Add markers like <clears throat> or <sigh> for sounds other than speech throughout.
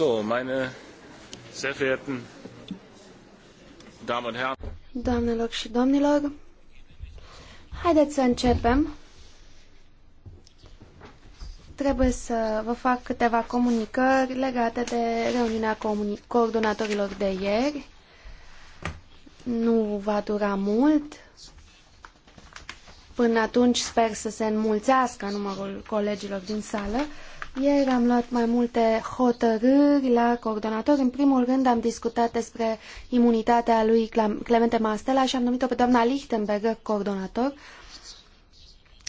meine sehr verehrten Damen und Herren. Doamnelor și domnilor, haideți să începem. Trebuie să vă fac câteva comunicări legate de reuniunea coordonatorilor de ieri. Nu va dura mult. Până atunci sper să se înmulțească numărul colegilor din sală. Uh, ieri am luat mai multe hotărâri la coordonator. În primul rând am discutat despre imunitatea lui Clemente Mastela și am numit-o pe doamna Lichtenberg coordonator.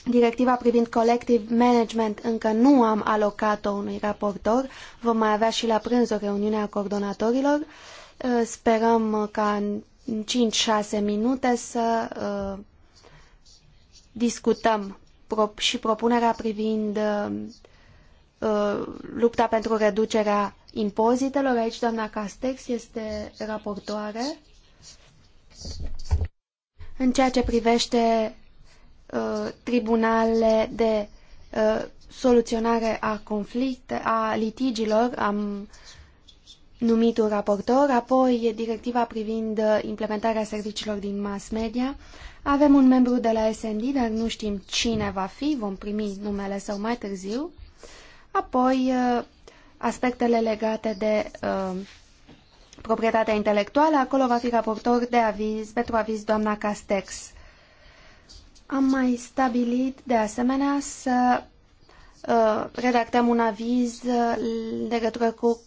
Directiva privind collective management încă nu am alocat-o unui raportor. Vom mai avea și la prânz o reuniune a coordonatorilor. Uh, sperăm ca în 5-6 minute să uh, discutăm și propunerea privind uh, Uh, lupta pentru reducerea impozitelor. Aici doamna Castex este raportoare. În ceea ce privește uh, tribunale de uh, soluționare a conflicte, a litigilor, am numit un raportor, apoi directiva privind uh, implementarea serviciilor din mass media. Avem un membru de la SND, dar nu știm cine va fi, vom primi numele său mai târziu. Apoi, uh, aspectele legate de uh, proprietatea intelectuală, acolo va fi raportor de aviz, pentru aviz doamna Castex. Am mai stabilit, de asemenea, să uh, redactăm un aviz în legătură cu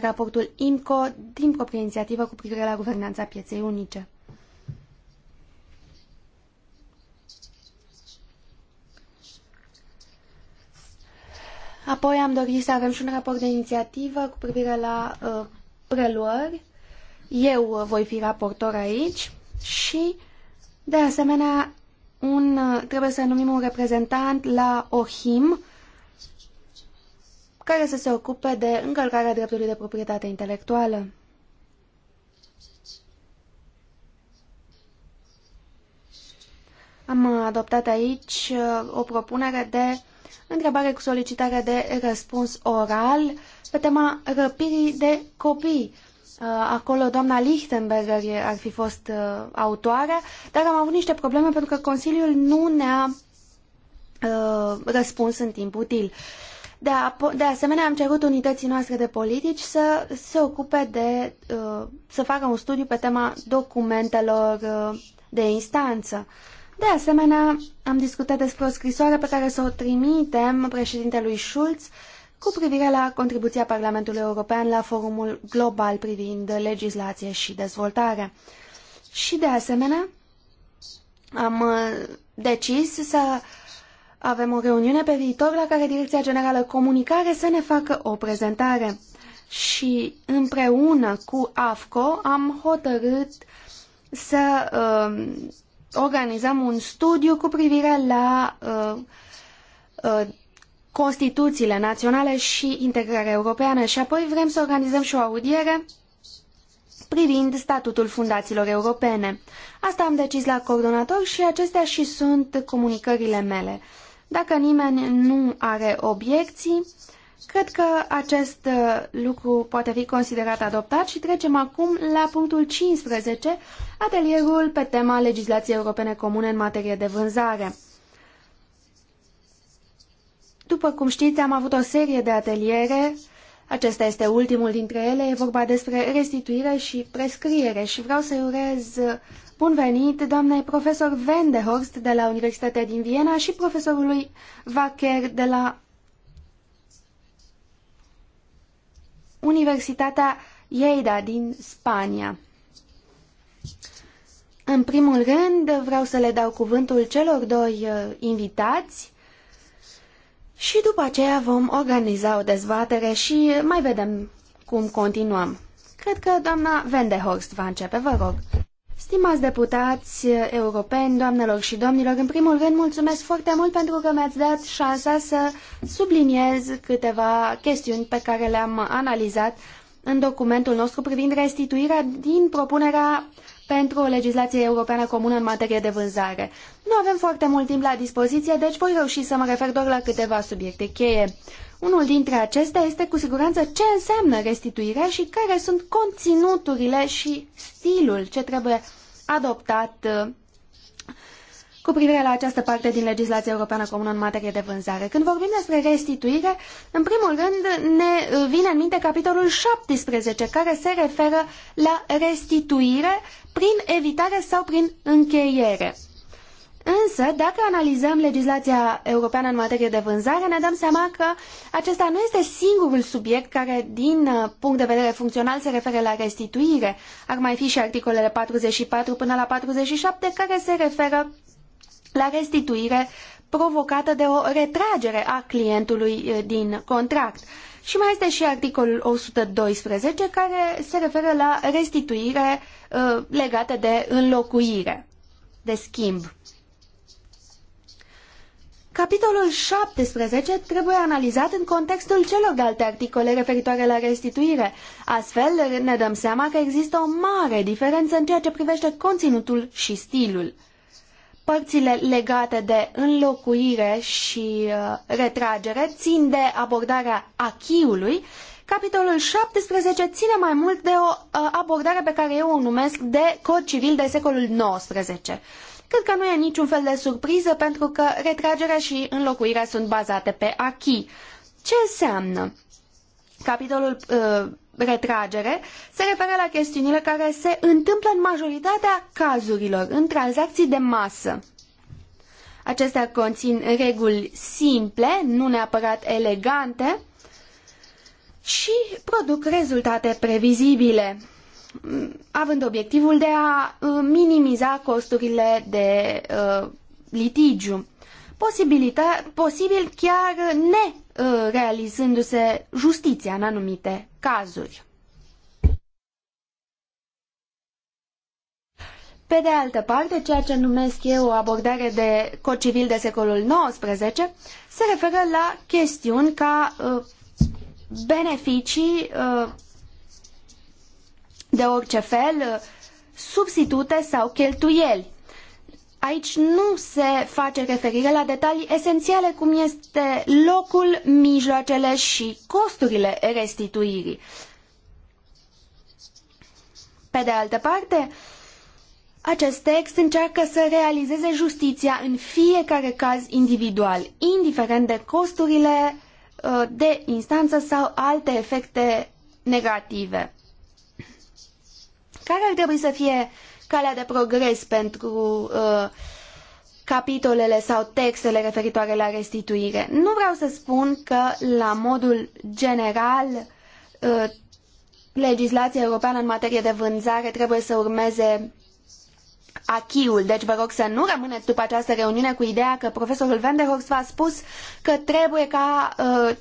raportul IMCO din proprie inițiativă cu privire la guvernanța pieței unice. Apoi am dorit să avem și un raport de inițiativă cu privire la uh, preluări. Eu uh, voi fi raportor aici și, de asemenea, un, uh, trebuie să numim un reprezentant la OHIM care să se ocupe de încălcarea dreptului de proprietate intelectuală. Am adoptat aici uh, o propunere de întrebare cu solicitare de răspuns oral pe tema răpirii de copii. Uh, acolo doamna Lichtenberger ar fi fost uh, autoarea, dar am avut niște probleme pentru că Consiliul nu ne-a uh, răspuns în timp util. De, a, de asemenea, am cerut unității noastre de politici să se ocupe de. să facă un studiu pe tema documentelor de instanță. De asemenea, am discutat despre o scrisoare pe care să o trimitem președintelui Schulz cu privire la contribuția Parlamentului European la forumul global privind legislație și dezvoltare. Și de asemenea, am uh, decis să avem o reuniune pe viitor la care Direcția Generală Comunicare să ne facă o prezentare. Și împreună cu AFCO am hotărât să uh, organizăm un studiu cu privire la uh, uh, Constituțiile naționale și integrarea europeană și apoi vrem să organizăm și o audiere privind statutul fundațiilor europene. Asta am decis la coordonator și acestea și sunt comunicările mele. Dacă nimeni nu are obiecții, Cred că acest uh, lucru poate fi considerat adoptat și trecem acum la punctul 15, atelierul pe tema legislației europene comune în materie de vânzare. După cum știți, am avut o serie de ateliere. Acesta este ultimul dintre ele. E vorba despre restituire și prescriere și vreau să-i urez uh, bun venit doamnei profesor Vendehorst de la Universitatea din Viena și profesorului Vacher de la Universitatea Lleida din Spania. În primul rând, vreau să le dau cuvântul celor doi uh, invitați și după aceea vom organiza o dezbatere și mai vedem cum continuăm. Cred că doamna Vendehorst va începe, vă rog. Stimați deputați europeni, doamnelor și domnilor, în primul rând mulțumesc foarte mult pentru că mi-ați dat șansa să subliniez câteva chestiuni pe care le-am analizat în documentul nostru privind restituirea din propunerea pentru o legislație europeană comună în materie de vânzare. Nu avem foarte mult timp la dispoziție, deci voi reuși să mă refer doar la câteva subiecte cheie. Unul dintre acestea este cu siguranță ce înseamnă restituirea și care sunt conținuturile și stilul ce trebuie adoptat uh, cu privire la această parte din legislația europeană comună în materie de vânzare. Când vorbim despre restituire, în primul rând ne uh, vine în minte capitolul 17, care se referă la restituire prin evitare sau prin încheiere. Însă, dacă analizăm legislația europeană în materie de vânzare, ne dăm seama că acesta nu este singurul subiect care, din uh, punct de vedere funcțional, se referă la restituire. Ar mai fi și articolele 44 până la 47 care se referă la restituire provocată de o retragere a clientului uh, din contract. Și mai este și articolul 112 care se referă la restituire uh, legată de înlocuire, de schimb. Capitolul 17 trebuie analizat în contextul celorlalte articole referitoare la restituire. Astfel, ne dăm seama că există o mare diferență în ceea ce privește conținutul și stilul. Părțile legate de înlocuire și uh, retragere țin de abordarea achiului. Capitolul 17 ține mai mult de o uh, abordare pe care eu o numesc de cod civil de secolul XIX. Cred că nu e niciun fel de surpriză pentru că retragerea și înlocuirea sunt bazate pe achii. Ce înseamnă? Capitolul uh, retragere se referă la chestiunile care se întâmplă în majoritatea cazurilor, în tranzacții de masă. Acestea conțin reguli simple, nu neapărat elegante, și produc rezultate previzibile, având obiectivul de a minimiza costurile de uh, litigiu posibil chiar nerealizându-se uh, justiția în anumite cazuri. Pe de altă parte, ceea ce numesc eu o abordare de cod civil de secolul XIX se referă la chestiuni ca uh, beneficii uh, de orice fel, substitute sau cheltuieli. Aici nu se face referire la detalii esențiale cum este locul, mijloacele și costurile restituirii. Pe de altă parte, acest text încearcă să realizeze justiția în fiecare caz individual, indiferent de costurile uh, de instanță sau alte efecte negative. Care ar trebui să fie calea de progres pentru uh, capitolele sau textele referitoare la restituire. Nu vreau să spun că, la modul general, uh, legislația europeană în materie de vânzare trebuie să urmeze achiul. Deci vă rog să nu rămâneți după această reuniune cu ideea că profesorul Vanderhorst v-a spus că trebuie ca uh,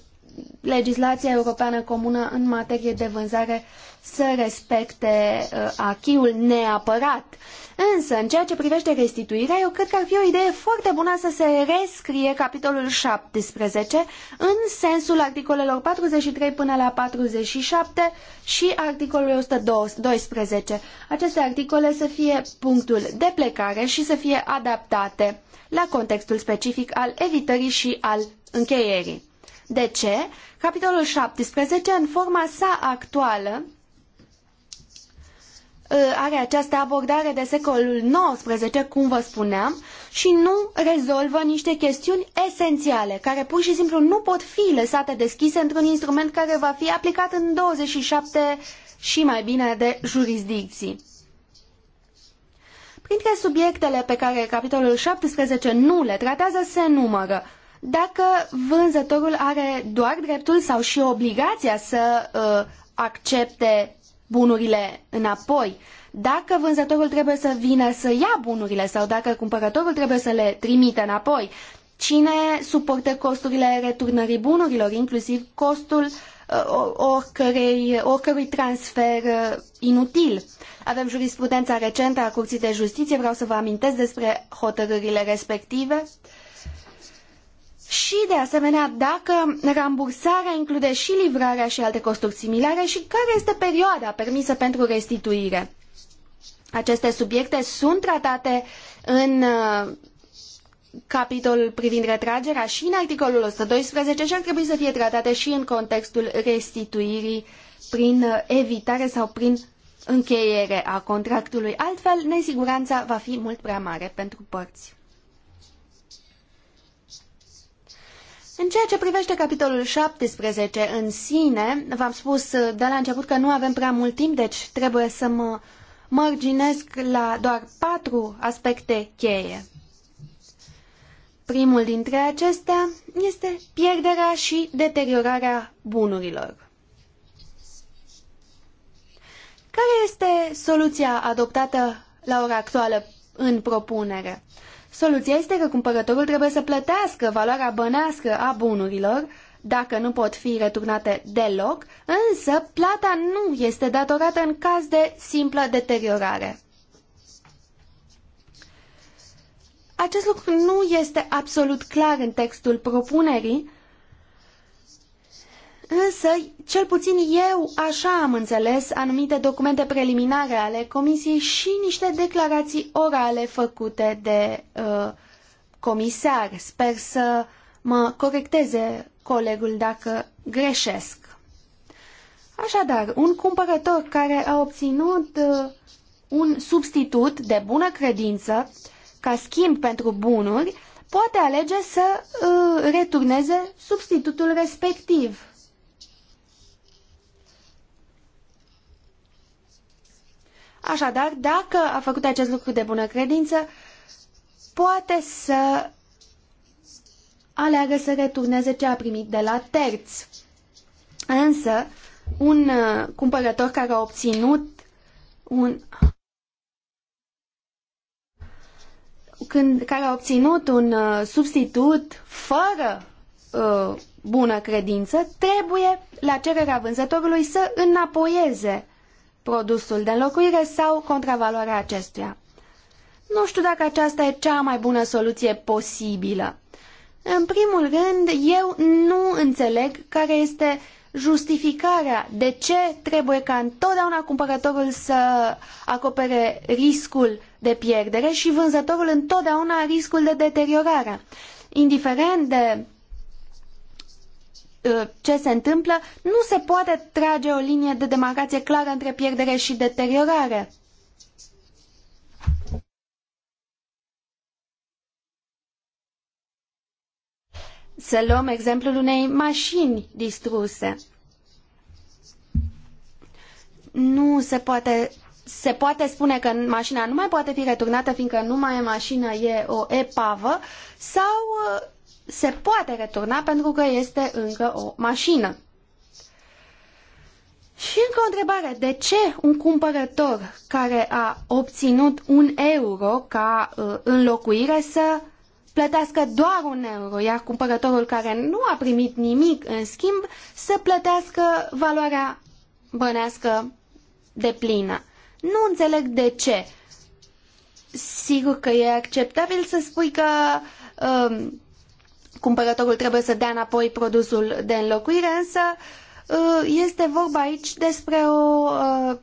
legislația europeană comună în materie de vânzare să respecte uh, achiul neapărat. Însă, în ceea ce privește restituirea, eu cred că ar fi o idee foarte bună să se rescrie capitolul 17 în sensul articolelor 43 până la 47 și articolul 112. Aceste articole să fie punctul de plecare și să fie adaptate la contextul specific al evitării și al încheierii. De ce? Capitolul 17, în forma sa actuală, ă, are această abordare de secolul XIX, cum vă spuneam, și nu rezolvă niște chestiuni esențiale, care pur și simplu nu pot fi lăsate deschise într-un instrument care va fi aplicat în 27 și mai bine de jurisdicții. Printre subiectele pe care capitolul 17 nu le tratează se numără dacă vânzătorul are doar dreptul sau și obligația să uh, accepte bunurile înapoi, dacă vânzătorul trebuie să vină să ia bunurile sau dacă cumpărătorul trebuie să le trimite înapoi, cine suportă costurile returnării bunurilor, inclusiv costul uh, oricărei, oricărui transfer uh, inutil. Avem jurisprudența recentă a Curții de Justiție, vreau să vă amintesc despre hotărârile respective. Uh, și, de asemenea, dacă rambursarea include și livrarea și alte costuri similare și care este perioada permisă pentru restituire. Aceste subiecte sunt tratate în capitol uh, capitolul privind retragerea și în articolul 112 și ar trebui să fie tratate și în contextul restituirii prin uh, evitare sau prin încheiere a contractului. Altfel, nesiguranța va fi mult prea mare pentru părți. În ceea ce privește capitolul 17 în sine, v-am spus uh, de la început că nu avem prea mult timp, deci trebuie să mă mărginesc la doar patru aspecte cheie. Primul dintre acestea este pierderea și deteriorarea bunurilor. Care este soluția adoptată la ora actuală în propunere? Soluția este că cumpărătorul trebuie să plătească valoarea bănească a bunurilor, dacă nu pot fi returnate deloc, însă plata nu este datorată în caz de simplă deteriorare. Acest lucru nu este absolut clar în textul propunerii, Însă, cel puțin eu așa am înțeles anumite documente preliminare ale comisiei și niște declarații orale făcute de uh, comisar. Sper să mă corecteze colegul dacă greșesc. Așadar, un cumpărător care a obținut uh, un substitut de bună credință ca schimb pentru bunuri poate alege să uh, returneze substitutul respectiv Așadar, dacă a făcut acest lucru de bună credință, poate să aleagă să returneze ce a primit de la terți. Însă, un uh, cumpărător care a obținut un când, care a obținut un uh, substitut fără uh, bună credință, trebuie la cererea vânzătorului să înapoieze produsul de înlocuire sau contravaloarea acestuia. Nu știu dacă aceasta e cea mai bună soluție posibilă. În primul rând, eu nu înțeleg care este justificarea de ce trebuie ca întotdeauna cumpărătorul să acopere riscul de pierdere și vânzătorul întotdeauna riscul de deteriorare. Indiferent de Uh, ce se întâmplă, nu se poate trage o linie de demarcație clară între pierdere și deteriorare. Să luăm exemplul unei mașini distruse. Nu se poate se poate spune că mașina nu mai poate fi returnată fiindcă nu mai e mașină, e o epavă sau uh, se poate returna pentru că este încă o mașină. Și încă o întrebare. De ce un cumpărător care a obținut un euro ca uh, înlocuire să plătească doar un euro, iar cumpărătorul care nu a primit nimic în schimb să plătească valoarea bănească de plină? Nu înțeleg de ce. Sigur că e acceptabil să spui că um, cumpărătorul trebuie să dea înapoi produsul de înlocuire, însă uh, este vorba aici despre o, uh,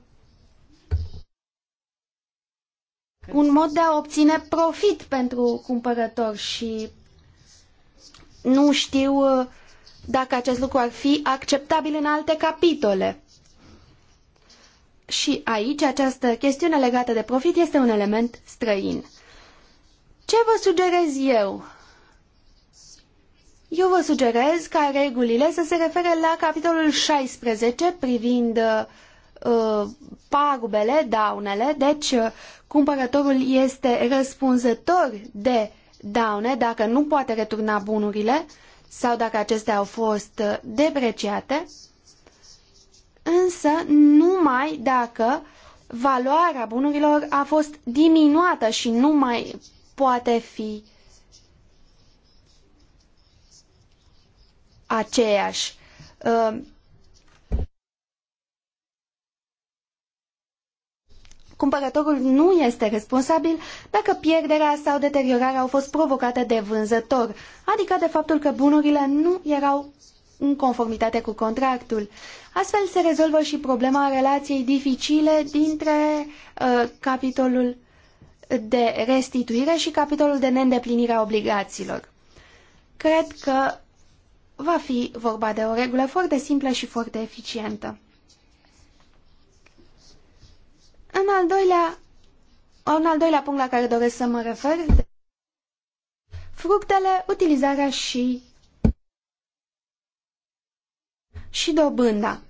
un mod de a obține profit pentru cumpărător și nu știu uh, dacă acest lucru ar fi acceptabil în alte capitole. Și aici această chestiune legată de profit este un element străin. Ce vă sugerez eu? Eu vă sugerez ca regulile să se refere la capitolul 16 privind uh, pagubele, daunele, deci uh, cumpărătorul este răspunzător de daune dacă nu poate returna bunurile sau dacă acestea au fost uh, depreciate, însă numai dacă valoarea bunurilor a fost diminuată și nu mai poate fi aceeași. Uh, cumpărătorul nu este responsabil dacă pierderea sau deteriorarea au fost provocate de vânzător, adică de faptul că bunurile nu erau în conformitate cu contractul. Astfel se rezolvă și problema relației dificile dintre uh, capitolul de restituire și capitolul de neîndeplinire a obligațiilor. Cred că va fi vorba de o regulă foarte simplă și foarte eficientă. În al doilea, un al doilea punct la care doresc să mă refer, fructele, utilizarea și și dobânda.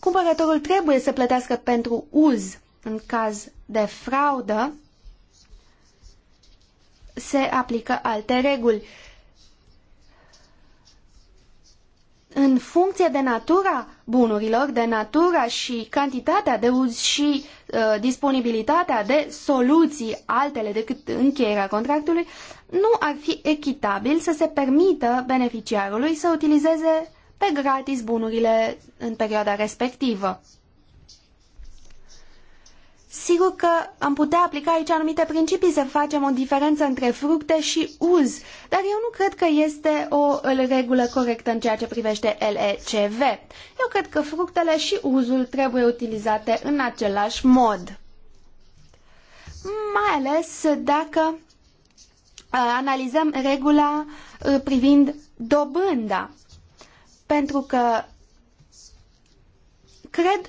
Cumpărătorul trebuie să plătească pentru uz în caz de fraudă, se aplică alte reguli. În funcție de natura bunurilor, de natura și cantitatea de uz și uh, disponibilitatea de soluții altele decât încheierea contractului, nu ar fi echitabil să se permită beneficiarului să utilizeze pe gratis bunurile în perioada respectivă. Sigur că am putea aplica aici anumite principii să facem o diferență între fructe și uz, dar eu nu cred că este o regulă corectă în ceea ce privește LECV. Eu cred că fructele și uzul trebuie utilizate în același mod. Mai ales dacă analizăm regula privind dobânda. Pentru că cred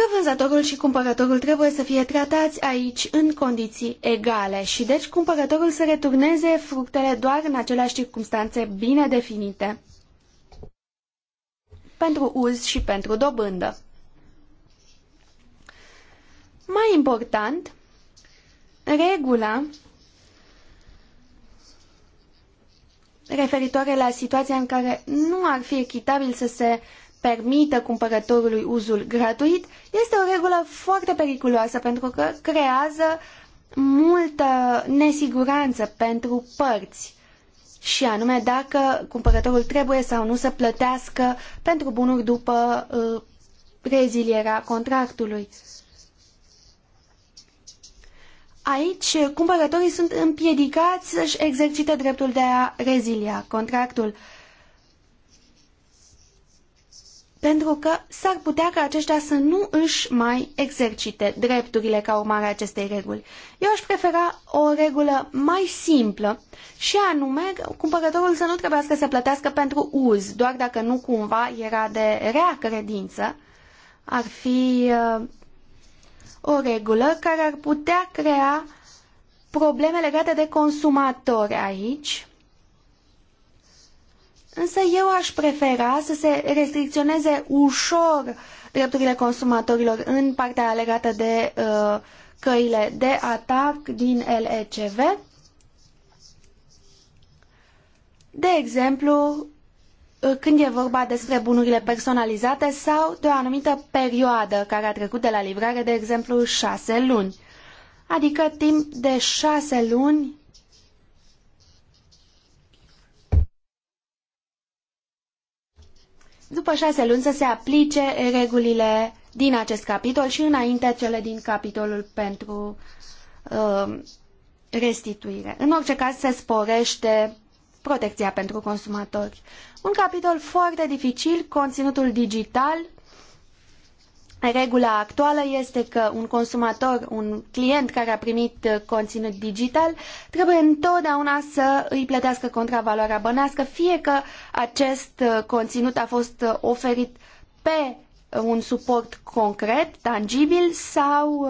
că vânzătorul și cumpărătorul trebuie să fie tratați aici în condiții egale și deci cumpărătorul să returneze fructele doar în aceleași circunstanțe bine definite pentru uz și pentru dobândă. Mai important, regula referitoare la situația în care nu ar fi echitabil să se permită cumpărătorului uzul gratuit este o regulă foarte periculoasă pentru că creează multă nesiguranță pentru părți și anume dacă cumpărătorul trebuie sau nu să plătească pentru bunuri după uh, rezilierea contractului. Aici, cumpărătorii sunt împiedicați să-și exercite dreptul de a rezilia contractul. Uh, pentru că s-ar putea ca aceștia să nu își mai exercite drepturile ca urmare a acestei reguli. Eu aș prefera o regulă mai simplă și anume cumpărătorul să nu trebuiască să plătească pentru uz, doar dacă nu cumva era de rea credință, ar fi uh, o regulă care ar putea crea probleme legate de consumatori aici, Însă eu aș prefera să se restricționeze ușor drepturile consumatorilor în partea legată de uh, căile de atac din LECV. De exemplu, uh, când e vorba despre bunurile personalizate sau de o anumită perioadă care a trecut de la livrare, de exemplu șase luni. Adică timp de șase luni după șase luni să se aplice regulile din acest capitol și înainte cele din capitolul pentru uh, restituire. În orice caz se sporește protecția pentru consumatori. Un capitol foarte dificil, conținutul digital, Regula actuală este că un consumator, un client care a primit uh, conținut digital, trebuie întotdeauna să îi plătească contravaloarea bănească, fie că acest uh, conținut a fost uh, oferit pe un suport concret, tangibil sau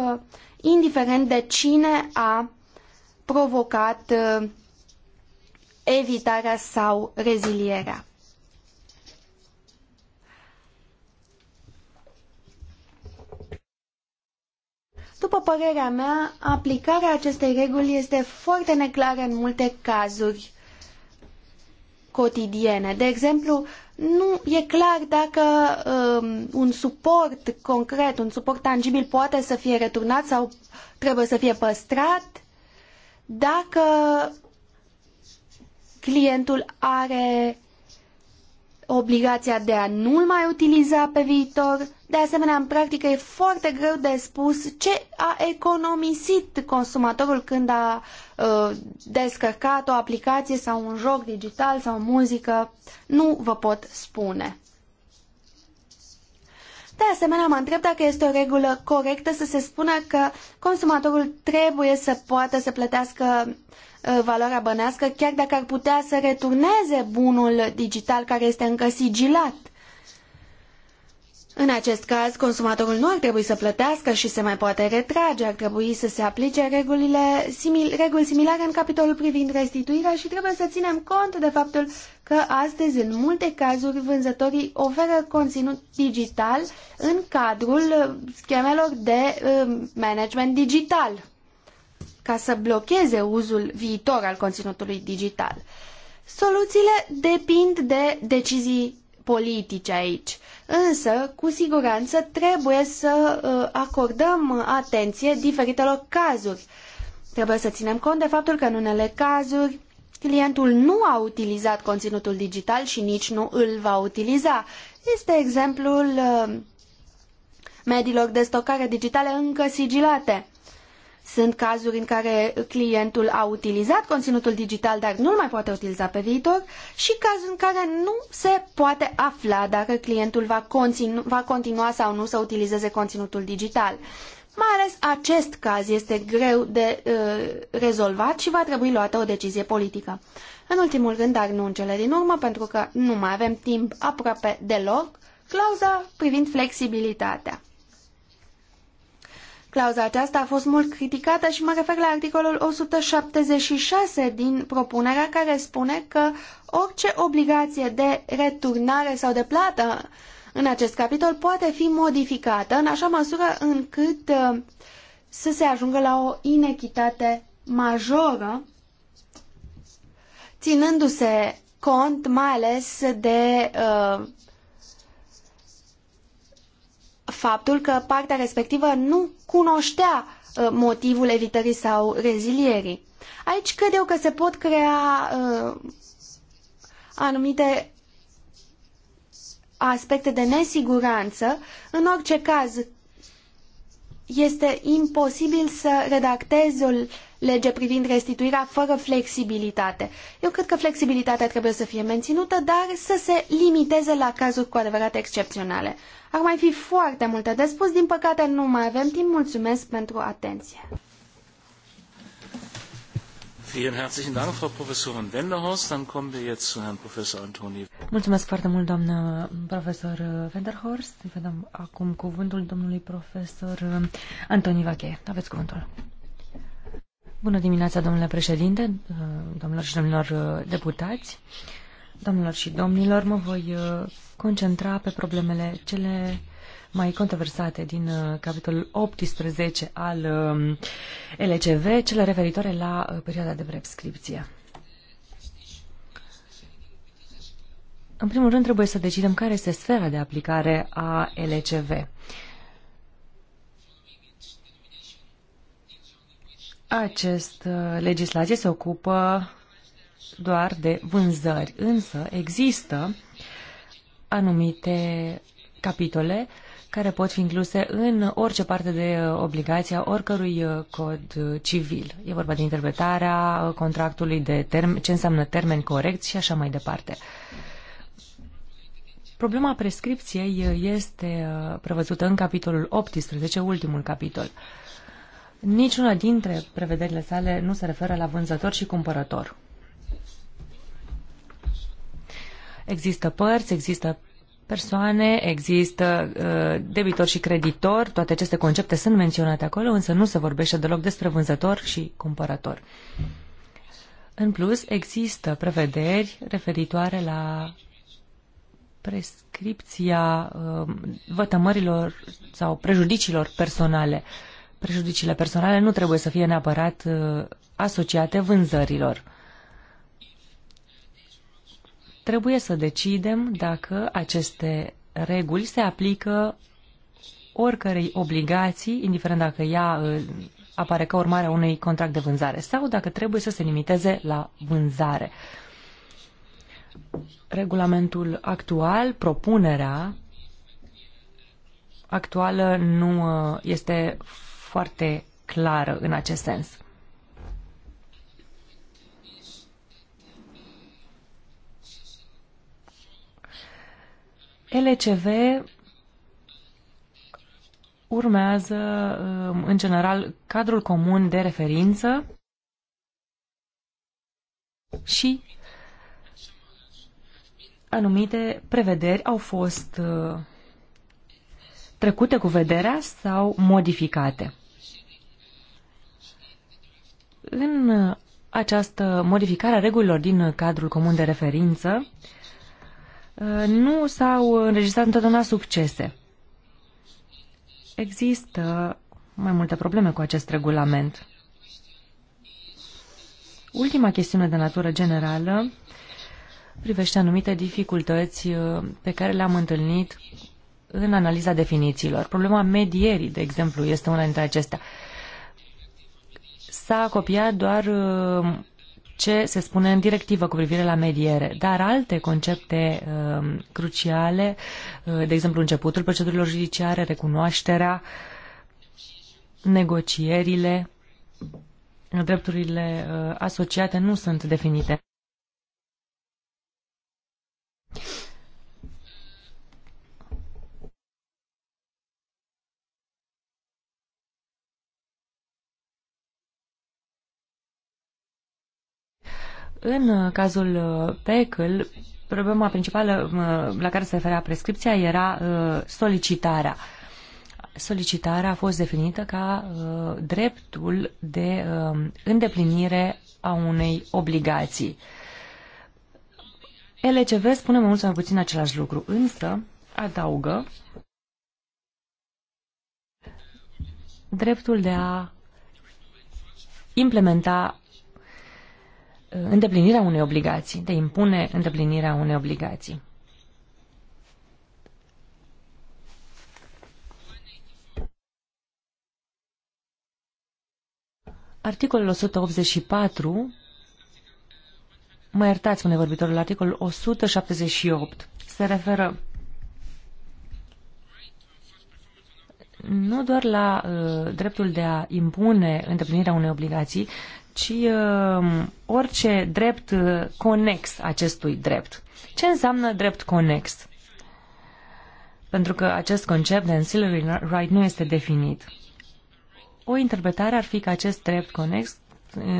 indiferent de cine a provocat evitarea sau rezilierea. După părerea mea, aplicarea acestei reguli este foarte neclară în multe cazuri cotidiene. De exemplu, nu e clar dacă um, un suport concret, un suport tangibil poate să fie returnat sau trebuie să fie păstrat, dacă clientul are obligația de a nu-l mai utiliza pe viitor de asemenea, în practică e foarte greu de spus ce a economisit consumatorul când a uh, descărcat o aplicație sau un joc digital sau muzică. Nu vă pot spune. De asemenea, mă întreb dacă este o regulă corectă să se spună că consumatorul trebuie să poată să plătească ă, valoarea bănească, chiar dacă ar putea să returneze bunul digital care este încă sigilat. În acest caz, consumatorul nu ar trebui să plătească și se mai poate retrage, ar trebui să se aplice regulile simil, reguli similare în capitolul privind restituirea și trebuie să ținem cont de faptul că astăzi, în multe cazuri, vânzătorii oferă conținut digital în cadrul uh, schemelor de uh, management digital ca să blocheze uzul viitor al conținutului digital. Soluțiile depind de decizii politice aici. Însă, cu siguranță, trebuie să uh, acordăm atenție diferitelor cazuri. Trebuie să ținem cont de faptul că în unele cazuri clientul nu a utilizat conținutul digital și nici nu îl va utiliza. Este exemplul uh, mediilor de stocare digitale încă sigilate. Sunt cazuri în care clientul a utilizat conținutul digital, dar nu-l mai poate utiliza pe viitor și cazuri în care nu se poate afla dacă clientul va, continu va continua sau nu să utilizeze conținutul digital. Mai ales acest caz este greu de uh, rezolvat și va trebui luată o decizie politică. În ultimul rând, dar nu în cele din urmă, pentru că nu mai avem timp aproape deloc, clauza privind flexibilitatea. Clauza aceasta a fost mult criticată și mă refer la articolul 176 din propunerea care spune că orice obligație de returnare sau de plată în acest capitol poate fi modificată în așa măsură încât uh, să se ajungă la o inechitate majoră, ținându-se cont mai ales de uh, faptul că partea respectivă nu cunoștea uh, motivul evitării sau rezilierii. Aici cred eu că se pot crea uh, anumite aspecte de nesiguranță. În orice caz, este imposibil să redactezi o lege privind restituirea fără flexibilitate. Eu cred că flexibilitatea trebuie să fie menținută, dar să se limiteze la cazuri cu adevărat excepționale. Ar mai fi foarte multe de spus, din păcate nu mai avem timp. Mulțumesc pentru atenție. Vielen herzlichen Dank, Frau Professorin Wenderhorst. Dann kommen wir jetzt zu Herrn Professor Antoni. Mulțumesc foarte mult, doamnă profesor Wenderhorst. Vă dăm acum cuvântul domnului profesor Antoni Vache. Aveți cuvântul. Bună dimineața, domnule președinte, domnilor și domnilor deputați, domnilor și domnilor. Mă voi concentra pe problemele cele mai controversate din uh, capitolul 18 al uh, um, LCV, cele referitoare la uh, perioada de prescripție. În primul rând, trebuie să decidem care este sfera de aplicare a LCV. Acest uh, legislație se ocupă doar de vânzări, însă există anumite capitole care pot fi incluse în orice parte de obligația oricărui uh, cod uh, civil. E vorba de interpretarea uh, contractului, de term- ce înseamnă termeni corecți și așa mai departe. Problema prescripției este prevăzută în capitolul 18, ultimul capitol. Niciuna dintre prevederile sale nu se referă la vânzător și cumpărător. Există părți, există persoane, există uh, debitor și creditor. toate aceste concepte sunt menționate acolo, însă nu se vorbește deloc despre vânzător și cumpărător. În plus, există prevederi referitoare la prescripția um, vătămărilor sau prejudiciilor personale. Prejudiciile personale nu trebuie să fie neapărat uh, asociate vânzărilor. Trebuie să decidem dacă aceste reguli se aplică oricărei obligații, indiferent dacă ea uh, apare ca urmare a unui contract de vânzare sau dacă trebuie să se limiteze la vânzare. Regulamentul actual, propunerea actuală nu uh, este foarte clară în acest sens. LCV urmează, um, în general, cadrul comun de referință și anumite prevederi au fost uh, trecute cu vederea sau modificate. În această modificare a regulilor din cadrul comun de referință, Uh, nu s-au înregistrat întotdeauna succese. Există mai multe probleme cu acest regulament. Ultima chestiune de natură generală privește anumite dificultăți uh, pe care le-am întâlnit în analiza definițiilor. Problema medierii, de exemplu, este una dintre acestea. S-a copiat doar uh, ce se spune în directivă cu privire la mediere, dar alte concepte uh, cruciale, uh, de exemplu începutul procedurilor judiciare, recunoașterea, negocierile, drepturile uh, asociate nu sunt definite. În uh, cazul uh, PECL, problema principală uh, la care se referea prescripția era solicitarea. Solicitarea a fost definită ca dreptul de îndeplinire a unei obligații. LCV spune mai mult sau mai puțin același lucru, însă adaugă dreptul de a implementa Uh, îndeplinirea unei obligații, de impune îndeplinirea unei obligații. Articolul 184, mă iertați, spune vorbitorul, articolul 178, se referă nu doar la uh, dreptul de a impune îndeplinirea unei obligații, ci uh, orice drept uh, conex acestui drept. Ce înseamnă drept conex? Pentru că acest concept de ancillary right nu este definit. O interpretare ar fi că acest drept conex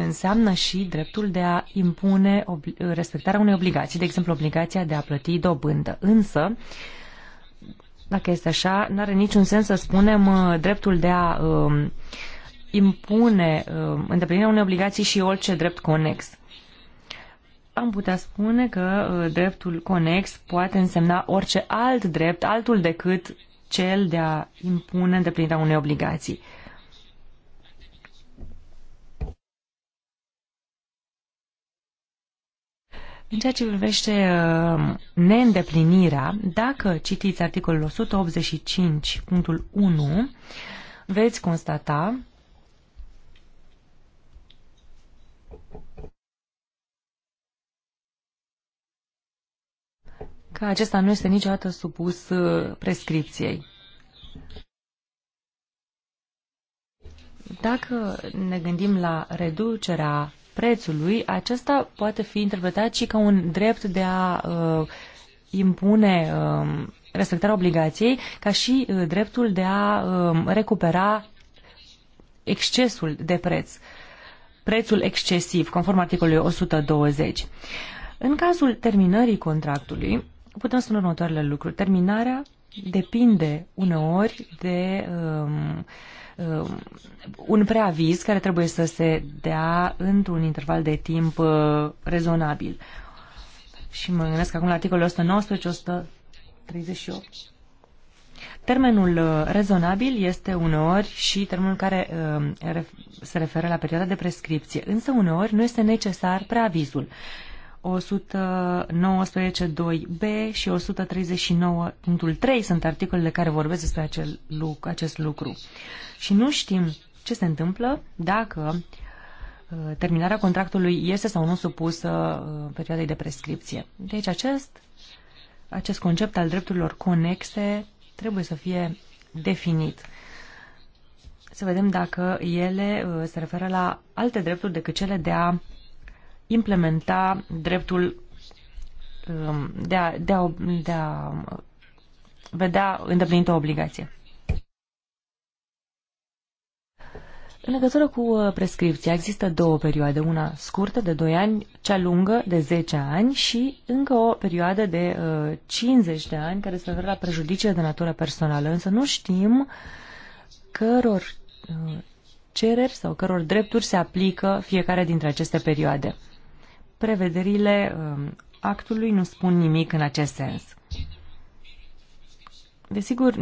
înseamnă și dreptul de a impune respectarea unei obligații, de exemplu obligația de a plăti dobândă. Însă, dacă este așa, nu are niciun sens să spunem uh, dreptul de a uh, impune uh, îndeplinirea unei obligații și orice drept conex. Am putea spune că uh, dreptul conex poate însemna orice alt drept, altul decât cel de a impune îndeplinirea unei obligații. În ceea ce privește uh, neîndeplinirea, dacă citiți articolul 185.1, veți constata că acesta nu este niciodată supus uh, prescripției. Dacă ne gândim la reducerea prețului, acesta poate fi interpretat și ca un drept de a uh, impune uh, respectarea obligației, ca și uh, dreptul de a uh, recupera excesul de preț, prețul excesiv, conform articolului 120. În cazul terminării contractului, putem spune următoarele lucruri. Terminarea depinde uneori de um, um, un preaviz care trebuie să se dea într-un interval de timp uh, rezonabil. Și mă gândesc acum la articolul 119 138. Termenul uh, rezonabil este uneori și termenul care uh, se referă la perioada de prescripție, însă uneori nu este necesar preavizul. 119.2b și 139.3 sunt articolele care vorbesc despre acel lucru, acest lucru. Și nu știm ce se întâmplă dacă uh, terminarea contractului este sau nu supusă uh, perioadei de prescripție. Deci acest, acest concept al drepturilor conexe trebuie să fie definit. Să vedem dacă ele uh, se referă la alte drepturi decât cele de a implementa dreptul um, de a, de a, de a uh, vedea îndeplinită obligație. În legătură cu uh, prescripția, există două perioade, una scurtă de 2 ani, cea lungă de 10 ani și încă o perioadă de uh, 50 de ani care se referă la prejudicii de natură personală, însă nu știm căror uh, cereri sau căror drepturi se aplică fiecare dintre aceste perioade prevederile um, actului nu spun nimic în acest sens. Desigur,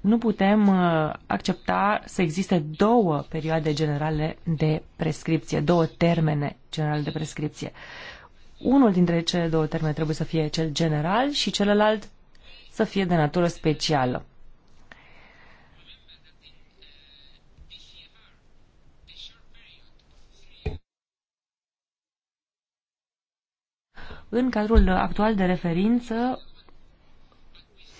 nu putem uh, accepta să existe două perioade generale de prescripție, două termene generale de prescripție. Unul dintre cele două termene trebuie să fie cel general și celălalt să fie de natură specială. În cadrul actual de referință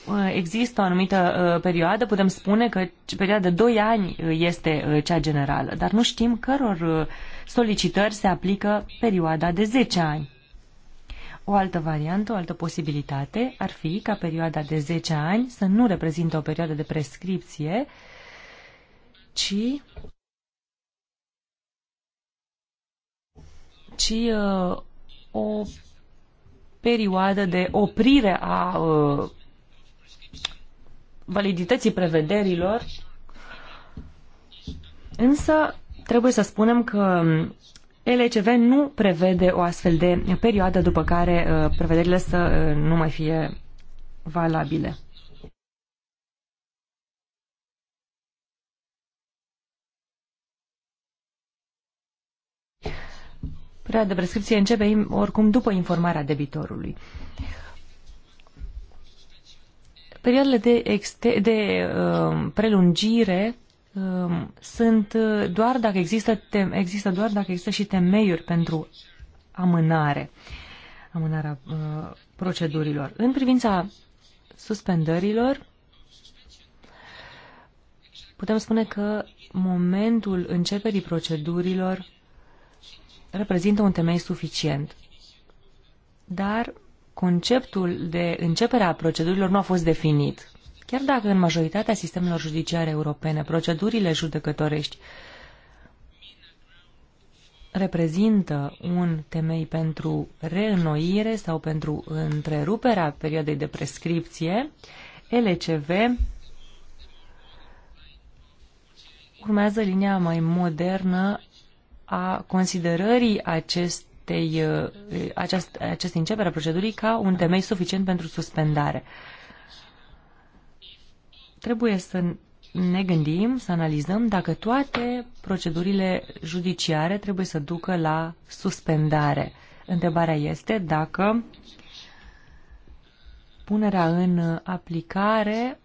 uh, există o anumită uh, perioadă, putem spune că perioada de 2 ani uh, este cea generală, dar nu știm căror solicitări se aplică perioada de 10 ani. O altă variantă, o altă posibilitate ar fi ca perioada de 10 ani să nu reprezintă o perioadă de prescripție, ci, ci uh, o perioadă de oprire a uh, validității prevederilor, însă trebuie să spunem că LCV nu prevede o astfel de perioadă după care uh, prevederile să uh, nu mai fie valabile. Perioada de prescripție începe oricum după informarea debitorului. Perioadele de, exte- de uh, prelungire um, uh, sunt doar dacă există, există doar dacă există și temeiuri pentru amânare, amânarea uh, procedurilor. În privința suspendărilor, putem spune că momentul începerii procedurilor reprezintă un temei suficient. Dar conceptul de începere a procedurilor nu a fost definit. Chiar dacă în majoritatea sistemelor judiciare europene procedurile judecătorești reprezintă un temei pentru reînnoire sau pentru întreruperea perioadei de prescripție, LCV urmează linia mai modernă a considerării acestei, uh, aceast, acest începere a procedurii ca un temei suficient pentru suspendare. Trebuie să ne gândim, să analizăm dacă toate procedurile judiciare trebuie să ducă la suspendare. Întrebarea este dacă punerea în aplicare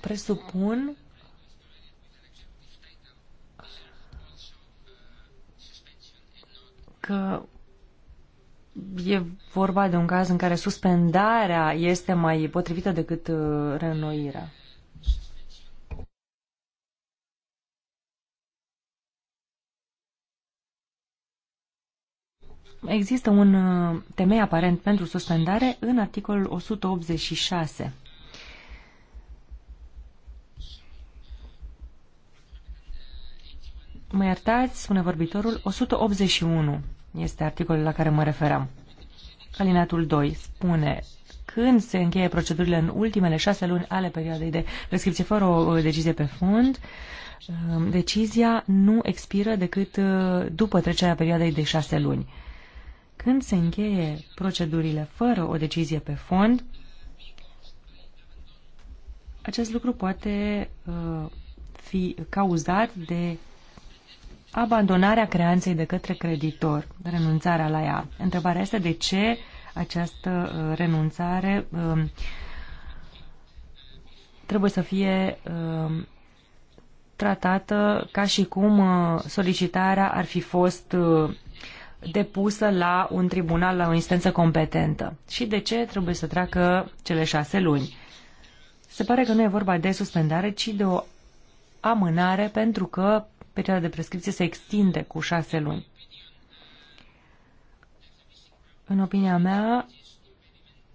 presupun că e vorba de un caz în care suspendarea este mai potrivită decât uh, reînnoirea. Există un uh, temei aparent pentru suspendare în articolul 186. Mă iertați, spune vorbitorul, 181 este articolul la care mă referam. Alineatul 2 spune când se încheie procedurile în ultimele șase luni ale perioadei de prescripție fără o decizie pe fond, um, decizia nu expiră decât uh, după trecerea perioadei de șase luni. Când se încheie procedurile fără o decizie pe fond, acest lucru poate uh, fi cauzat de abandonarea creanței de către creditor, renunțarea la ea. Întrebarea este de ce această uh, renunțare um, trebuie să fie um, tratată ca și cum uh, solicitarea ar fi fost uh, depusă la un tribunal, la o instanță competentă. Și de ce trebuie să treacă cele șase luni? Se pare că nu e vorba de suspendare, ci de o amânare pentru că perioada de prescripție se extinde cu șase luni. În opinia mea,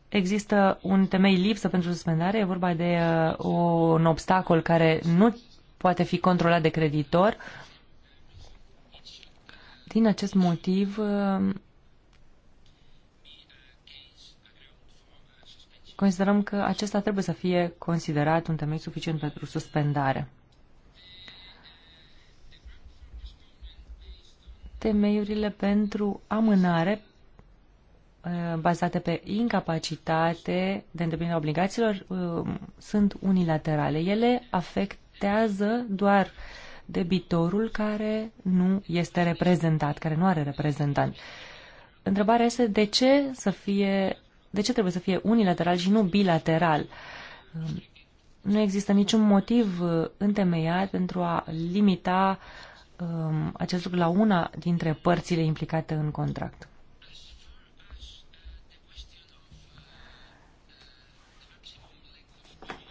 există un temei lipsă pentru suspendare, e vorba de uh, un obstacol care nu poate fi controlat de creditor. Din acest motiv, uh, considerăm că acesta trebuie să fie considerat un temei suficient pentru suspendare. temeiurile pentru amânare uh, bazate pe incapacitate de îndeplinire obligațiilor uh, sunt unilaterale. Ele afectează doar debitorul care nu este reprezentat, care nu are reprezentant. Întrebarea este de ce să fie, de ce trebuie să fie unilateral și nu bilateral? Uh, nu există niciun motiv întemeiat pentru a limita uh, um, acest lucru la una dintre părțile implicate în contract.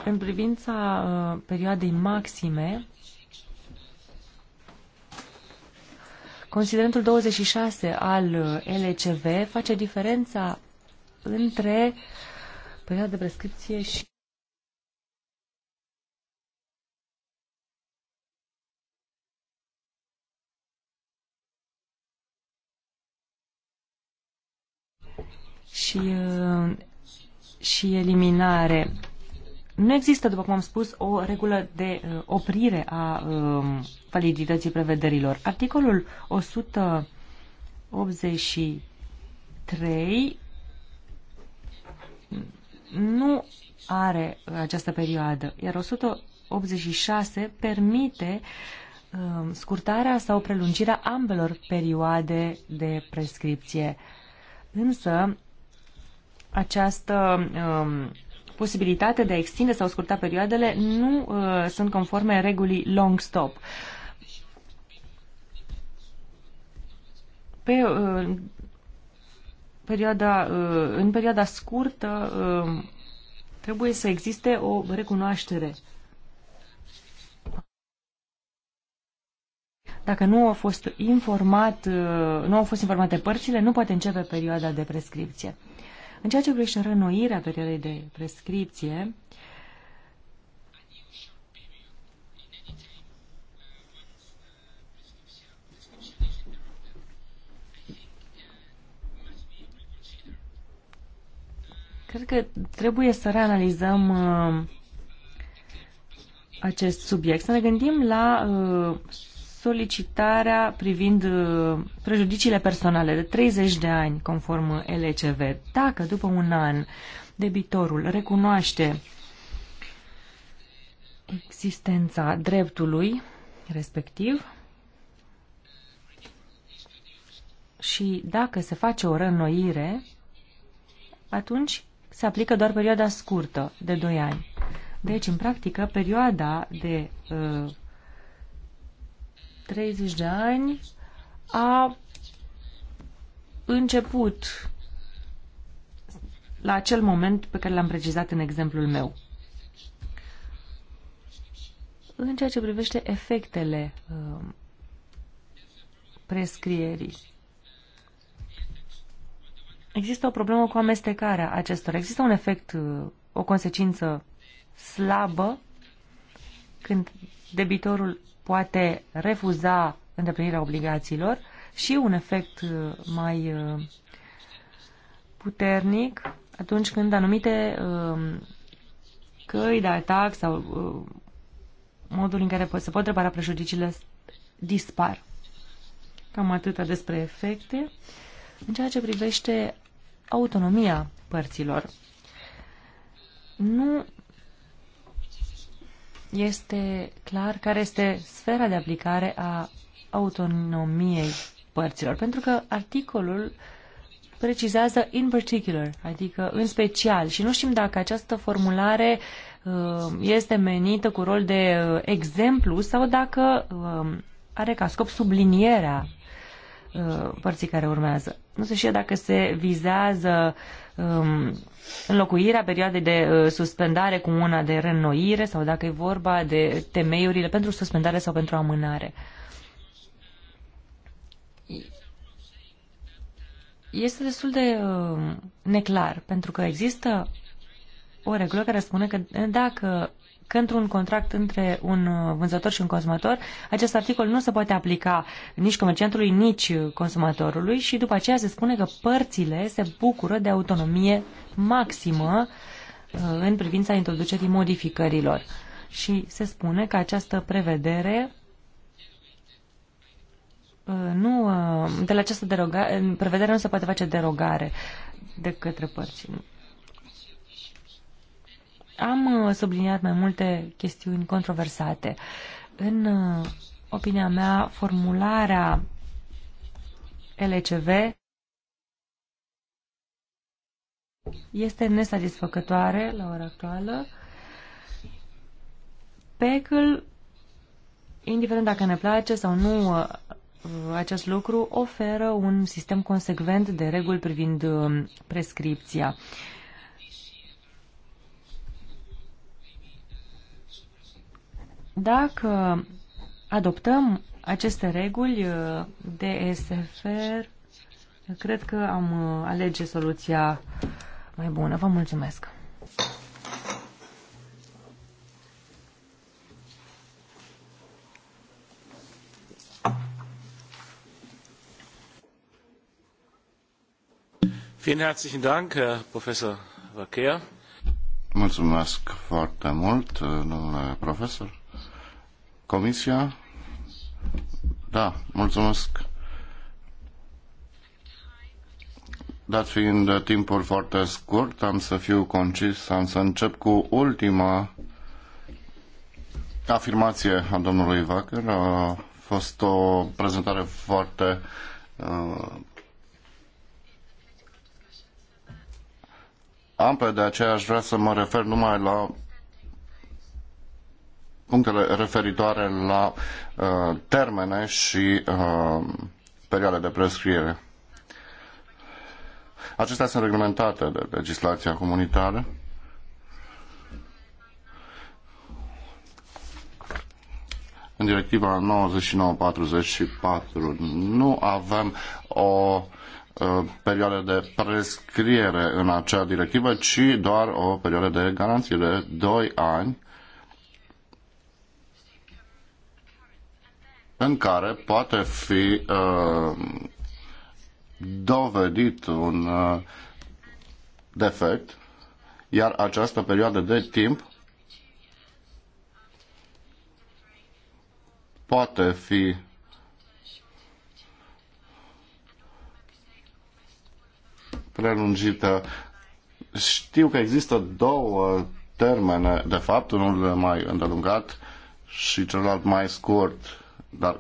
În privința uh, perioadei maxime, considerentul 26 al uh, LCV face diferența între perioada de prescripție și și, uh, și eliminare. Nu există, după cum am spus, o regulă de uh, oprire a um, validității prevederilor. Articolul 183 nu are această perioadă, iar 186 permite um, scurtarea sau prelungirea ambelor perioade de prescripție. Însă, această um, posibilitate de a extinde sau scurta perioadele nu uh, sunt conforme regulii long stop. Pe uh, perioada, uh, în perioada scurtă uh, trebuie să existe o recunoaștere. Dacă nu au fost informat, uh, nu au fost informate părțile, nu poate începe perioada de prescripție. În ceea ce privește renoirea perioadei de prescripție, Cred că trebuie să reanalizăm uh, acest subiect, să ne gândim la uh, solicitarea privind uh, prejudiciile personale de 30 de ani, conform LCV. Dacă după un an debitorul recunoaște existența dreptului respectiv și dacă se face o rănoire, atunci se aplică doar perioada scurtă de 2 ani. Deci, în practică, perioada de uh, 30 de ani a început la acel moment pe care l-am precizat în exemplul meu. În ceea ce privește efectele um, prescrierii, există o problemă cu amestecarea acestora. Există un efect, uh, o consecință slabă când debitorul poate refuza îndeplinirea obligațiilor și un efect uh, mai uh, puternic atunci când anumite um, căi de atac sau uh, modul în care se pot repara prejudiciile dispar. Cam atâta despre efecte. În ceea ce privește autonomia părților, nu este clar care este sfera de aplicare a autonomiei părților, pentru că articolul precizează in particular, adică în special, și nu știm dacă această formulare uh, este menită cu rol de uh, exemplu sau dacă um, are ca scop sublinierea uh, părții care urmează. Nu se știe dacă se vizează uh, Um, înlocuirea perioadei de uh, suspendare cu una de reînnoire sau dacă e vorba de temeiurile pentru suspendare sau pentru amânare. Este destul de uh, neclar, pentru că există o regulă care spune că dacă că într-un contract între un uh, vânzător și un consumator, acest articol nu se poate aplica nici comerciantului, nici consumatorului și după aceea se spune că părțile se bucură de autonomie maximă uh, în privința introducerii modificărilor. Și se spune că această prevedere uh, nu, de la această derogare, prevedere nu se poate face derogare de către părți. Am uh, subliniat mai multe chestiuni controversate. În uh, opinia mea, formularea LCV este nesatisfăcătoare la ora actuală. PEC-ul, indiferent dacă ne place sau nu uh, acest lucru, oferă un sistem consecvent de reguli privind prescripția. Dacă adoptăm aceste reguli uh, de SFR, cred că am uh, alege soluția mai bună. Vă mulțumesc! Vielen herzlichen Dank, Herr Professor Mulțumesc foarte mult, uh, domnule profesor. Comisia? Da, mulțumesc. Dat fiind timpul foarte scurt, am să fiu concis, am să încep cu ultima afirmație a domnului Wacker. A fost o prezentare foarte uh, amplă, de aceea aș vrea să mă refer numai la punctele referitoare la uh, termene și uh, perioade de prescriere. Acestea sunt reglementate de legislația comunitară. În directiva 9944 nu avem o uh, perioadă de prescriere în acea directivă, ci doar o perioadă de garanție de 2 ani în care poate fi uh, dovedit un uh, defect, iar această perioadă de timp poate fi prelungită. Știu că există două termene, de fapt, unul mai îndelungat și celălalt mai scurt dar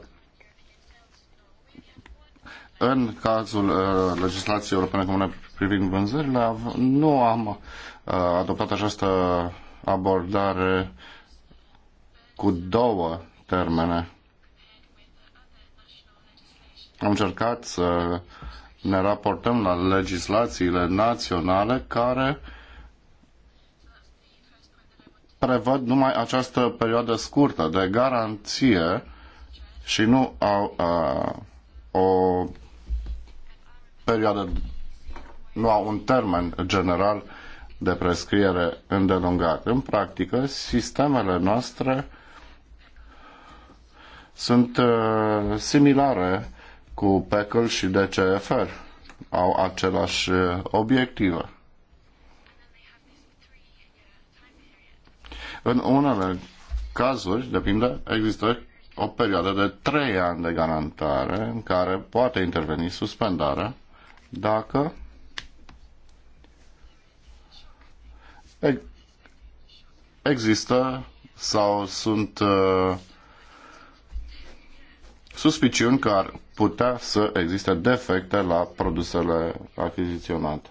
în cazul uh, legislației europene comune privind vânzările, nu am uh, adoptat această abordare cu două termene. Am încercat să ne raportăm la legislațiile naționale care prevăd numai această perioadă scurtă de garanție și nu au a, o perioadă, nu au un termen general de prescriere îndelungat. În practică, sistemele noastre sunt uh, similare cu PECL și DCFR. Au același obiective. În unele cazuri, depinde, există o perioadă de 3 ani de garantare în care poate interveni suspendarea dacă există sau sunt uh, suspiciuni că ar putea să existe defecte la produsele achiziționate.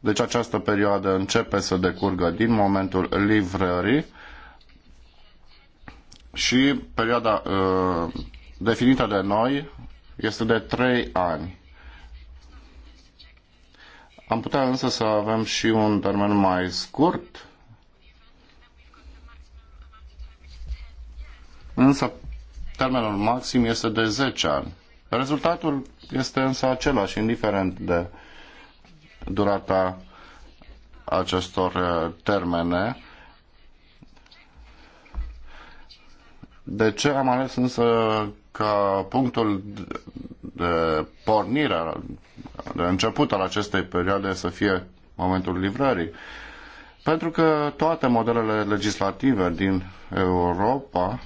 Deci această perioadă începe să decurgă din momentul livrării și perioada uh, definită de noi este de 3 ani. Am putea însă să avem și un termen mai scurt, însă termenul maxim este de 10 ani. Rezultatul este însă același, indiferent de durata acestor ă, termene. De ce am ales însă ca punctul de pornire, de început al acestei perioade să fie momentul livrării? Pentru că toate modelele legislative din Europa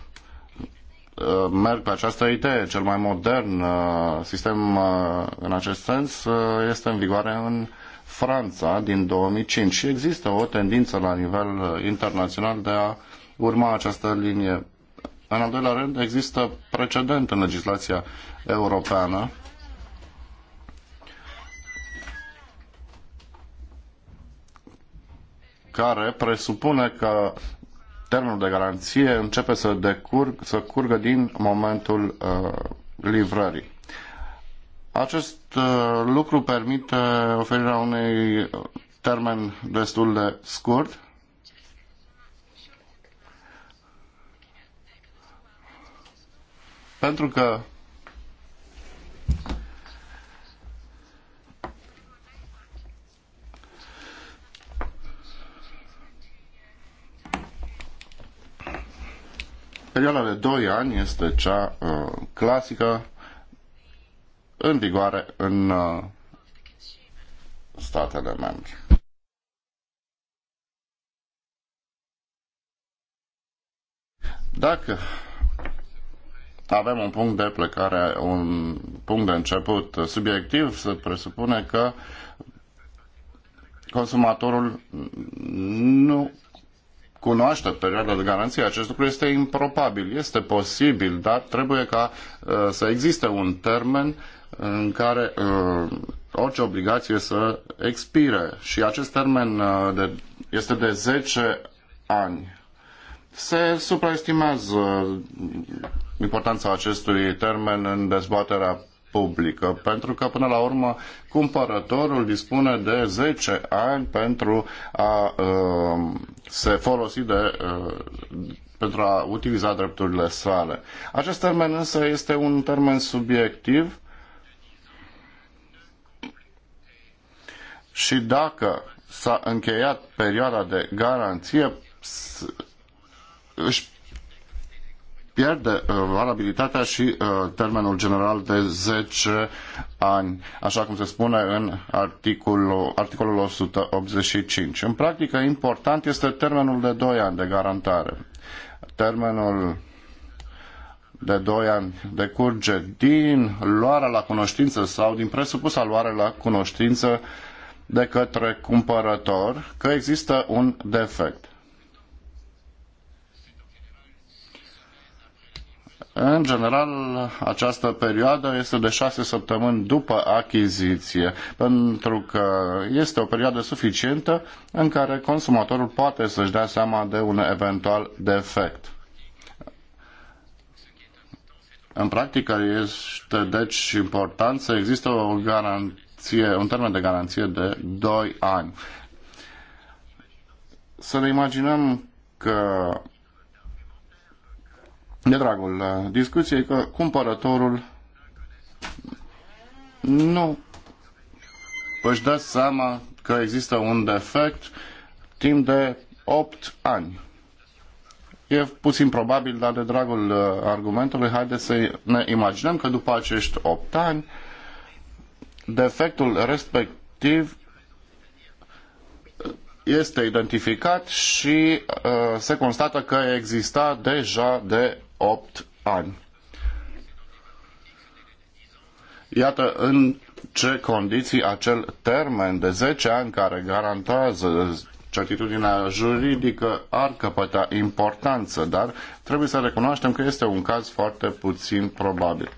uh, merg pe această idee. Cel mai modern uh, sistem uh, în acest sens este în vigoare în Franța din 2005 și există o tendință la nivel internațional de a urma această linie în al doilea rând, există precedent în legislația europeană care presupune că termenul de garanție începe să, decurg, să curgă din momentul uh, livrării. Acest uh, lucru permite oferirea unui termen destul de scurt pentru că perioada de 2 ani este cea uh, clasică în vigoare în uh, statele membre. Dacă avem un punct de plecare, un punct de început subiectiv, se presupune că consumatorul nu cunoaște perioada de garanție. Acest lucru este improbabil, este posibil, dar trebuie ca uh, să existe un termen în care uh, orice obligație să expire și acest termen uh, de, este de 10 ani. Se supraestimează importanța acestui termen în dezbaterea publică, pentru că până la urmă cumpărătorul dispune de 10 ani pentru a uh, se folosi de uh, pentru a utiliza drepturile sale. Acest termen însă este un termen subiectiv și dacă s-a încheiat perioada de garanție, își pierde uh, valabilitatea și uh, termenul general de 10 ani, așa cum se spune în articolul, articolul 185. În practică, important este termenul de 2 ani de garantare. Termenul de 2 ani decurge din luarea la cunoștință sau din presupusa luare la cunoștință de către cumpărător că există un defect. În general, această perioadă este de șase săptămâni după achiziție, pentru că este o perioadă suficientă în care consumatorul poate să-și dea seama de un eventual defect. În practică este deci important să existe o garanție, un termen de garanție de 2 ani. Să ne imaginăm că de dragul uh, discuției că cumpărătorul nu își dă seama că există un defect timp de 8 ani. E puțin probabil, dar de dragul uh, argumentului, haideți să ne imaginăm că după acești 8 ani, defectul respectiv este identificat și uh, se constată că exista deja de 8 ani. Iată în ce condiții acel termen de 10 ani care garantează certitudinea juridică ar căpăta importanță, dar trebuie să recunoaștem că este un caz foarte puțin probabil.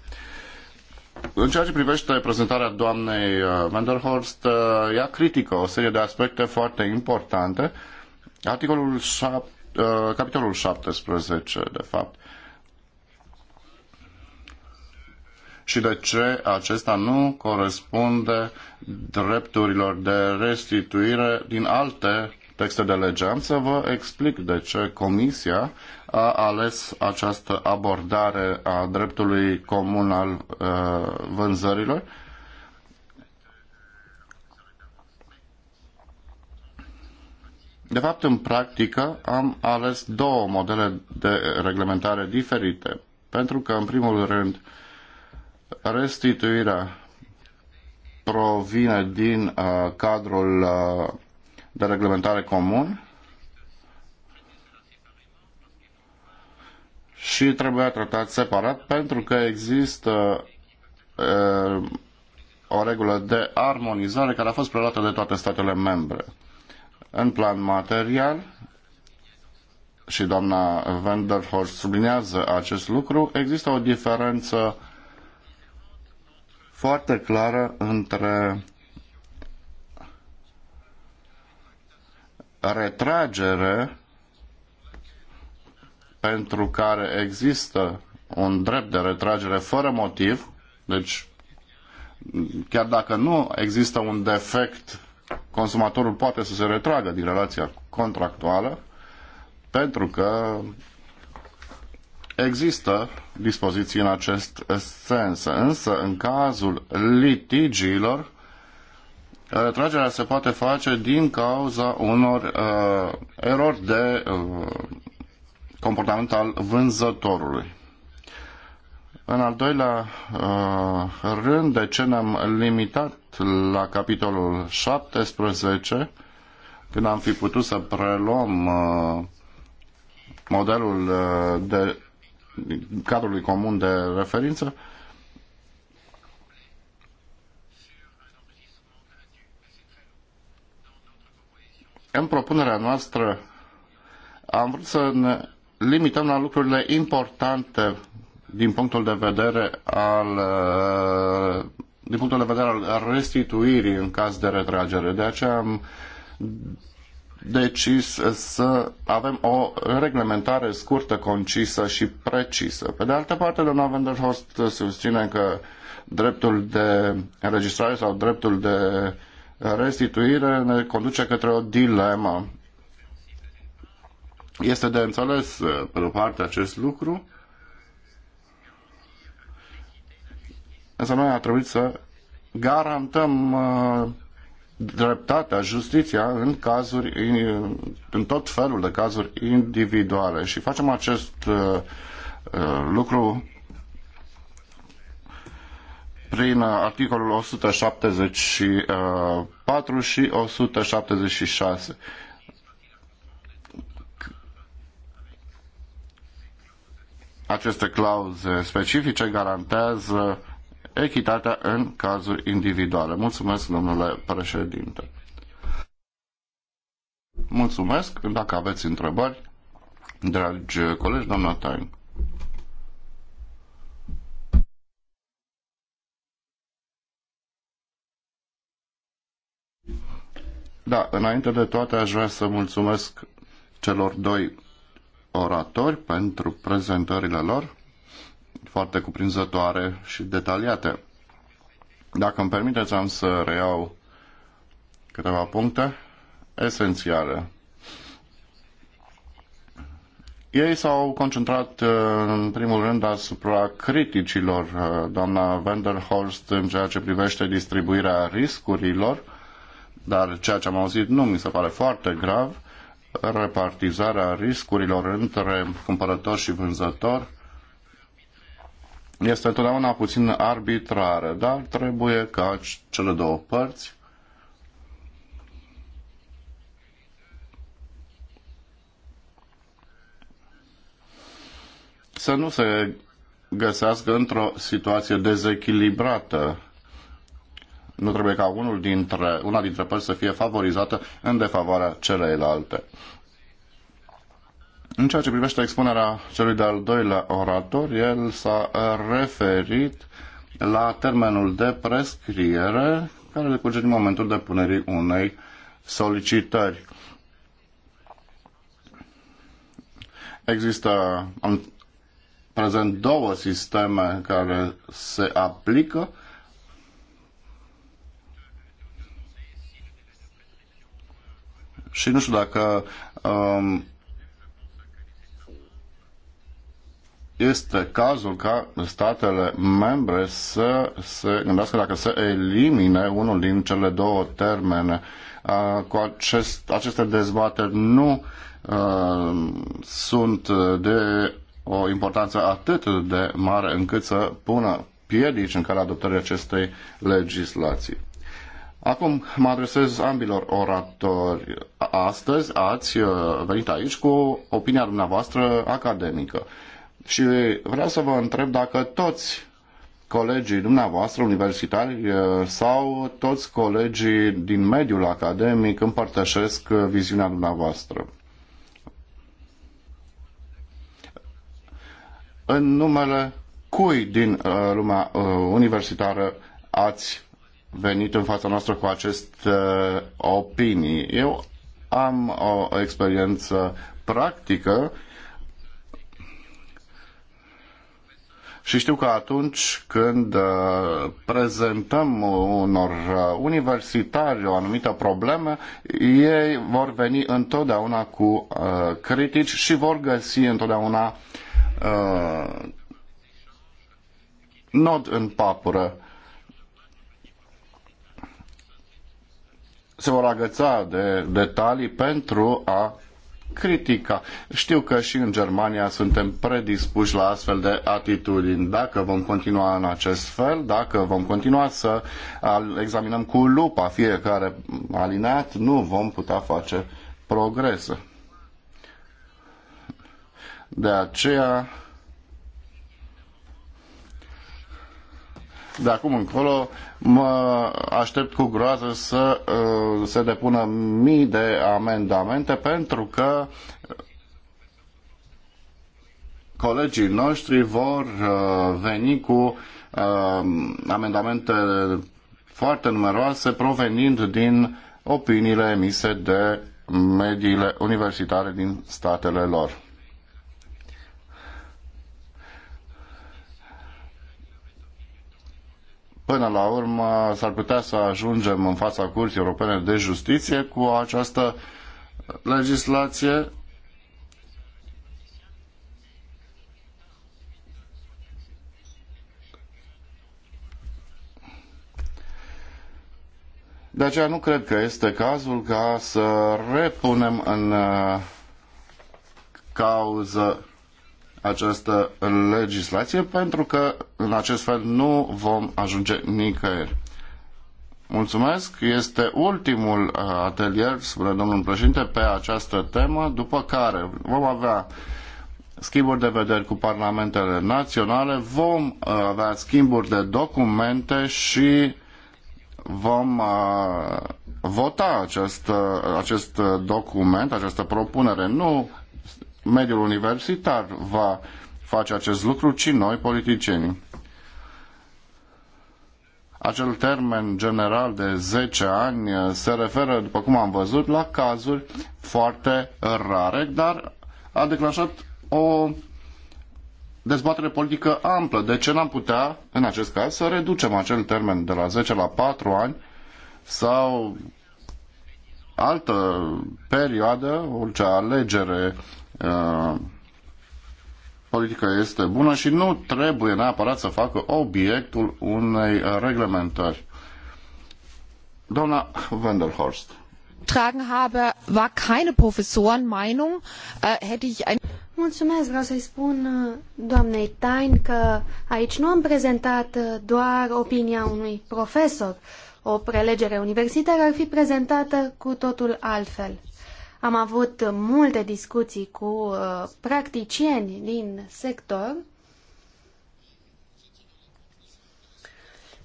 În ceea ce privește prezentarea doamnei uh, Vanderhorst, uh, ea critică o serie de aspecte foarte importante. Articolul 7, uh, capitolul 17, de fapt. și de ce acesta nu corespunde drepturilor de restituire din alte texte de lege. Am să vă explic de ce Comisia a ales această abordare a dreptului comun al uh, vânzărilor. De fapt, în practică, am ales două modele de reglementare diferite, pentru că, în primul rând, uh, restituirea provine din uh, cadrul uh, de reglementare comun și trebuia tratat separat pentru că există uh, o regulă de armonizare care a fost preluată de toate statele membre. În plan material, și doamna Vanderhorst sublinează acest lucru, există o diferență foarte clară între retragere pentru care există un drept de retragere fără motiv, deci chiar dacă nu există un defect, consumatorul poate să se retragă din relația contractuală pentru că Există dispoziții în acest sens, însă în cazul litigiilor, retragerea se poate face din cauza unor uh, erori de uh, comportament al vânzătorului. În al doilea uh, rând, de ce ne-am limitat la capitolul 17, când am fi putut să preluăm uh, modelul uh, de cadrului comun de referință. În propunerea noastră am vrut să ne limităm la lucrurile importante din punctul de vedere al din punctul de vedere al restituirii în caz de retragere. De aceea am decis să avem o reglementare scurtă, concisă și precisă. Pe de altă parte, doamna Wenderhorst uh, susține că dreptul de înregistrare sau dreptul de restituire ne conduce către o dilemă. Este de înțeles, uh, pe o parte, acest lucru, însă noi a trebuit să garantăm uh, dreptatea, justiția în cazuri, în tot felul de cazuri individuale și facem acest uh, uh, lucru prin articolul 174 și 176. Uh, Aceste clauze specifice garantează echitatea în cazuri individuale. Mulțumesc, domnule președinte. Mulțumesc. Dacă aveți întrebări, dragi colegi, doamna Tain. Da, înainte de toate aș vrea să mulțumesc celor doi oratori pentru prezentările lor foarte cuprinzătoare și detaliate. Dacă îmi permiteți, am să reiau câteva puncte esențiale. Ei s-au concentrat uh, în primul rând asupra criticilor uh, doamna Vanderhorst în ceea ce privește distribuirea riscurilor, dar ceea ce am auzit nu mi se pare foarte grav, repartizarea riscurilor între cumpărător și vânzător, este întotdeauna puțin arbitrară, dar trebuie ca cele două părți să nu se găsească într-o situație dezechilibrată. Nu trebuie ca unul dintre, una dintre părți să fie favorizată în defavoarea celeilalte. În ceea ce privește expunerea celui de-al doilea orator, el s-a referit la termenul de prescriere care decurge din momentul depunerii unei solicitări. Există în prezent două sisteme care se aplică. Și nu știu dacă um, este cazul ca statele membre să se gândească dacă să elimine unul din cele două termene. Cu acest, aceste dezbateri nu uh, sunt de o importanță atât de mare încât să pună piedici în calea adoptării acestei legislații. Acum mă adresez ambilor oratori. Astăzi ați uh, venit aici cu opinia dumneavoastră academică. Și vreau să vă întreb dacă toți colegii dumneavoastră universitari eh, sau toți colegii din mediul academic împărtășesc eh, viziunea dumneavoastră. În numele cui din eh, lumea universitară ați venit în fața noastră cu aceste opinii? Eu am o experiență practică Și știu că atunci când uh, prezentăm unor uh, universitari o anumită problemă, ei vor veni întotdeauna cu uh, critici și vor găsi întotdeauna nod în papură. Se vor agăța de detalii pentru a critica. Știu că și în Germania suntem predispuși la astfel de atitudini. Dacă vom continua în acest fel, dacă vom continua să examinăm cu lupa fiecare alineat, nu vom putea face progrese. De aceea, de acum încolo mă aștept cu groază să uh, se depună mii de amendamente pentru că colegii noștri vor uh, veni cu uh, amendamente foarte numeroase provenind din opiniile emise de mediile universitare din statele lor. Până la urmă, s-ar putea să ajungem în fața Curții Europene de Justiție cu această legislație De aceea nu cred că este cazul ca să repunem în uh, cauză această legislație pentru că în acest fel nu vom ajunge nicăieri. Mulțumesc, este ultimul uh, atelier, spune domnul președinte, pe această temă, după care vom avea schimburi de vederi cu parlamentele naționale, vom uh, avea schimburi de documente și vom uh, vota acest, acest document, această propunere. Nu mediul universitar va face acest lucru, ci noi, politicienii. Acel termen general de 10 ani se referă, după cum am văzut, la cazuri foarte rare, dar a declanșat o dezbatere politică amplă. De ce n-am putea, în acest caz, să reducem acel termen de la 10 la 4 ani sau altă perioadă, orice alegere Uh, politică este bună și nu trebuie neapărat să facă obiectul unei reglementări. Doamna Wendelhorst. Tragen habe, war keine Professorenmeinung, äh, hätte ich ein... Mulțumesc, vreau să-i spun uh, doamnei Tain că aici nu am prezentat uh, doar opinia unui profesor. O prelegere universitară ar fi prezentată cu totul altfel. Am avut multe discuții cu uh, practicieni din sector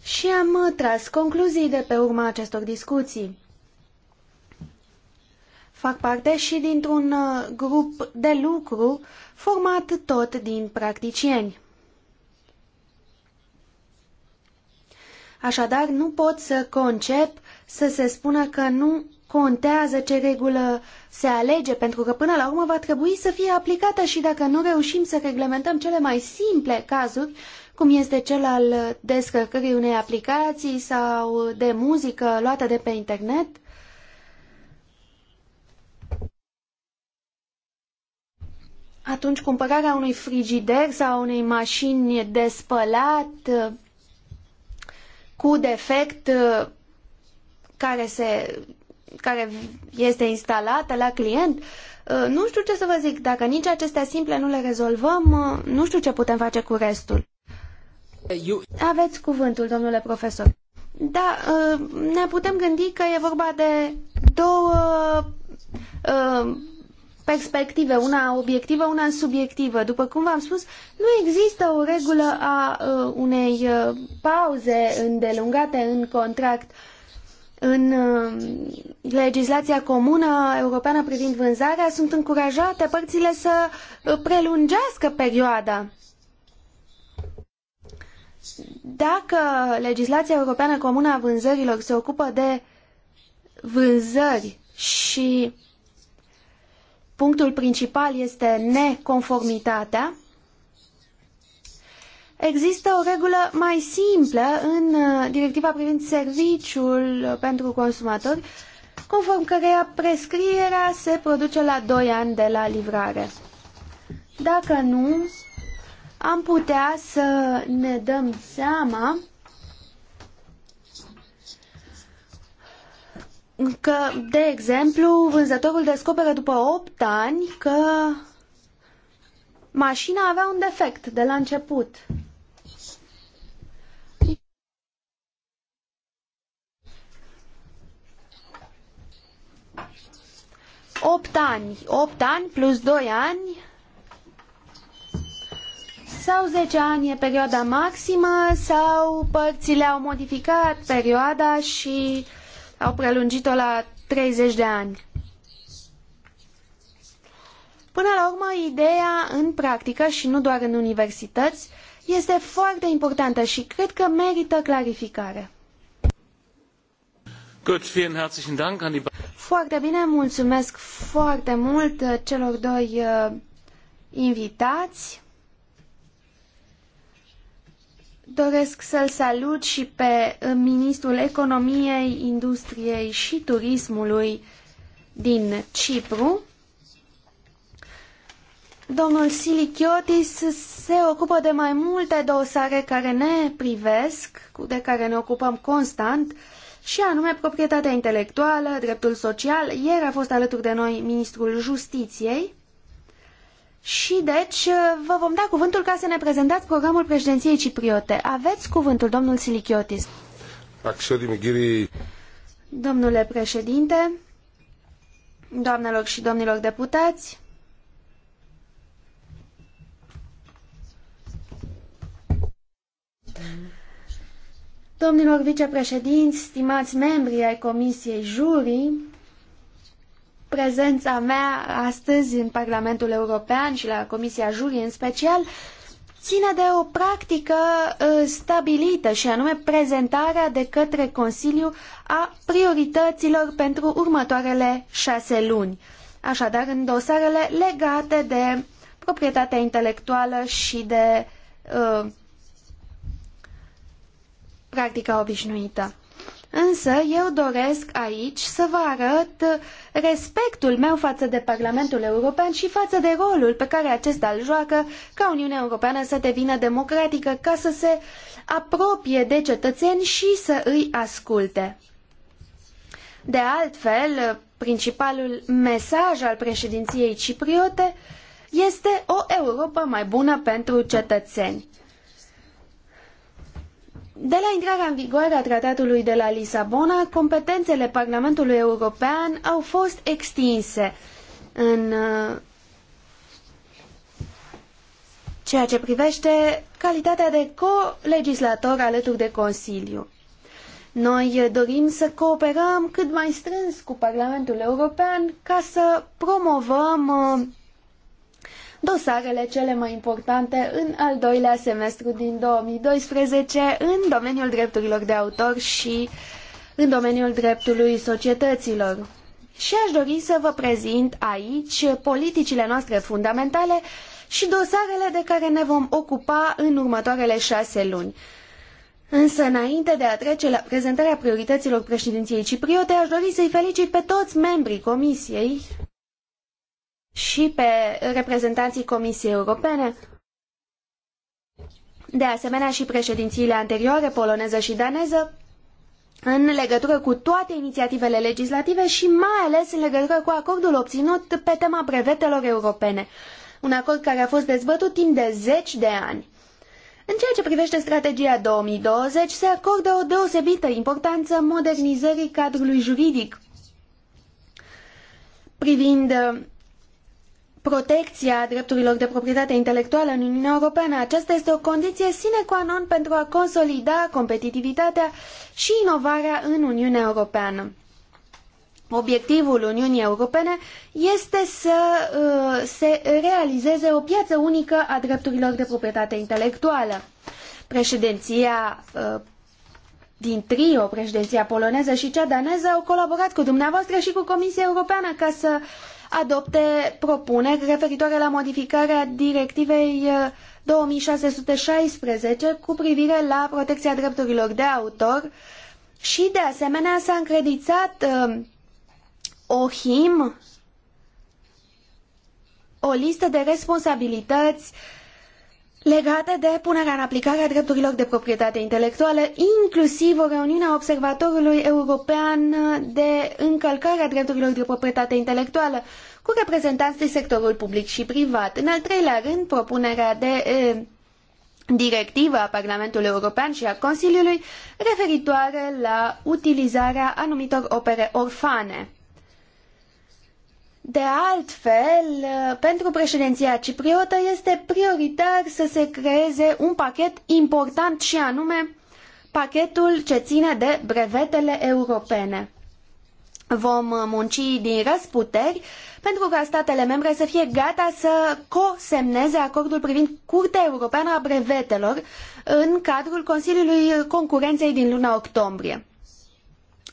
și am uh, tras concluzii de pe urma acestor discuții. Fac parte și dintr-un uh, grup de lucru format tot din practicieni. Așadar, nu pot să concep să se spună că nu contează ce regulă se alege, pentru că până la urmă va trebui să fie aplicată și dacă nu reușim să reglementăm cele mai simple cazuri, cum este cel al descărcării unei aplicații sau de muzică luată de pe internet, atunci cumpărarea unui frigider sau unei mașini de spălat uh, cu defect uh, care se care este instalată la client. Uh, nu știu ce să vă zic, dacă nici acestea simple nu le rezolvăm, uh, nu știu ce putem face cu restul. Aveți cuvântul, domnule profesor. Da, uh, ne putem gândi că e vorba de două perspective, una obiectivă, una subiectivă. După cum v-am spus, nu există o regulă a unei pauze îndelungate în contract în uh, legislația comună europeană privind vânzarea sunt încurajate părțile să uh, prelungească perioada. Dacă legislația europeană comună a vânzărilor se ocupă de vânzări și punctul principal este neconformitatea, Există o regulă mai simplă în uh, directiva privind serviciul uh, pentru consumatori, conform căreia prescrierea se produce la 2 ani de la livrare. Dacă nu, am putea să ne dăm seama că, de exemplu, vânzătorul descoperă după 8 ani că mașina avea un defect de la început 8 ani. 8 ani plus 2 ani sau 10 ani e perioada maximă sau părțile au modificat perioada și au prelungit-o la 30 de ani. Până la urmă, ideea în practică și nu doar în universități este foarte importantă și cred că merită clarificare. Foarte bine, mulțumesc foarte mult uh, celor doi uh, invitați. Doresc să-l salut și pe uh, Ministrul Economiei, Industriei și Turismului din Cipru. Domnul Silichiotis se ocupă de mai multe dosare care ne privesc, de care ne ocupăm constant, și anume proprietatea intelectuală, dreptul social. Ieri a fost alături de noi ministrul justiției și deci vă vom da cuvântul ca să ne prezentați programul președinției cipriote. Aveți cuvântul, domnul Silichiotis. Domnule președinte, doamnelor și domnilor deputați, Domnilor vicepreședinți, stimați membri ai Comisiei Jurii, prezența mea astăzi în Parlamentul European și la Comisia Jurii în special ține de o practică ă, stabilită și anume prezentarea de către Consiliu a priorităților pentru următoarele șase luni. Așadar, în dosarele legate de proprietatea intelectuală și de uh, practica obișnuită. Însă eu doresc aici să vă arăt respectul meu față de Parlamentul European și față de rolul pe care acesta îl joacă ca Uniunea Europeană să devină democratică, ca să se apropie de cetățeni și să îi asculte. De altfel, principalul mesaj al președinției cipriote este o Europa mai bună pentru cetățeni. De la intrarea în vigoare a tratatului de la Lisabona, competențele Parlamentului European au fost extinse în uh, ceea ce privește calitatea de co-legislator alături de Consiliu. Noi dorim să cooperăm cât mai strâns cu Parlamentul European ca să promovăm uh, dosarele cele mai importante în al doilea semestru din 2012 în domeniul drepturilor de autor și în domeniul dreptului societăților. Și aș dori să vă prezint aici politicile noastre fundamentale și dosarele de care ne vom ocupa în următoarele șase luni. Însă, înainte de a trece la prezentarea priorităților președinției cipriote, aș dori să-i felicit pe toți membrii comisiei și pe reprezentanții Comisiei Europene, de asemenea și președințiile anterioare, poloneză și daneză, în legătură cu toate inițiativele legislative și mai ales în legătură cu acordul obținut pe tema brevetelor europene, un acord care a fost dezbătut timp de zeci de ani. În ceea ce privește strategia 2020, se acordă o deosebită importanță modernizării cadrului juridic privind protecția drepturilor de proprietate intelectuală în Uniunea Europeană. Aceasta este o condiție sine qua non pentru a consolida competitivitatea și inovarea în Uniunea Europeană. Obiectivul Uniunii Europene este să uh, se realizeze o piață unică a drepturilor de proprietate intelectuală. Președinția uh, din trio, președinția poloneză și cea daneză au colaborat cu dumneavoastră și cu Comisia Europeană ca să uh, adopte propuneri referitoare la modificarea directivei 2616 uh, cu privire la protecția drepturilor de autor și de asemenea s-a încredițat uh, OHIM o listă de responsabilități uh, legate de punerea în aplicare a drepturilor de proprietate intelectuală, inclusiv o reuniune a Observatorului European de încălcare a drepturilor de proprietate intelectuală cu reprezentanți din sectorul public și privat. În al treilea rând, propunerea de e, directivă a Parlamentului European și a Consiliului referitoare la utilizarea anumitor opere orfane. De altfel, pentru președinția cipriotă este prioritar să se creeze un pachet important și anume pachetul ce ține de brevetele europene. Vom munci din răsputeri pentru ca statele membre să fie gata să cosemneze acordul privind Curtea Europeană a Brevetelor în cadrul Consiliului Concurenței din luna octombrie.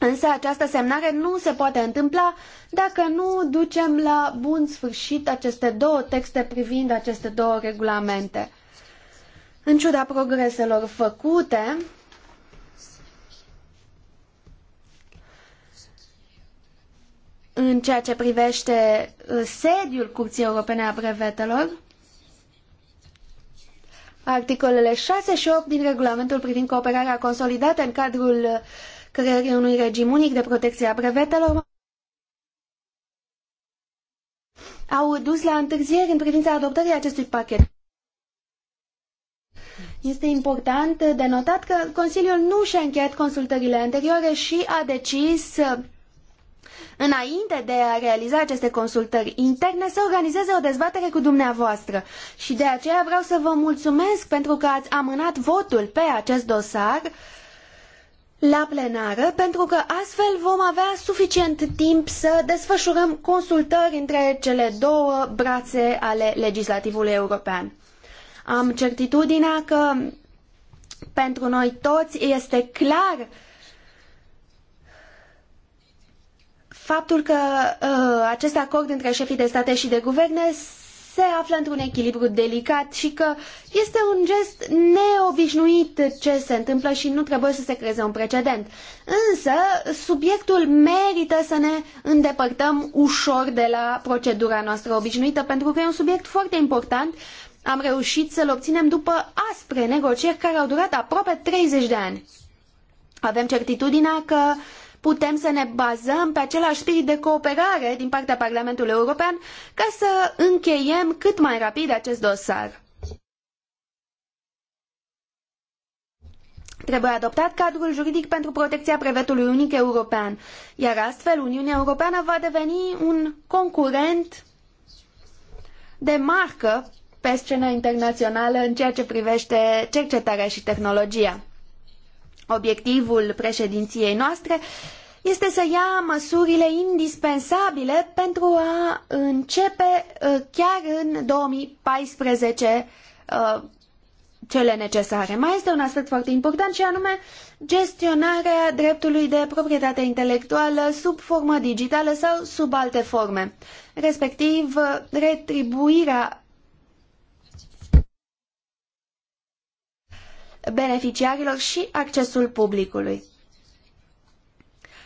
Însă această semnare nu se poate întâmpla dacă nu ducem la bun sfârșit aceste două texte privind aceste două regulamente. În ciuda progreselor făcute, în ceea ce privește uh, sediul Curții Europene a Brevetelor, articolele 6 și 8 din regulamentul privind cooperarea consolidată în cadrul uh, creării unui regim unic de protecție a brevetelor au dus la întârzieri în privința adoptării acestui pachet. Este important de notat că Consiliul nu și-a încheiat consultările anterioare și a decis Înainte de a realiza aceste consultări interne, să organizeze o dezbatere cu dumneavoastră și de aceea vreau să vă mulțumesc pentru că ați amânat votul pe acest dosar uh, la plenară, pentru că astfel vom avea suficient timp să desfășurăm consultări între cele două brațe ale legislativului european. Am certitudinea că pentru noi toți este clar faptul că uh, acest acord între șefii de state și de guverne se află într-un echilibru delicat și că este un gest neobișnuit ce se întâmplă și nu trebuie să se creeze un precedent. Însă, subiectul merită să ne îndepărtăm ușor de la procedura noastră obișnuită, pentru că e un subiect foarte important. Am reușit să-l obținem după aspre negocieri care au durat aproape 30 de ani. Avem certitudinea că putem să ne bazăm pe același spirit de cooperare din partea Parlamentului European ca să încheiem cât mai rapid acest dosar. Trebuie adoptat cadrul juridic pentru protecția brevetului unic european, iar astfel Uniunea Europeană va deveni un concurent de marcă pe scenă internațională în ceea ce privește cercetarea și tehnologia obiectivul președinției noastre este să ia măsurile indispensabile pentru a începe uh, chiar în 2014 uh, cele necesare. Mai este un aspect foarte important și anume gestionarea dreptului de proprietate intelectuală sub formă digitală sau sub alte forme, respectiv retribuirea beneficiarilor și accesul publicului.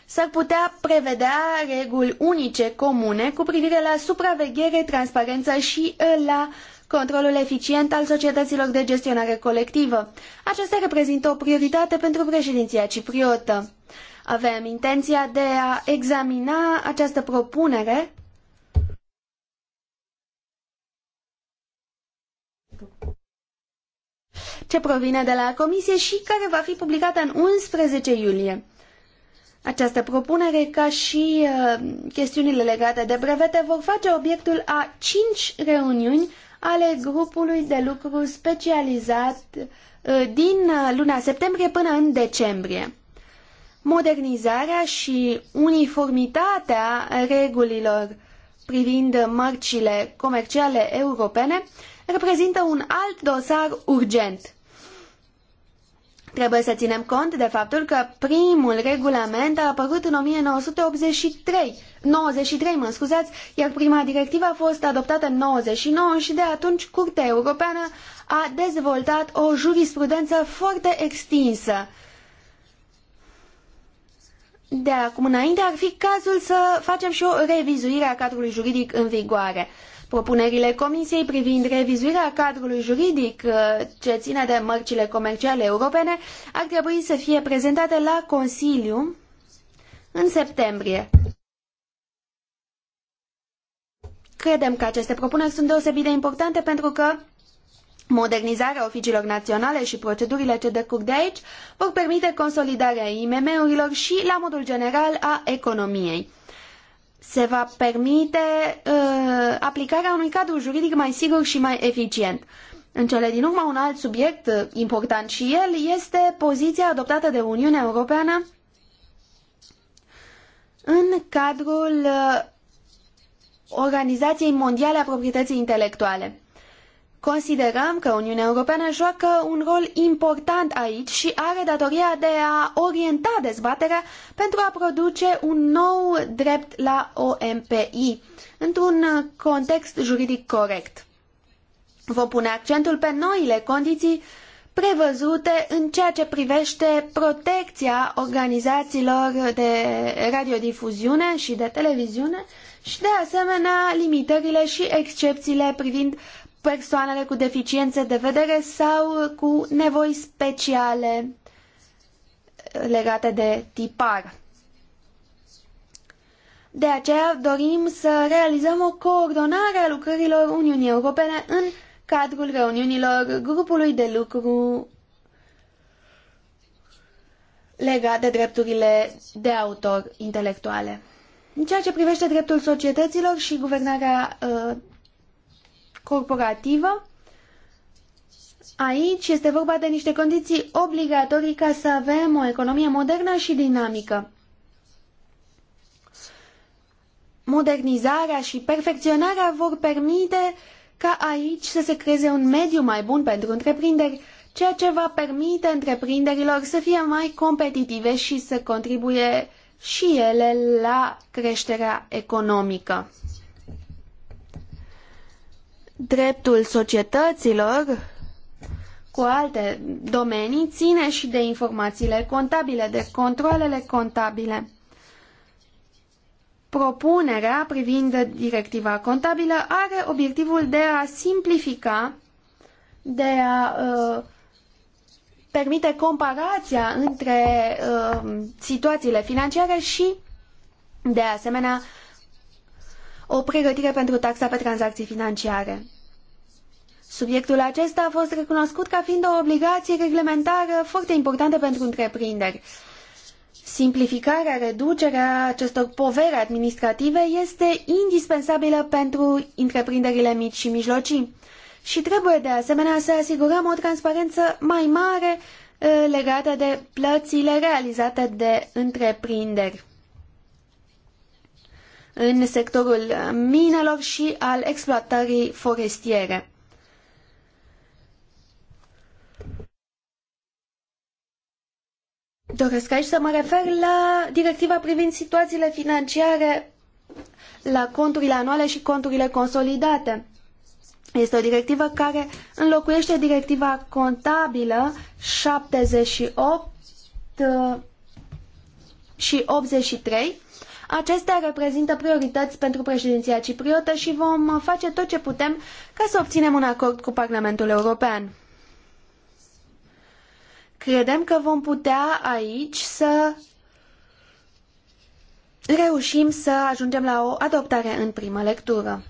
S-ar putea prevedea reguli unice comune cu privire la supraveghere, transparență și la controlul eficient al societăților de gestionare colectivă. Aceasta reprezintă o prioritate pentru președinția cipriotă. Avem intenția de a examina această propunere ce provine de la Comisie și care va fi publicată în 11 iulie. Această propunere, ca și uh, chestiunile legate de brevete, vor face obiectul a cinci reuniuni ale grupului de lucru specializat uh, din uh, luna septembrie până în decembrie. Modernizarea și uniformitatea regulilor privind mărcile comerciale europene reprezintă un alt dosar urgent. Trebuie să ținem cont de faptul că primul regulament a apărut în 1983, 93, mă scuzați, iar prima directivă a fost adoptată în 99 și de atunci Curtea Europeană a dezvoltat o jurisprudență foarte extinsă. De acum înainte ar fi cazul să facem și o revizuire a cadrului juridic în vigoare. Propunerile Comisiei privind revizuirea cadrului juridic uh, ce ține de mărcile comerciale europene ar trebui să fie prezentate la Consiliu în septembrie. Credem că aceste propuneri sunt deosebit de importante pentru că Modernizarea oficiilor naționale și procedurile ce decurg de aici vor permite consolidarea IMM-urilor și, la modul general, a economiei se va permite uh, aplicarea unui cadru juridic mai sigur și mai eficient. În cele din urmă, un alt subiect uh, important și el este poziția adoptată de Uniunea Europeană în cadrul uh, Organizației Mondiale a Proprietății Intelectuale. Considerăm că Uniunea Europeană joacă un rol important aici și are datoria de a orienta dezbaterea pentru a produce un nou drept la OMPI, într-un context juridic corect. Vom pune accentul pe noile condiții prevăzute în ceea ce privește protecția organizațiilor de radiodifuziune și de televiziune și, de asemenea, limitările și excepțiile privind persoanele cu deficiențe de vedere sau cu nevoi speciale legate de tipar. De aceea dorim să realizăm o coordonare a lucrărilor Uniunii Europene în cadrul reuniunilor grupului de lucru legat de drepturile de autor intelectuale. În ceea ce privește dreptul societăților și guvernarea uh, corporativă. Aici este vorba de niște condiții obligatorii ca să avem o economie modernă și dinamică. Modernizarea și perfecționarea vor permite ca aici să se creeze un mediu mai bun pentru întreprinderi, ceea ce va permite întreprinderilor să fie mai competitive și să contribuie și ele la creșterea economică dreptul societăților cu alte domenii ține și de informațiile contabile, de controlele contabile. Propunerea privind directiva contabilă are obiectivul de a simplifica, de a uh, permite comparația între uh, situațiile financiare și, de asemenea, o pregătire pentru taxa pe tranzacții financiare. Subiectul acesta a fost recunoscut ca fiind o obligație reglementară foarte importantă pentru întreprinderi. Simplificarea, reducerea acestor poveri administrative este indispensabilă pentru întreprinderile mici și mijlocii și trebuie de asemenea să asigurăm o transparență mai mare eh, legată de plățile realizate de întreprinderi în sectorul minelor și al exploatării forestiere. Doresc aici să mă refer la directiva privind situațiile financiare, la conturile anuale și conturile consolidate. Este o directivă care înlocuiește directiva contabilă 78 și 83. Uh, Acestea reprezintă priorități pentru președinția cipriotă și vom face tot ce putem ca să obținem un acord cu Parlamentul European. Credem că vom putea aici să reușim să ajungem la o adoptare în primă lectură.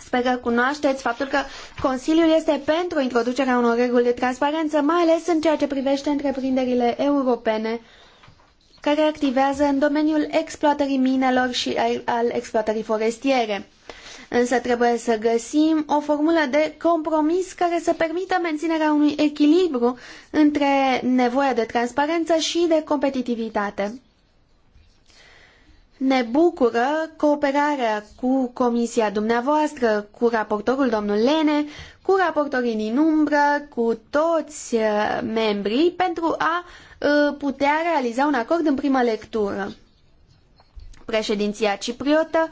Sper că cunoașteți faptul că Consiliul este pentru introducerea unor reguli de transparență, mai ales în ceea ce privește întreprinderile europene care activează în domeniul exploatării minelor și al exploatării forestiere. Însă trebuie să găsim o formulă de compromis care să permită menținerea unui echilibru între nevoia de transparență și de competitivitate. Ne bucură cooperarea cu comisia dumneavoastră, cu raportorul domnul Lene, cu raportorii din umbră, cu toți uh, membrii pentru a uh, putea realiza un acord în primă lectură. Președinția cipriotă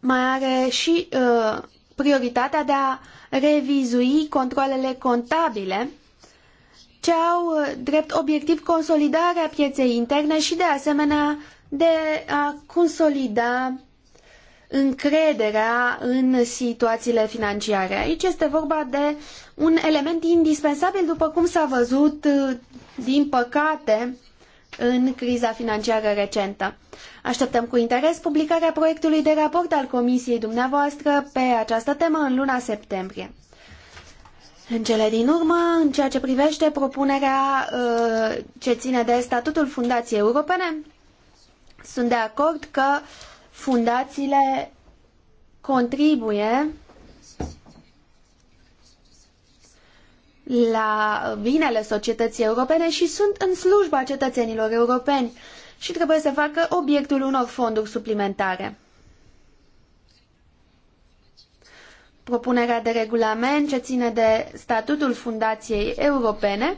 mai are și uh, prioritatea de a revizui controlele contabile ce au uh, drept obiectiv consolidarea pieței interne și de asemenea de a consolida încrederea în situațiile financiare. Aici este vorba de un element indispensabil, după cum s-a văzut, uh, din păcate, în criza financiară recentă. Așteptăm cu interes publicarea proiectului de raport al Comisiei dumneavoastră pe această temă în luna septembrie. În cele din urmă, în ceea ce privește propunerea uh, ce ține de statutul Fundației Europene, sunt de acord că fundațiile contribuie la binele societății europene și sunt în slujba cetățenilor europeni și trebuie să facă obiectul unor fonduri suplimentare. Propunerea de regulament ce ține de statutul fundației europene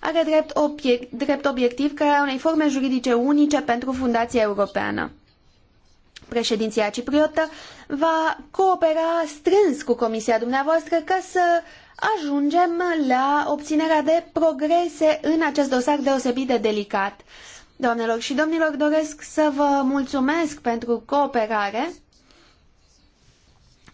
are drept, obiect, drept obiectiv crearea unei forme juridice unice pentru fundația europeană. Președinția cipriotă va coopera strâns cu comisia dumneavoastră ca să ajungem la obținerea de progrese în acest dosar deosebit de delicat. Doamnelor și domnilor, doresc să vă mulțumesc pentru cooperare,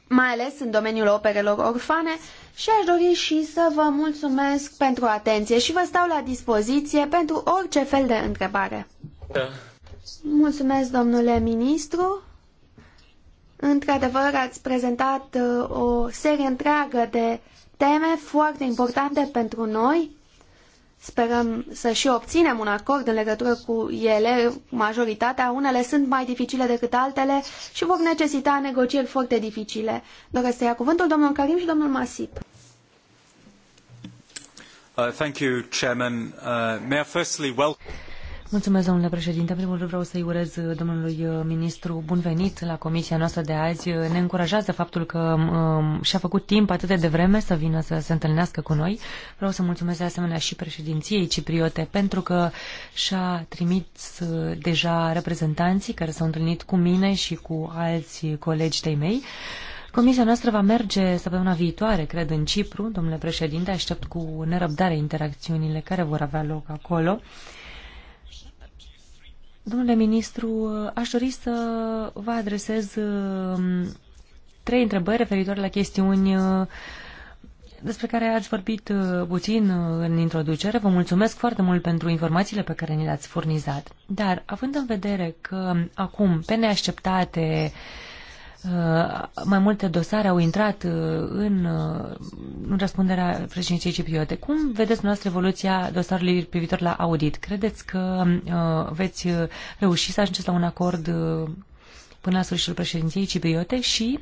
mai ales în domeniul operelor orfane, și aș dori și să vă mulțumesc pentru atenție și vă stau la dispoziție pentru orice fel de întrebare. Da. Mulțumesc, domnule ministru. Într-adevăr, ați prezentat uh, o serie întreagă de teme foarte importante pentru noi. Sperăm să și obținem un acord în legătură cu ele, majoritatea. Unele sunt mai dificile decât altele și vor necesita negocieri foarte dificile. Doresc să ia cuvântul domnul Karim și domnul Masip. Uh, thank you, Chairman. Uh, may I firstly welcome... Mulțumesc, domnule președinte. În primul rând vreau să-i urez uh, domnului uh, ministru bun venit la comisia noastră de azi. Uh, ne încurajează faptul că um, um, și-a făcut timp atât de devreme să vină să se întâlnească cu noi. Vreau să mulțumesc de asemenea și președinției cipriote pentru că și-a trimis deja reprezentanții care s-au întâlnit cu mine și cu alți colegi de mei. Comisia noastră va merge săptămâna viitoare, cred, în Cipru. Domnule președinte, aștept cu nerăbdare interacțiunile care vor avea loc acolo. Uh, Domnule ministru, aș dori să vă adresez um, trei întrebări referitoare la chestiuni uh, despre care ați vorbit uh, puțin uh, în introducere. Vă mulțumesc foarte mult pentru informațiile pe care ni le-ați furnizat. Dar, având în vedere că acum, pe neașteptate, Uh, mai multe dosare au intrat uh, în, uh, în răspunderea președinției cipriote. Cum vedeți noastră evoluția dosarului privitor la audit? Credeți că veți reuși să ajungeți la un acord până la sfârșitul președinției cipriote și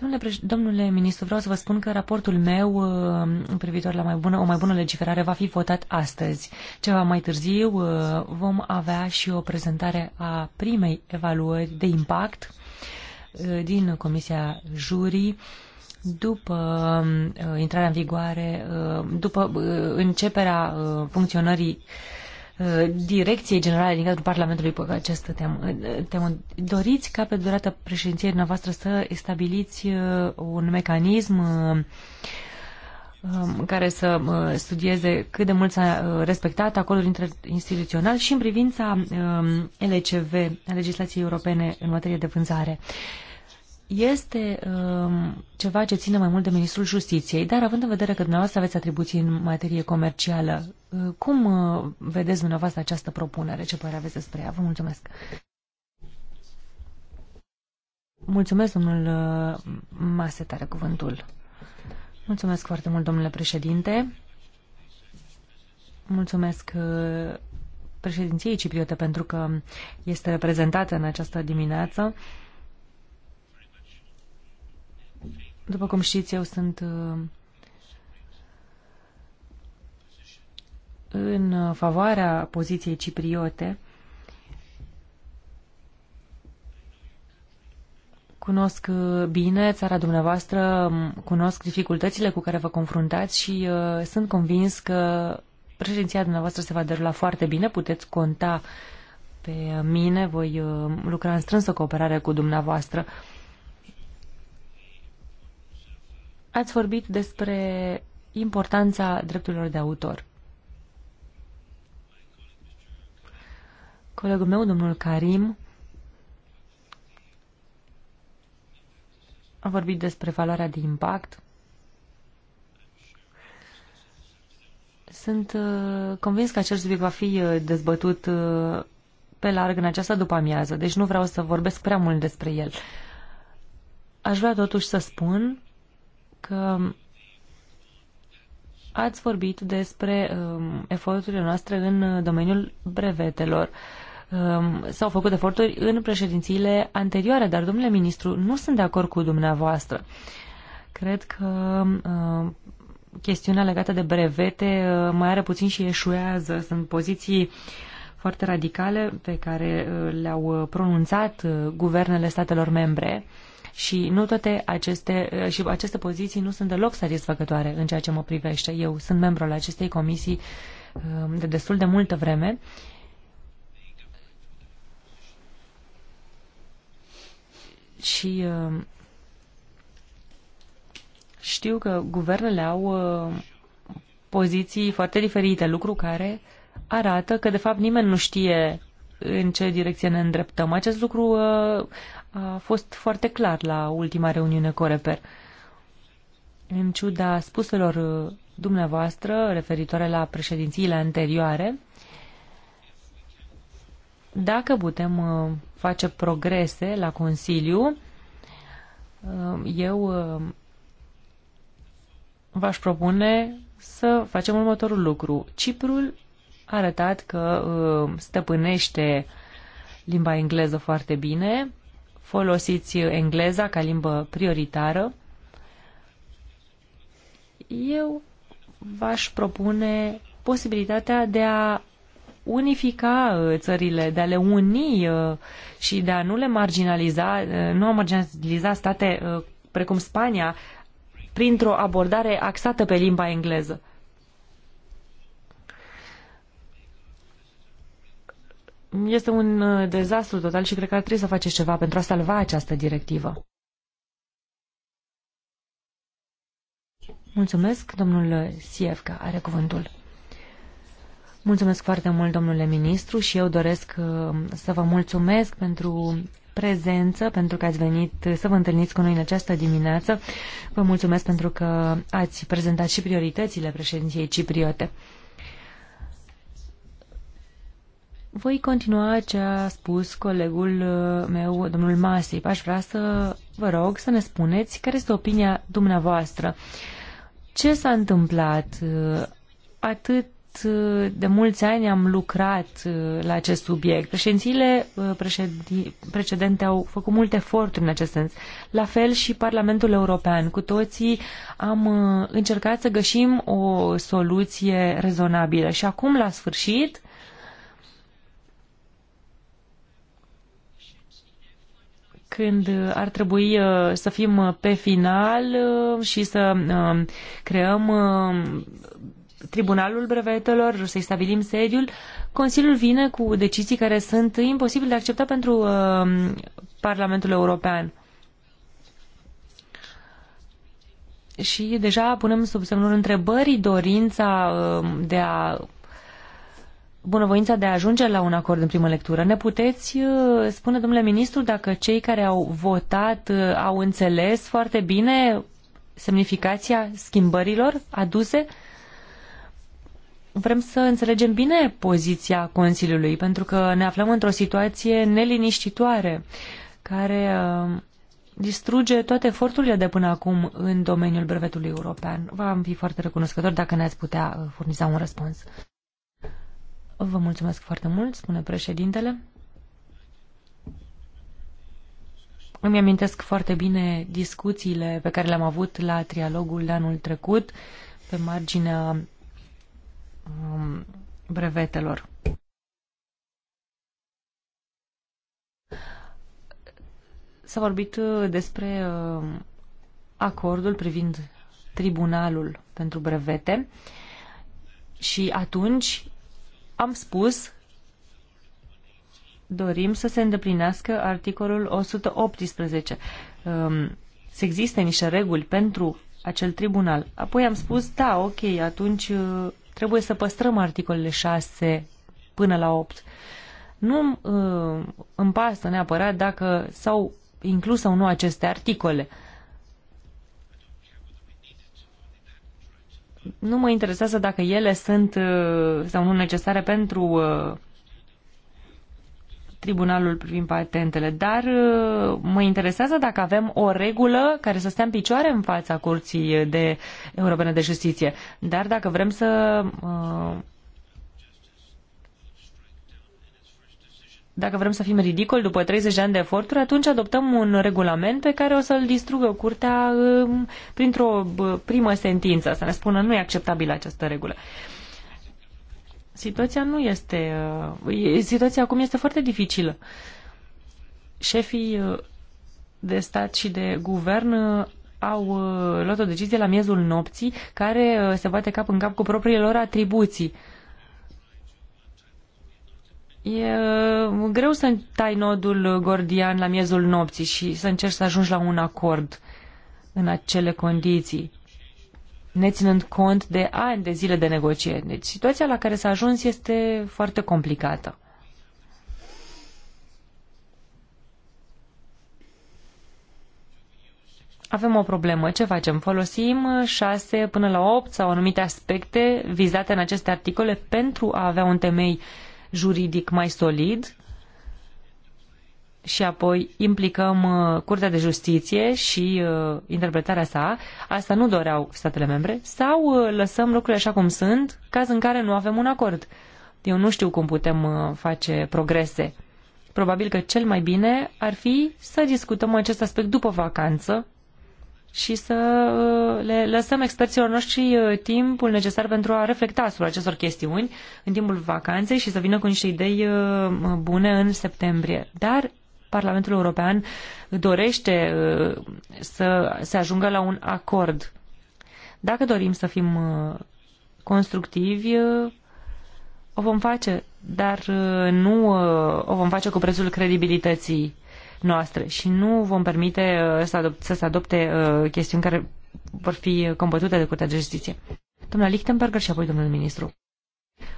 Domnule, domnule ministru, vreau să vă spun că raportul meu în privitor la mai bună, o mai bună legiferare va fi votat astăzi. Ceva mai târziu vom avea și o prezentare a primei evaluări de impact din Comisia Jurii după uh, intrarea în vigoare, uh, după uh, începerea funcționării Direcției Generale din cadrul Parlamentului pe această temă. temă. Doriți ca pe durata președinției noastre să stabiliți un mecanism um, care să studieze cât de mult s-a respectat acordul interinstituțional și în privința um, LCV, legislației europene în materie de vânzare este um, ceva ce ține mai mult de Ministrul Justiției, dar având în vedere că dumneavoastră aveți atribuții în materie comercială, uh, cum uh, vedeți dumneavoastră această propunere? Ce părere aveți despre ea? Vă mulțumesc! Mulțumesc, domnul uh, Masetare, cuvântul. Mulțumesc foarte mult, domnule președinte. Mulțumesc uh, președinției cipriote pentru că este reprezentată în această dimineață. Uh, După cum știți, eu sunt uh, în favoarea poziției cipriote. Cunosc uh, bine țara dumneavoastră, cunosc dificultățile cu care vă confruntați și uh, sunt convins că președinția dumneavoastră se va derula foarte bine, puteți conta pe mine, voi uh, lucra în strânsă cooperare cu dumneavoastră. Uh, Ați vorbit despre importanța drepturilor de autor. Colegul meu, domnul Karim, a vorbit despre valoarea de impact. Sunt uh, convins că acest subiect va fi uh, dezbătut uh, pe larg în această după-amiază, deci nu vreau să vorbesc prea mult despre el. Aș vrea totuși să spun că ați vorbit despre um, eforturile noastre în domeniul brevetelor. Um, s-au făcut eforturi în președințiile anterioare, dar, domnule ministru, nu sunt de acord cu dumneavoastră. Cred că um, chestiunea legată de brevete uh, mai are puțin și eșuează. Sunt poziții foarte radicale pe care uh, le-au uh, pronunțat uh, guvernele statelor membre și nu toate aceste, uh, și aceste poziții nu sunt deloc satisfăcătoare în ceea ce mă privește. Eu sunt membru al acestei comisii um, de destul de multă vreme și um, știu că guvernele au uh, poziții foarte diferite, lucru care arată că de fapt nimeni nu știe în ce direcție ne îndreptăm. Acest lucru uh, a fost foarte clar la ultima reuniune Coreper. În ciuda spuselor uh, dumneavoastră referitoare la președințiile anterioare, dacă putem uh, face progrese la Consiliu, uh, eu v-aș propune să facem următorul lucru. Ciprul a arătat că stăpânește limba engleză foarte bine, folosiți engleza ca limbă prioritară, eu v-aș propune posibilitatea de a unifica uh, țările, de a le uni uh, și de a nu le marginaliza, uh, nu a marginaliza state precum Spania printr-o abordare axată pe limba engleză. Este un uh, dezastru total și cred că ar trebui să faceți ceva pentru a salva această directivă. Mulțumesc, domnul Sievca are cuvântul. Mulțumesc foarte mult, domnule ministru, și eu doresc uh, să vă mulțumesc pentru prezență, pentru că ați venit să vă întâlniți cu noi în această dimineață. Vă mulțumesc pentru că ați prezentat și prioritățile președinției cipriote. Voi continua ce a spus colegul uh, meu, domnul Masip. Aș vrea să vă rog să ne spuneți care este opinia dumneavoastră. Ce s-a întâmplat? Uh, atât uh, de mulți ani am lucrat la acest subiect. Președințiile precedente au făcut multe eforturi în acest sens. La fel și Parlamentul European. Cu toții am încercat să găsim o soluție rezonabilă. Și acum, la sfârșit, când ar trebui uh, să fim uh, pe final uh, și să creăm Tribunalul Brevetelor, să-i stabilim sediul, Consiliul vine cu decizii care sunt imposibil de acceptat pentru Parlamentul European. Și deja punem sub semnul întrebării dorința de a bunăvoința de a ajunge la un acord în primă lectură. Ne puteți uh, spune, domnule ministru, dacă cei care au votat uh, au înțeles foarte bine semnificația schimbărilor aduse? Vrem să înțelegem bine poziția Consiliului, pentru că ne aflăm într-o situație neliniștitoare, care uh, distruge toate eforturile de până acum în domeniul brevetului european. V-am fi foarte recunoscător dacă ne-ați putea furniza un răspuns. Vă mulțumesc foarte mult, spune președintele. Îmi amintesc foarte bine discuțiile pe care le-am avut la trialogul de anul trecut pe marginea um, brevetelor. S-a vorbit uh, despre uh, acordul privind tribunalul pentru brevete și atunci am spus dorim să se îndeplinească articolul 118. Um, să existe niște reguli pentru acel tribunal. Apoi am spus, da, ok, atunci uh, trebuie să păstrăm articolele 6 până la 8. Nu uh, îmi pasă neapărat dacă s-au inclus sau nu aceste articole. Uh, nu mă interesează dacă ele sunt uh, sau nu necesare pentru uh, tribunalul privind patentele, dar uh, mă interesează dacă avem o regulă care să stea în picioare în fața Curții de Europene de Justiție. Dar dacă vrem să dacă vrem să fim ridicoli după 30 de ani de eforturi, atunci adoptăm un regulament pe care o să-l distrugă curtea um, printr-o primă sentință, să ne spună nu e acceptabilă această regulă. Situația nu este... Uh, situația acum este foarte dificilă. Șefii uh, de stat și de guvern uh, au luat o decizie la miezul nopții care se bate cap în cap cu propriile lor atribuții. Uh, E uh, greu să tai nodul gordian la miezul nopții și să încerci să ajungi la un acord în acele condiții, neținând cont de ani de zile de negocieri. Deci situația la care s-a ajuns este foarte complicată. Avem o problemă. Ce facem? Folosim șase până la opt sau anumite aspecte vizate în aceste articole pentru a avea un temei uh, juridic mai solid și apoi implicăm uh, Curtea de Justiție și uh, interpretarea sa, asta nu doreau statele membre, sau uh, lăsăm lucrurile așa cum sunt, caz în care nu avem un acord. Eu nu știu cum putem face progrese. Probabil că cel mai bine ar fi să discutăm acest aspect după vacanță, și să uh, le lăsăm experților noștri uh, timpul necesar pentru a reflecta asupra acestor chestiuni în timpul vacanței și să vină cu niște idei uh, bune în septembrie. Dar Parlamentul European dorește să se ajungă la un acord. Dacă dorim să fim constructivi, o vom face, dar nu o vom face cu prețul credibilității noastre și nu vom permite uh, să, adop- să se adopte uh, chestiuni care vor fi combătute de Curtea de Justiție. Domnul Lichtenberger și apoi domnul ministru.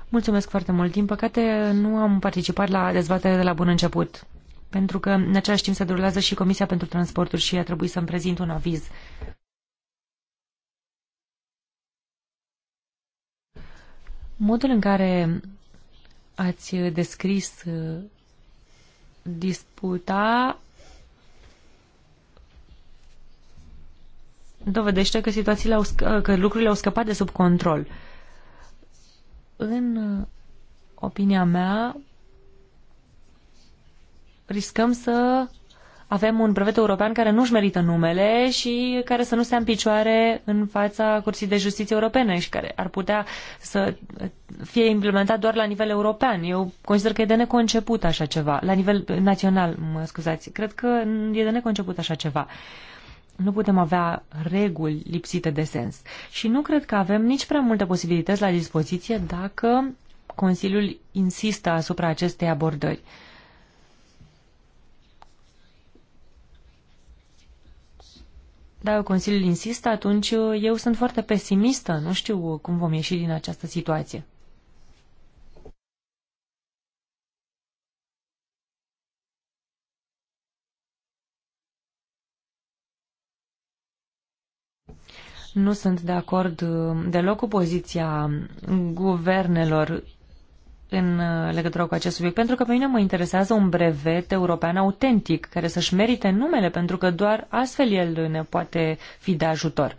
Mulțumesc foarte mult. Din păcate, nu am participat la dezbatere de la bun început, pentru că în același timp se derulează și Comisia pentru Transporturi și a trebuit să-mi prezint un aviz. Modul în care ați descris uh, disputa dovedește că situațiile au, că lucrurile au scăpat de sub control. În opinia mea, riscăm să avem un brevet european care nu-și merită numele și care să nu stea în picioare în fața Curții de Justiție Europene și care ar putea să fie implementat doar la nivel european. Eu consider că e de neconceput așa ceva. La nivel național, mă scuzați. Cred că e de neconceput așa ceva. Nu putem avea reguli lipsite de sens. Și nu cred că avem nici prea multe posibilități la dispoziție dacă Consiliul insistă asupra acestei abordări. Dacă Consiliul insistă, atunci uh, eu sunt foarte pesimistă. Nu știu cum vom ieși din această situație. Nu sunt de acord uh, deloc cu poziția guvernelor în uh, legătură cu acest subiect, pentru că pe mine mă interesează un brevet european autentic, care să-și merite numele, pentru că doar astfel el ne poate fi de ajutor.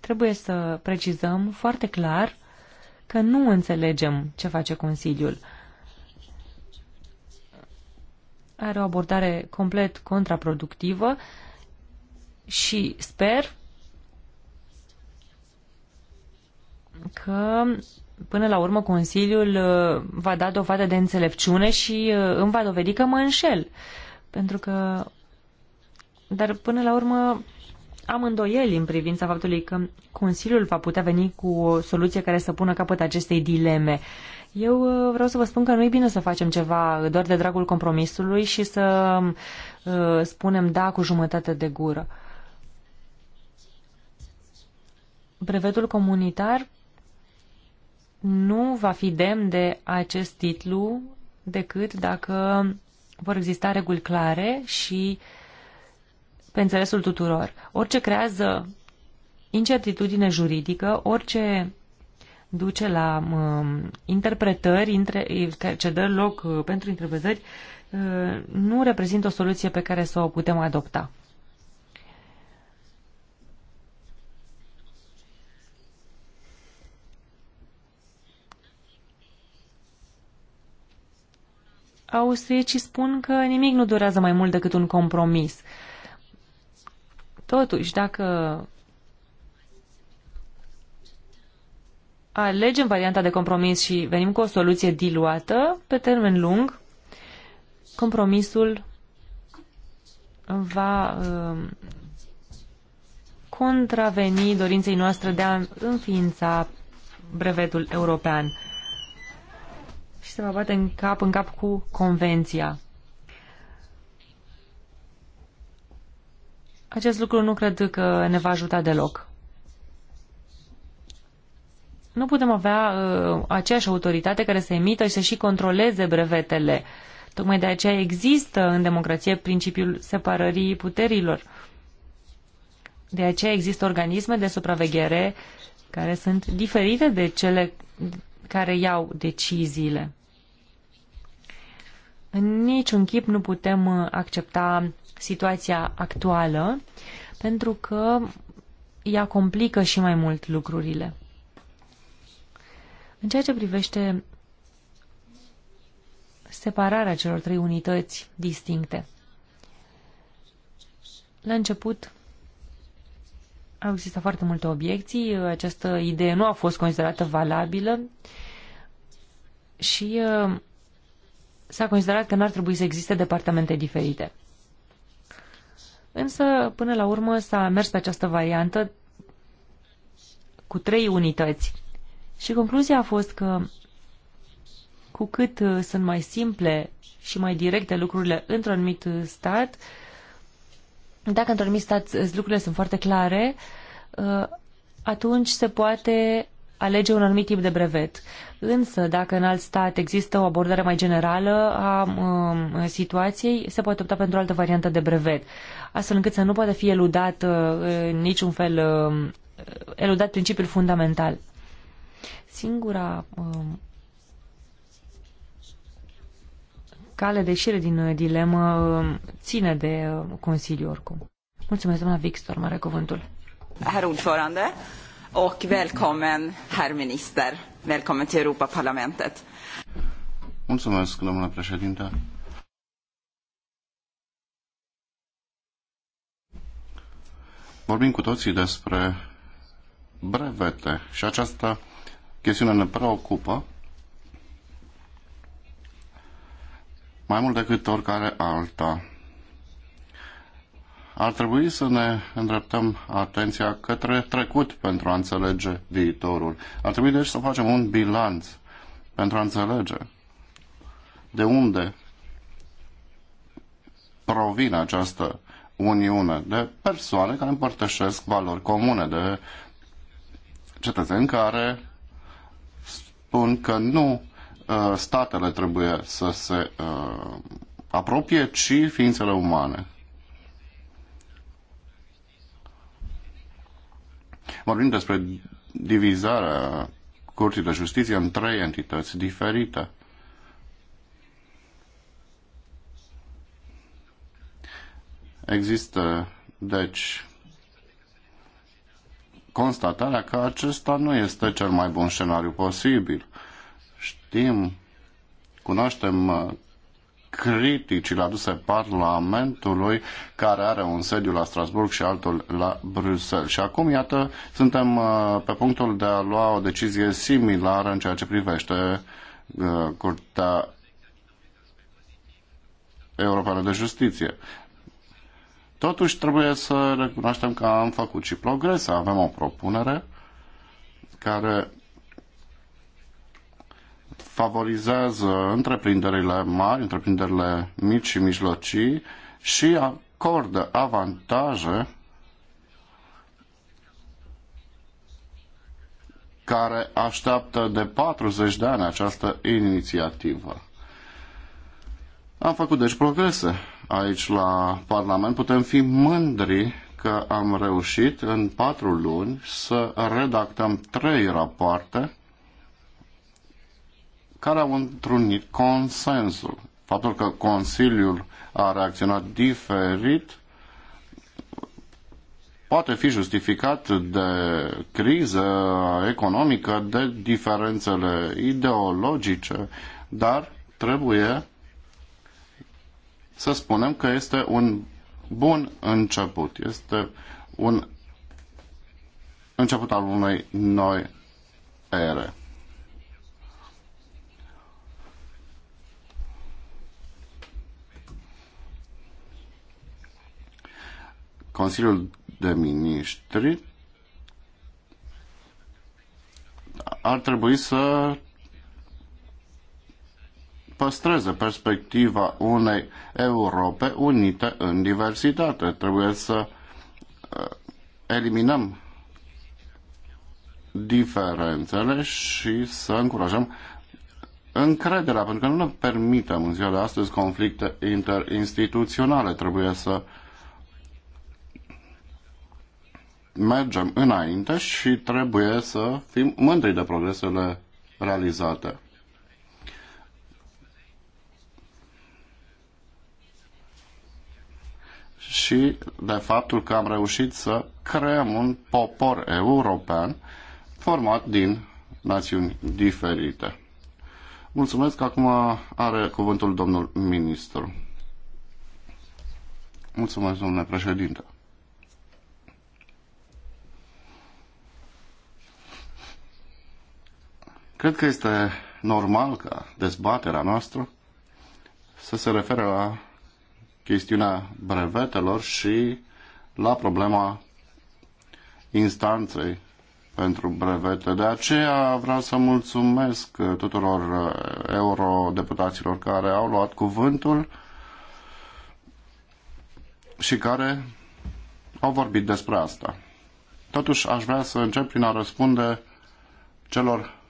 Trebuie să precizăm foarte clar că nu înțelegem ce face Consiliul. Are o abordare complet contraproductivă și sper că până la urmă Consiliul uh, va da dovadă de înțelepciune și uh, îmi va dovedi că mă înșel. Pentru că... Dar până la urmă am îndoieli în privința faptului că Consiliul va putea veni cu o soluție care să pună capăt acestei dileme. Eu uh, vreau să vă spun că nu e bine să facem ceva doar de dragul compromisului și să uh, spunem da cu jumătate de gură. Brevetul comunitar nu va fi demn de acest titlu decât dacă vor exista reguli clare și pe înțelesul tuturor. Orice creează incertitudine juridică, orice duce la uh, interpretări, între ce dă loc uh, pentru interpretări, uh, nu reprezintă o soluție pe care să o putem adopta. austriecii spun că nimic nu durează mai mult decât un compromis. Totuși, dacă alegem varianta de compromis și venim cu o soluție diluată, pe termen lung, compromisul va um, contraveni dorinței noastre de a înființa brevetul european și se va bate în cap în cap cu convenția. Acest lucru nu cred că ne va ajuta deloc. Nu putem avea uh, aceeași autoritate care să emită și să și controleze brevetele. Tocmai de aceea există în democrație principiul separării puterilor. De aceea există organisme de supraveghere care sunt diferite de cele care iau deciziile în niciun chip nu putem uh, accepta situația actuală, pentru că ea complică și mai mult lucrurile. În ceea ce privește separarea celor trei unități distincte, la început au existat foarte multe obiecții, această idee nu a fost considerată valabilă și uh, s-a considerat că n-ar trebui să existe departamente diferite. Însă, până la urmă, s-a mers pe această variantă cu trei unități. Și concluzia a fost că cu cât uh, sunt mai simple și mai directe lucrurile într-un anumit uh, stat, dacă într-un anumit stat uh, lucrurile sunt foarte clare, atunci se poate alege un anumit tip de brevet. Însă, dacă în alt stat există o abordare mai generală a um, situației, se poate opta pentru o altă variantă de brevet, astfel încât să nu poate fi eludat uh, în niciun fel, uh, eludat principiul fundamental. Singura um, cale de ieșire din uh, dilemă um, ține de uh, Consiliu oricum. Mulțumesc, doamna Victor, mare cuvântul. Herr Unschorande, och välkommen herr minister. Välkommen till Europaparlamentet. Mulțumesc, domnule președinte. Vorbim cu toții despre brevete și această chestiune ne preocupă mai mult decât oricare alta ar trebui să ne îndreptăm atenția către trecut pentru a înțelege viitorul. Ar trebui deci să facem un bilanț pentru a înțelege de unde provine această uniune de persoane care împărtășesc valori comune, de cetățeni care spun că nu ă, statele trebuie să se ă, apropie, ci ființele umane. Vorbim despre divizarea Curții de Justiție în trei entități diferite. Există, deci, constatarea că acesta nu este cel mai bun scenariu posibil. Știm, cunoaștem criticile aduse Parlamentului, care are un sediu la Strasburg și altul la Bruxelles. Și acum, iată, suntem uh, pe punctul de a lua o decizie similară în ceea ce privește uh, Curtea Europeană de Justiție. Totuși trebuie să recunoaștem că am făcut și progrese. Avem o propunere care favorizează întreprinderile mari, întreprinderile mici și mijlocii și acordă avantaje care așteaptă de 40 de ani această inițiativă. Am făcut deci progrese aici la Parlament. Putem fi mândri că am reușit în patru luni să redactăm trei rapoarte care au întrunit consensul. Faptul că Consiliul a reacționat diferit poate fi justificat de criză economică, de diferențele ideologice, dar trebuie să spunem că este un bun început. Este un început al unei noi ere. Consiliul de Ministri ar trebui să păstreze perspectiva unei Europe unite în diversitate. Trebuie să uh, eliminăm diferențele și să încurajăm încrederea, pentru că nu ne permitem în ziua de astăzi conflicte interinstituționale. Trebuie să mergem înainte și trebuie să fim mândri de progresele realizate. și de faptul că am reușit să creăm un popor european format din națiuni diferite. Mulțumesc. Acum are cuvântul domnul ministru. Mulțumesc, domnule președinte. Cred că este normal ca dezbaterea noastră să se refere la chestiunea brevetelor și la problema instanței pentru brevete. De aceea vreau să mulțumesc tuturor uh, eurodeputaților care au luat cuvântul și care au vorbit despre asta. Totuși, aș vrea să încep prin a răspunde celor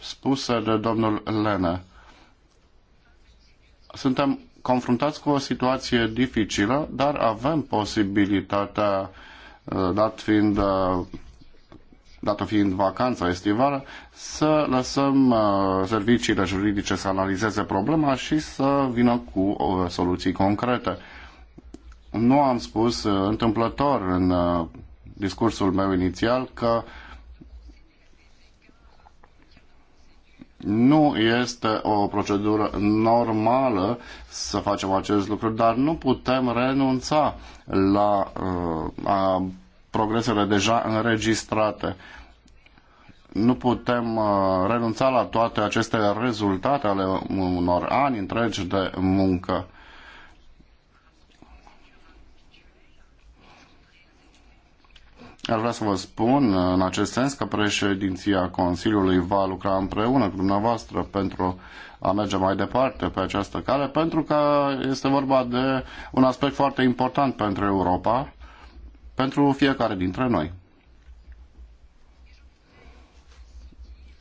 spusă de domnul Lene. Suntem confruntați cu o situație dificilă, dar avem posibilitatea, uh, dat fiind, uh, dată fiind vacanța estivală, să lăsăm uh, serviciile juridice să analizeze problema și să vină cu soluții concrete. Nu am spus întâmplător în discursul meu inițial că uh, Nu este o procedură normală să facem acest lucru, dar nu putem renunța la uh, a, progresele deja înregistrate. Nu putem uh, renunța la toate aceste rezultate ale unor ani întregi de muncă. Aș vrea să vă spun în acest sens că președinția Consiliului va lucra împreună cu dumneavoastră pentru a merge mai departe pe această cale, pentru că este vorba de un aspect foarte important pentru Europa, pentru fiecare dintre noi.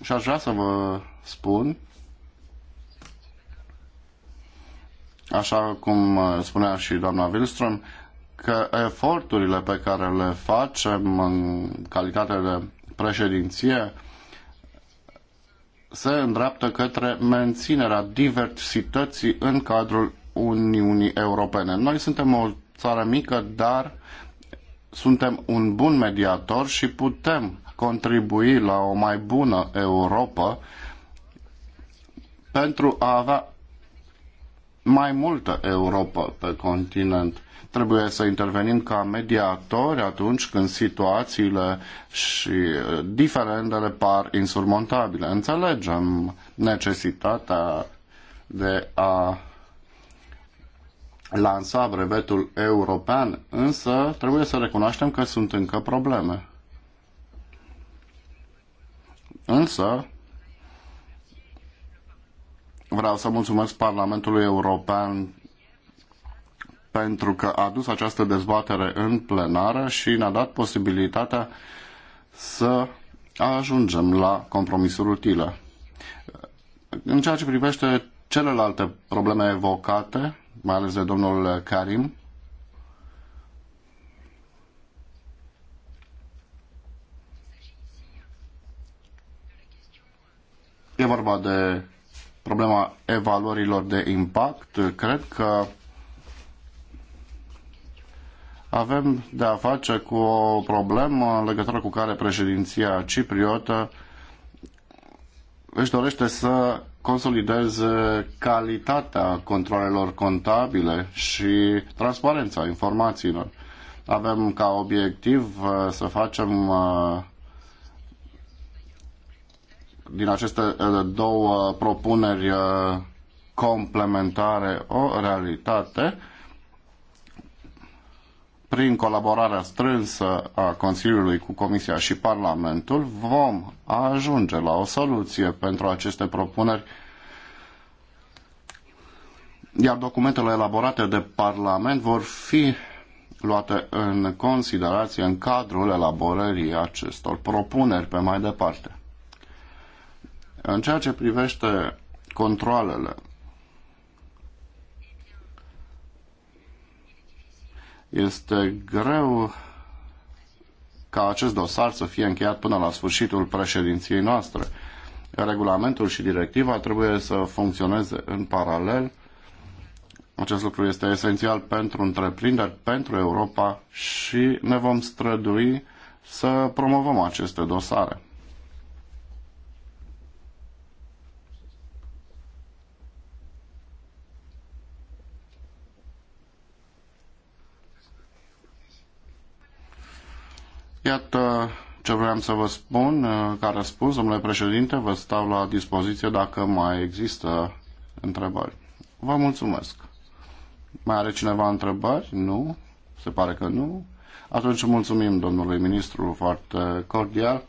Și aș vrea să vă spun, așa cum spunea și doamna Wilström, că eforturile pe care le facem în calitate de președinție se îndreaptă către menținerea diversității în cadrul Uniunii Europene. Noi suntem o țară mică, dar suntem un bun mediator și putem contribui la o mai bună Europa pentru a avea mai multă Europa pe continent. Trebuie să intervenim ca mediatori atunci când situațiile și diferendele par insurmontabile. Înțelegem necesitatea de a lansa brevetul european, însă trebuie să recunoaștem că sunt încă probleme. Însă, vreau să mulțumesc Parlamentului European pentru că a adus această dezbatere în plenară și ne-a dat posibilitatea să ajungem la compromisuri utile. În ceea ce privește celelalte probleme evocate, mai ales de domnul Karim, E vorba de problema evaluărilor de impact. Cred că avem de a face cu o problemă în legătură cu care președinția cipriotă își dorește să consolideze calitatea controlelor contabile și transparența informațiilor. Avem ca obiectiv uh, să facem uh, din aceste uh, două propuneri complementare o realitate prin colaborarea strânsă a Consiliului cu Comisia și Parlamentul, vom ajunge la o soluție pentru aceste propuneri, iar documentele elaborate de Parlament vor fi luate în considerație în cadrul elaborării acestor propuneri pe mai departe. În ceea ce privește controlele Este greu ca acest dosar să fie încheiat până la sfârșitul președinției noastre. Regulamentul și directiva trebuie să funcționeze în paralel. Acest lucru este esențial pentru întreprinderi, pentru Europa și ne vom strădui să promovăm aceste dosare. Iată ce vreau să vă spun uh, ca răspuns, domnule președinte, vă stau la dispoziție dacă mai există întrebări. Vă mulțumesc. Mai are cineva întrebări? Nu? Se pare că nu. Atunci mulțumim domnului ministru foarte cordial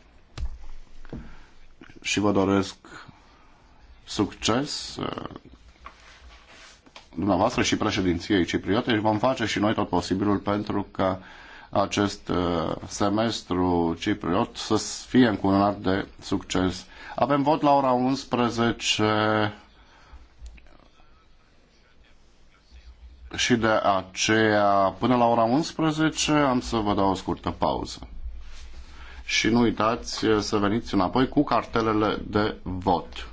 și vă doresc succes uh, dumneavoastră și președinției cipriote și vom face și noi tot posibilul pentru că acest uh, semestru cipriot să fie încununat de succes. Avem vot la ora 11 și de aceea până la ora 11 am să vă dau o scurtă pauză. Și nu uitați să veniți înapoi cu cartelele de vot.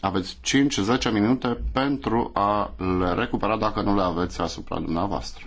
Aveți 5-10 minute pentru a le recupera dacă nu le aveți asupra dumneavoastră.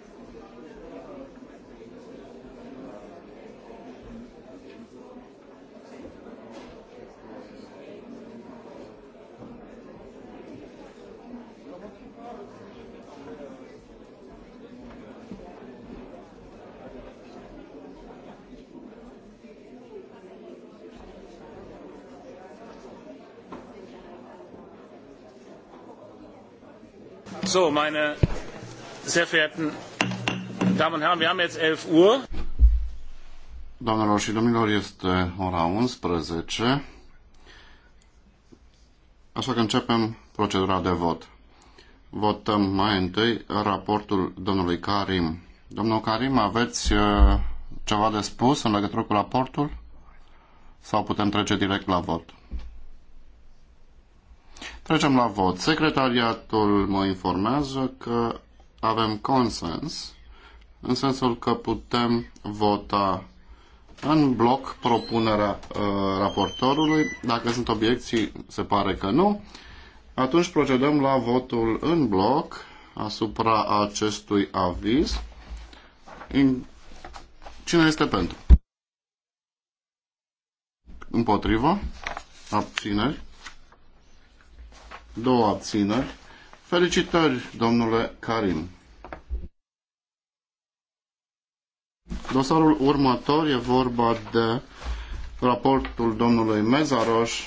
So, meine sehr verehrten Damen und Herren, wir haben jetzt 11 Uhr. Doamnelor și domnilor, este ora 11, așa că începem procedura de vot. Votăm mai întâi raportul domnului Karim. Domnul Karim, aveți uh, ceva de spus în legătură cu raportul? Sau putem trece direct la vot? Trecem la vot. Secretariatul mă informează că avem consens în sensul că putem vota în bloc propunerea uh, raportorului. Dacă sunt obiecții, se pare că nu. Atunci procedăm la votul în bloc asupra acestui aviz. In... Cine este pentru? Împotrivă? Abțineri? două abțineri. Felicitări, domnule Karim. Dosarul următor e vorba de raportul domnului Mezaroș,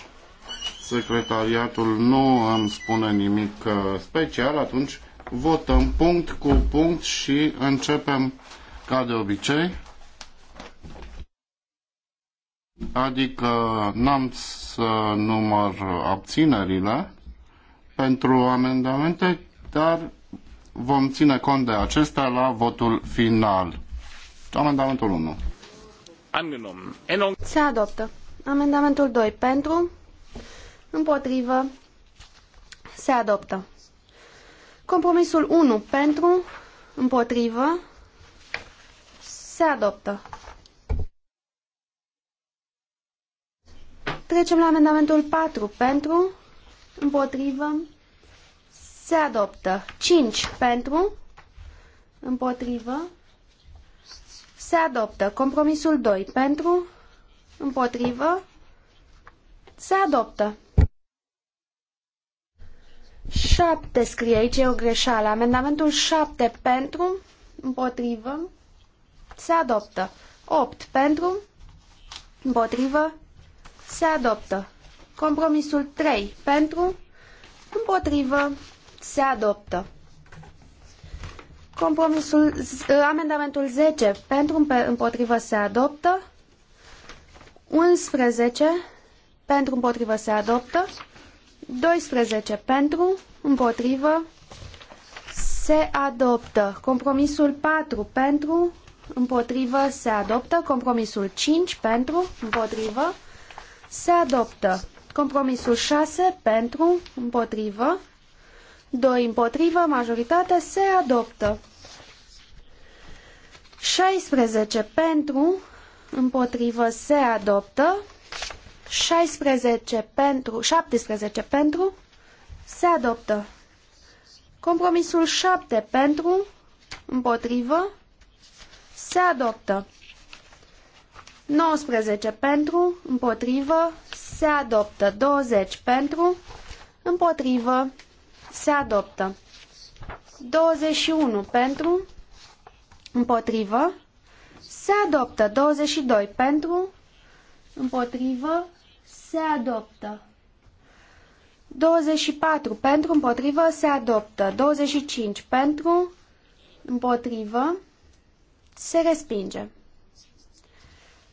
secretariatul nu îmi spune nimic uh, special, atunci votăm punct cu punct și începem ca de obicei. Adică n-am să număr abținerile, pentru amendamente, dar vom ține cont de acestea la votul final. Amendamentul 1. Se adoptă. Amendamentul 2 pentru, împotrivă, se adoptă. Compromisul 1 pentru, împotrivă, se adoptă. Trecem la amendamentul 4 pentru, împotrivă, se adoptă. 5 pentru, împotrivă, se adoptă. Compromisul 2 pentru, împotrivă, se adoptă. 7 scrie aici, e o greșeală. Amendamentul 7 pentru, împotrivă, se adoptă. 8 pentru, împotrivă, se adoptă. Compromisul 3. Pentru, împotrivă, se adoptă. Compromisul, amendamentul 10. Pentru, împotrivă, se adoptă. 11. Pentru, împotrivă, se adoptă. 12. Pentru, împotrivă, se adoptă. Compromisul 4. Pentru, împotrivă, se adoptă. Compromisul 5. Pentru, împotrivă, se adoptă. Compromisul 6 pentru, împotrivă, 2 împotrivă, majoritate se adoptă. 16 pentru, împotrivă se adoptă. 16 pentru, 17 pentru, se adoptă. Compromisul 7 pentru, împotrivă, se adoptă. 19 pentru, împotrivă, se adoptă. 20 pentru, împotrivă, se adoptă. 21 pentru, împotrivă, se adoptă. 22 pentru, împotrivă, se adoptă. 24 pentru, împotrivă, se adoptă. 25 pentru, împotrivă, se respinge.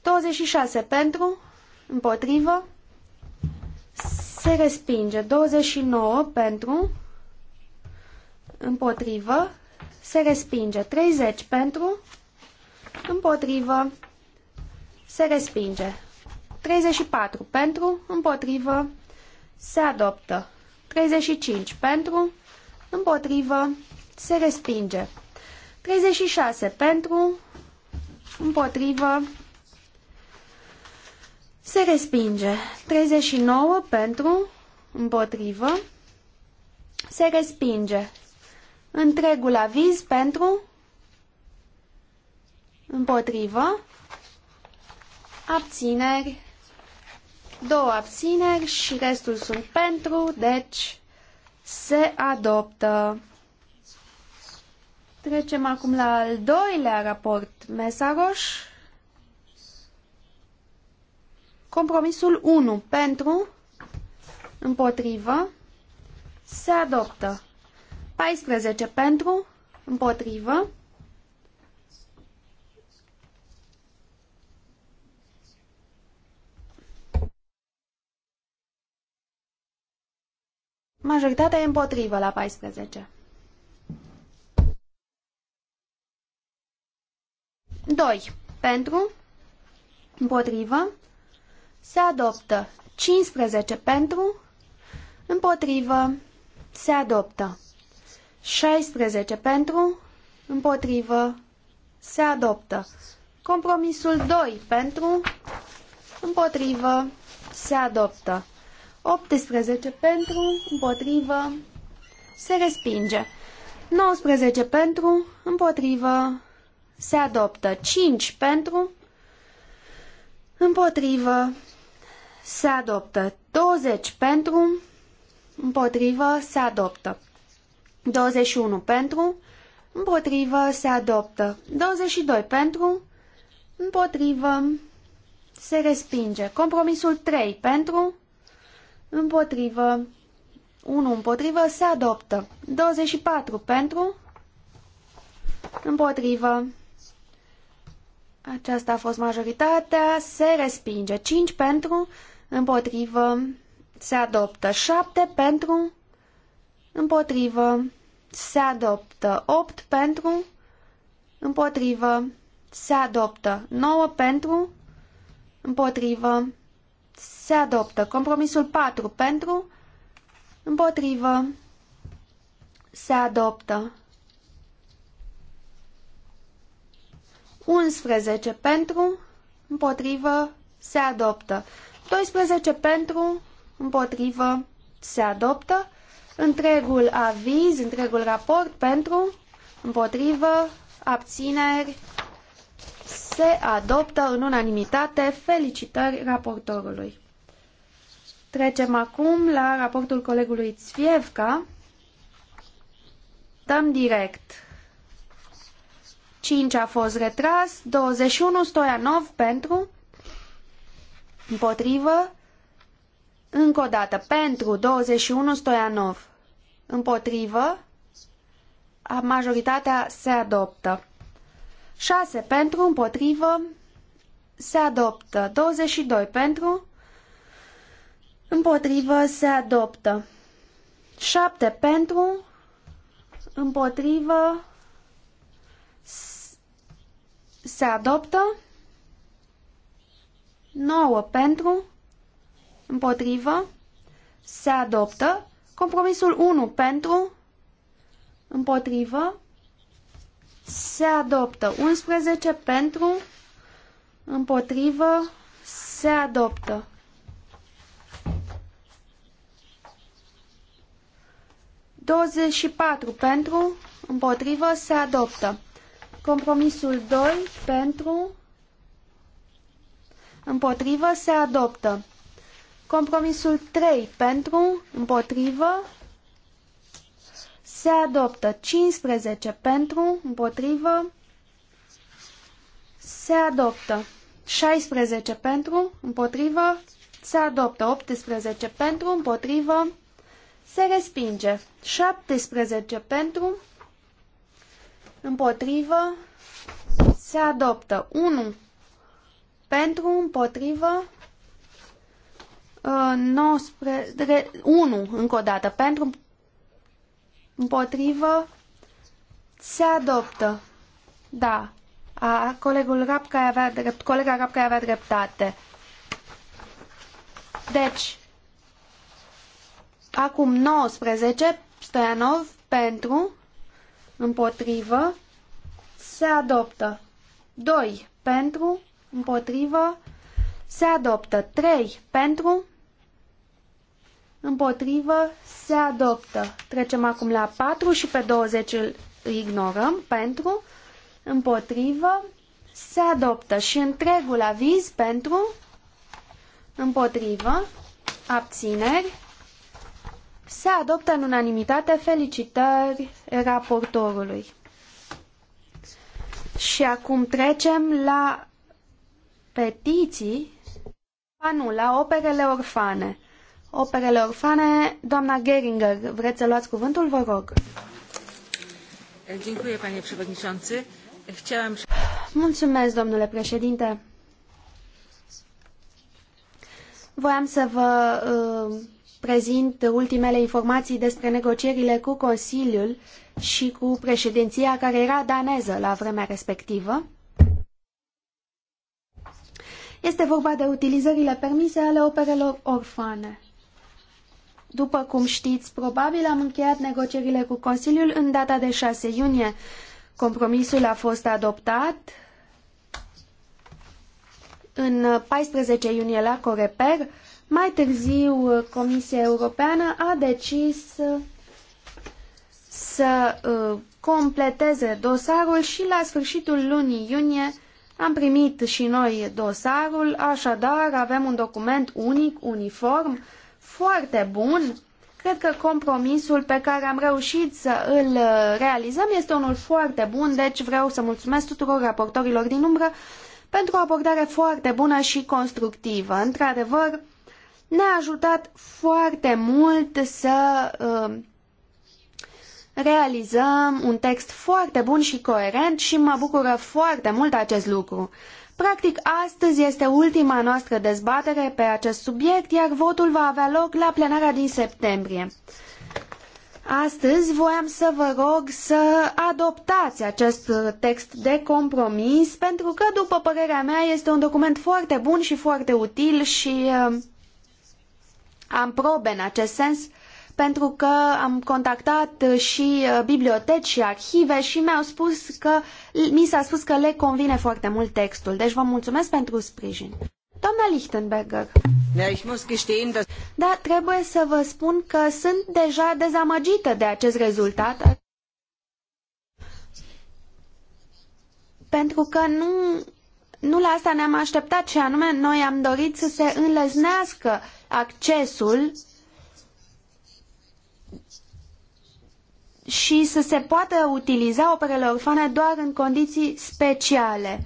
26 pentru, împotrivă, se respinge 29 pentru, împotrivă, se respinge 30 pentru, împotrivă, se respinge 34 pentru, împotrivă, se adoptă 35 pentru, împotrivă, se respinge 36 pentru, împotrivă, se respinge. 39 pentru, împotrivă. Se respinge. Întregul aviz pentru, împotrivă. Abțineri. Două abțineri și restul sunt pentru, deci se adoptă. Trecem acum la al doilea raport, Mesaroș. Compromisul 1 pentru, împotrivă, se adoptă. 14 pentru, împotrivă. Majoritatea e împotrivă la 14. 2. Pentru, împotrivă, se adoptă. 15 pentru, împotrivă, se adoptă. 16 pentru, împotrivă, se adoptă. Compromisul 2 pentru, împotrivă, se adoptă. 18 pentru, împotrivă, se respinge. 19 pentru, împotrivă, se adoptă. 5 pentru, Împotrivă. Se adoptă. 20 pentru. Împotrivă. Se adoptă. 21 pentru. Împotrivă. Se adoptă. 22 pentru. Împotrivă. Se respinge. Compromisul 3 pentru. Împotrivă. 1 împotrivă. Se adoptă. 24 pentru. Împotrivă. Aceasta a fost majoritatea. Se respinge. 5 pentru, împotrivă, se adoptă. 7 pentru, împotrivă, se adoptă. 8 pentru, împotrivă, se adoptă. 9 pentru, împotrivă, se adoptă. Compromisul 4 pentru, împotrivă, se adoptă. 11 pentru, împotrivă, se adoptă. 12 pentru, împotrivă, se adoptă. Întregul aviz, întregul raport pentru, împotrivă, abțineri, se adoptă în unanimitate. Felicitări raportorului. Trecem acum la raportul colegului Țvievca. Dăm direct 5 a fost retras, 21 Stoianov pentru, împotrivă, încă o dată, pentru 21 Stoianov, împotrivă, a majoritatea se adoptă. 6 pentru, împotrivă, se adoptă. 22 pentru, împotrivă, se adoptă. 7 pentru, împotrivă, se adoptă. 9 pentru, împotrivă, se adoptă. Compromisul 1 pentru, împotrivă, se adoptă. 11 pentru, împotrivă, se adoptă. Douăzeci și patru pentru, împotrivă, se adoptă. Compromisul 2 pentru, împotrivă, se adoptă. Compromisul 3 pentru, împotrivă, se adoptă. 15 pentru, împotrivă, se adoptă. 16 pentru, împotrivă, se adoptă. 18 pentru, împotrivă, se respinge. 17 pentru, împotrivă, se adoptă. 1 pentru, împotrivă, 19, uh, 1 încă o dată, pentru, împotrivă, se adoptă. Da, a, colegul Rapca avea drept, colega Rapca avea dreptate. Deci, acum 19, Stoianov, pentru, împotrivă, se adoptă. 2 pentru, împotrivă, se adoptă. 3 pentru, împotrivă, se adoptă. Trecem acum la 4 și pe 20 îl ignorăm, pentru, împotrivă, se adoptă. Și întregul aviz pentru, împotrivă, abțineri, se adoptă în unanimitate felicitări raportorului. Și acum trecem la petiții, a, nu, la operele orfane. Operele orfane, doamna Geringer, vreți să luați cuvântul, vă rog. Dziękuję, panie przewodniczący. Chciałam... Mulțumesc, domnule președinte. Voiam să vă uh, prezint ultimele informații despre negocierile cu Consiliul și cu președinția care era daneză la vremea respectivă. Este vorba de utilizările permise ale operelor orfane. După cum știți, probabil am încheiat negocierile cu Consiliul în data de 6 iunie. Compromisul a fost adoptat în 14 iunie la Coreper, mai târziu, Comisia Europeană a decis să uh, completeze dosarul și la sfârșitul lunii iunie am primit și noi dosarul, așadar avem un document unic, uniform, foarte bun. Cred că compromisul pe care am reușit să îl uh, realizăm este unul foarte bun, deci vreau să mulțumesc tuturor raportorilor din umbră pentru o abordare foarte bună și constructivă. Într-adevăr, ne-a ajutat foarte mult să uh, realizăm un text foarte bun și coerent și mă bucură foarte mult acest lucru. Practic, astăzi este ultima noastră dezbatere pe acest subiect, iar votul va avea loc la plenarea din septembrie. Astăzi voiam să vă rog să adoptați acest text de compromis, pentru că, după părerea mea, este un document foarte bun și foarte util și uh, am probe în acest sens pentru că am contactat și uh, biblioteci și arhive și mi-au spus că mi s-a spus că le convine foarte mult textul. Deci vă mulțumesc pentru sprijin. Doamna Lichtenberger. Da, da trebuie să vă spun că sunt deja dezamăgită de acest rezultat. Pentru că nu nu la asta ne-am așteptat și anume noi am dorit să se înlesnească accesul și să se poată utiliza operele orfane doar în condiții speciale.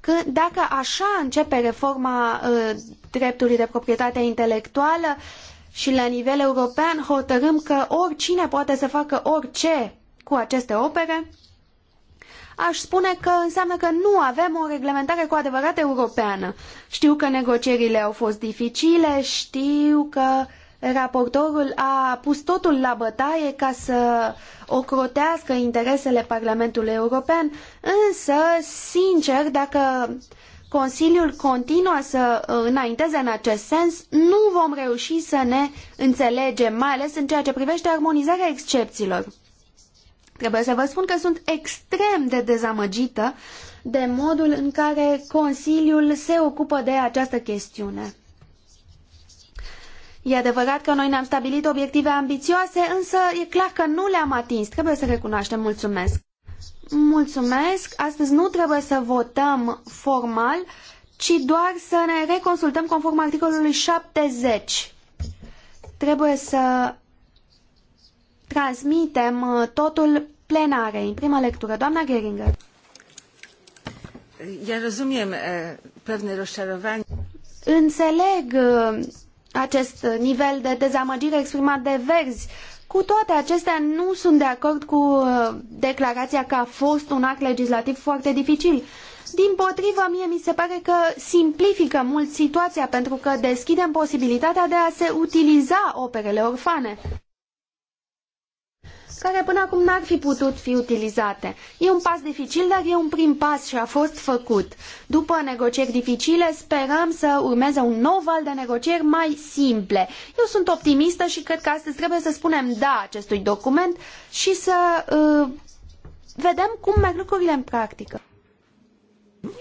Când, dacă așa începe reforma uh, dreptului de proprietate intelectuală și la nivel european hotărâm că oricine poate să facă orice cu aceste opere, aș spune că înseamnă că nu avem o reglementare cu adevărat europeană. Știu că negocierile au fost dificile, știu că raportorul a pus totul la bătaie ca să ocrotească interesele Parlamentului European, însă, sincer, dacă Consiliul continuă să înainteze în acest sens, nu vom reuși să ne înțelegem, mai ales în ceea ce privește armonizarea excepțiilor. Trebuie să vă spun că sunt extrem de dezamăgită de modul în care Consiliul se ocupă de această chestiune. E adevărat că noi ne-am stabilit obiective ambițioase, însă e clar că nu le-am atins. Trebuie să recunoaștem. Mulțumesc! Mulțumesc! Astăzi nu trebuie să votăm formal, ci doar să ne reconsultăm conform articolului 70. Trebuie să transmitem uh, totul plenarei, în prima lectură. Doamna Geringer. Ja rozumiem pewne rozczarowanie. Înțeleg acest nivel de dezamăgire exprimat de verzi. Cu toate acestea, nu sunt de acord cu declarația că a fost un act legislativ foarte dificil. Din potrivă, mie mi se pare că simplifică mult situația pentru că deschidem posibilitatea de a se utiliza operele orfane care până acum n-ar fi putut fi utilizate. E un pas dificil, dar e un prim pas și a fost făcut. După negocieri dificile, sperăm să urmeze un nou val de negocieri mai simple. Eu sunt optimistă și cred că astăzi trebuie să spunem da acestui document și să uh, vedem cum merg lucrurile în practică.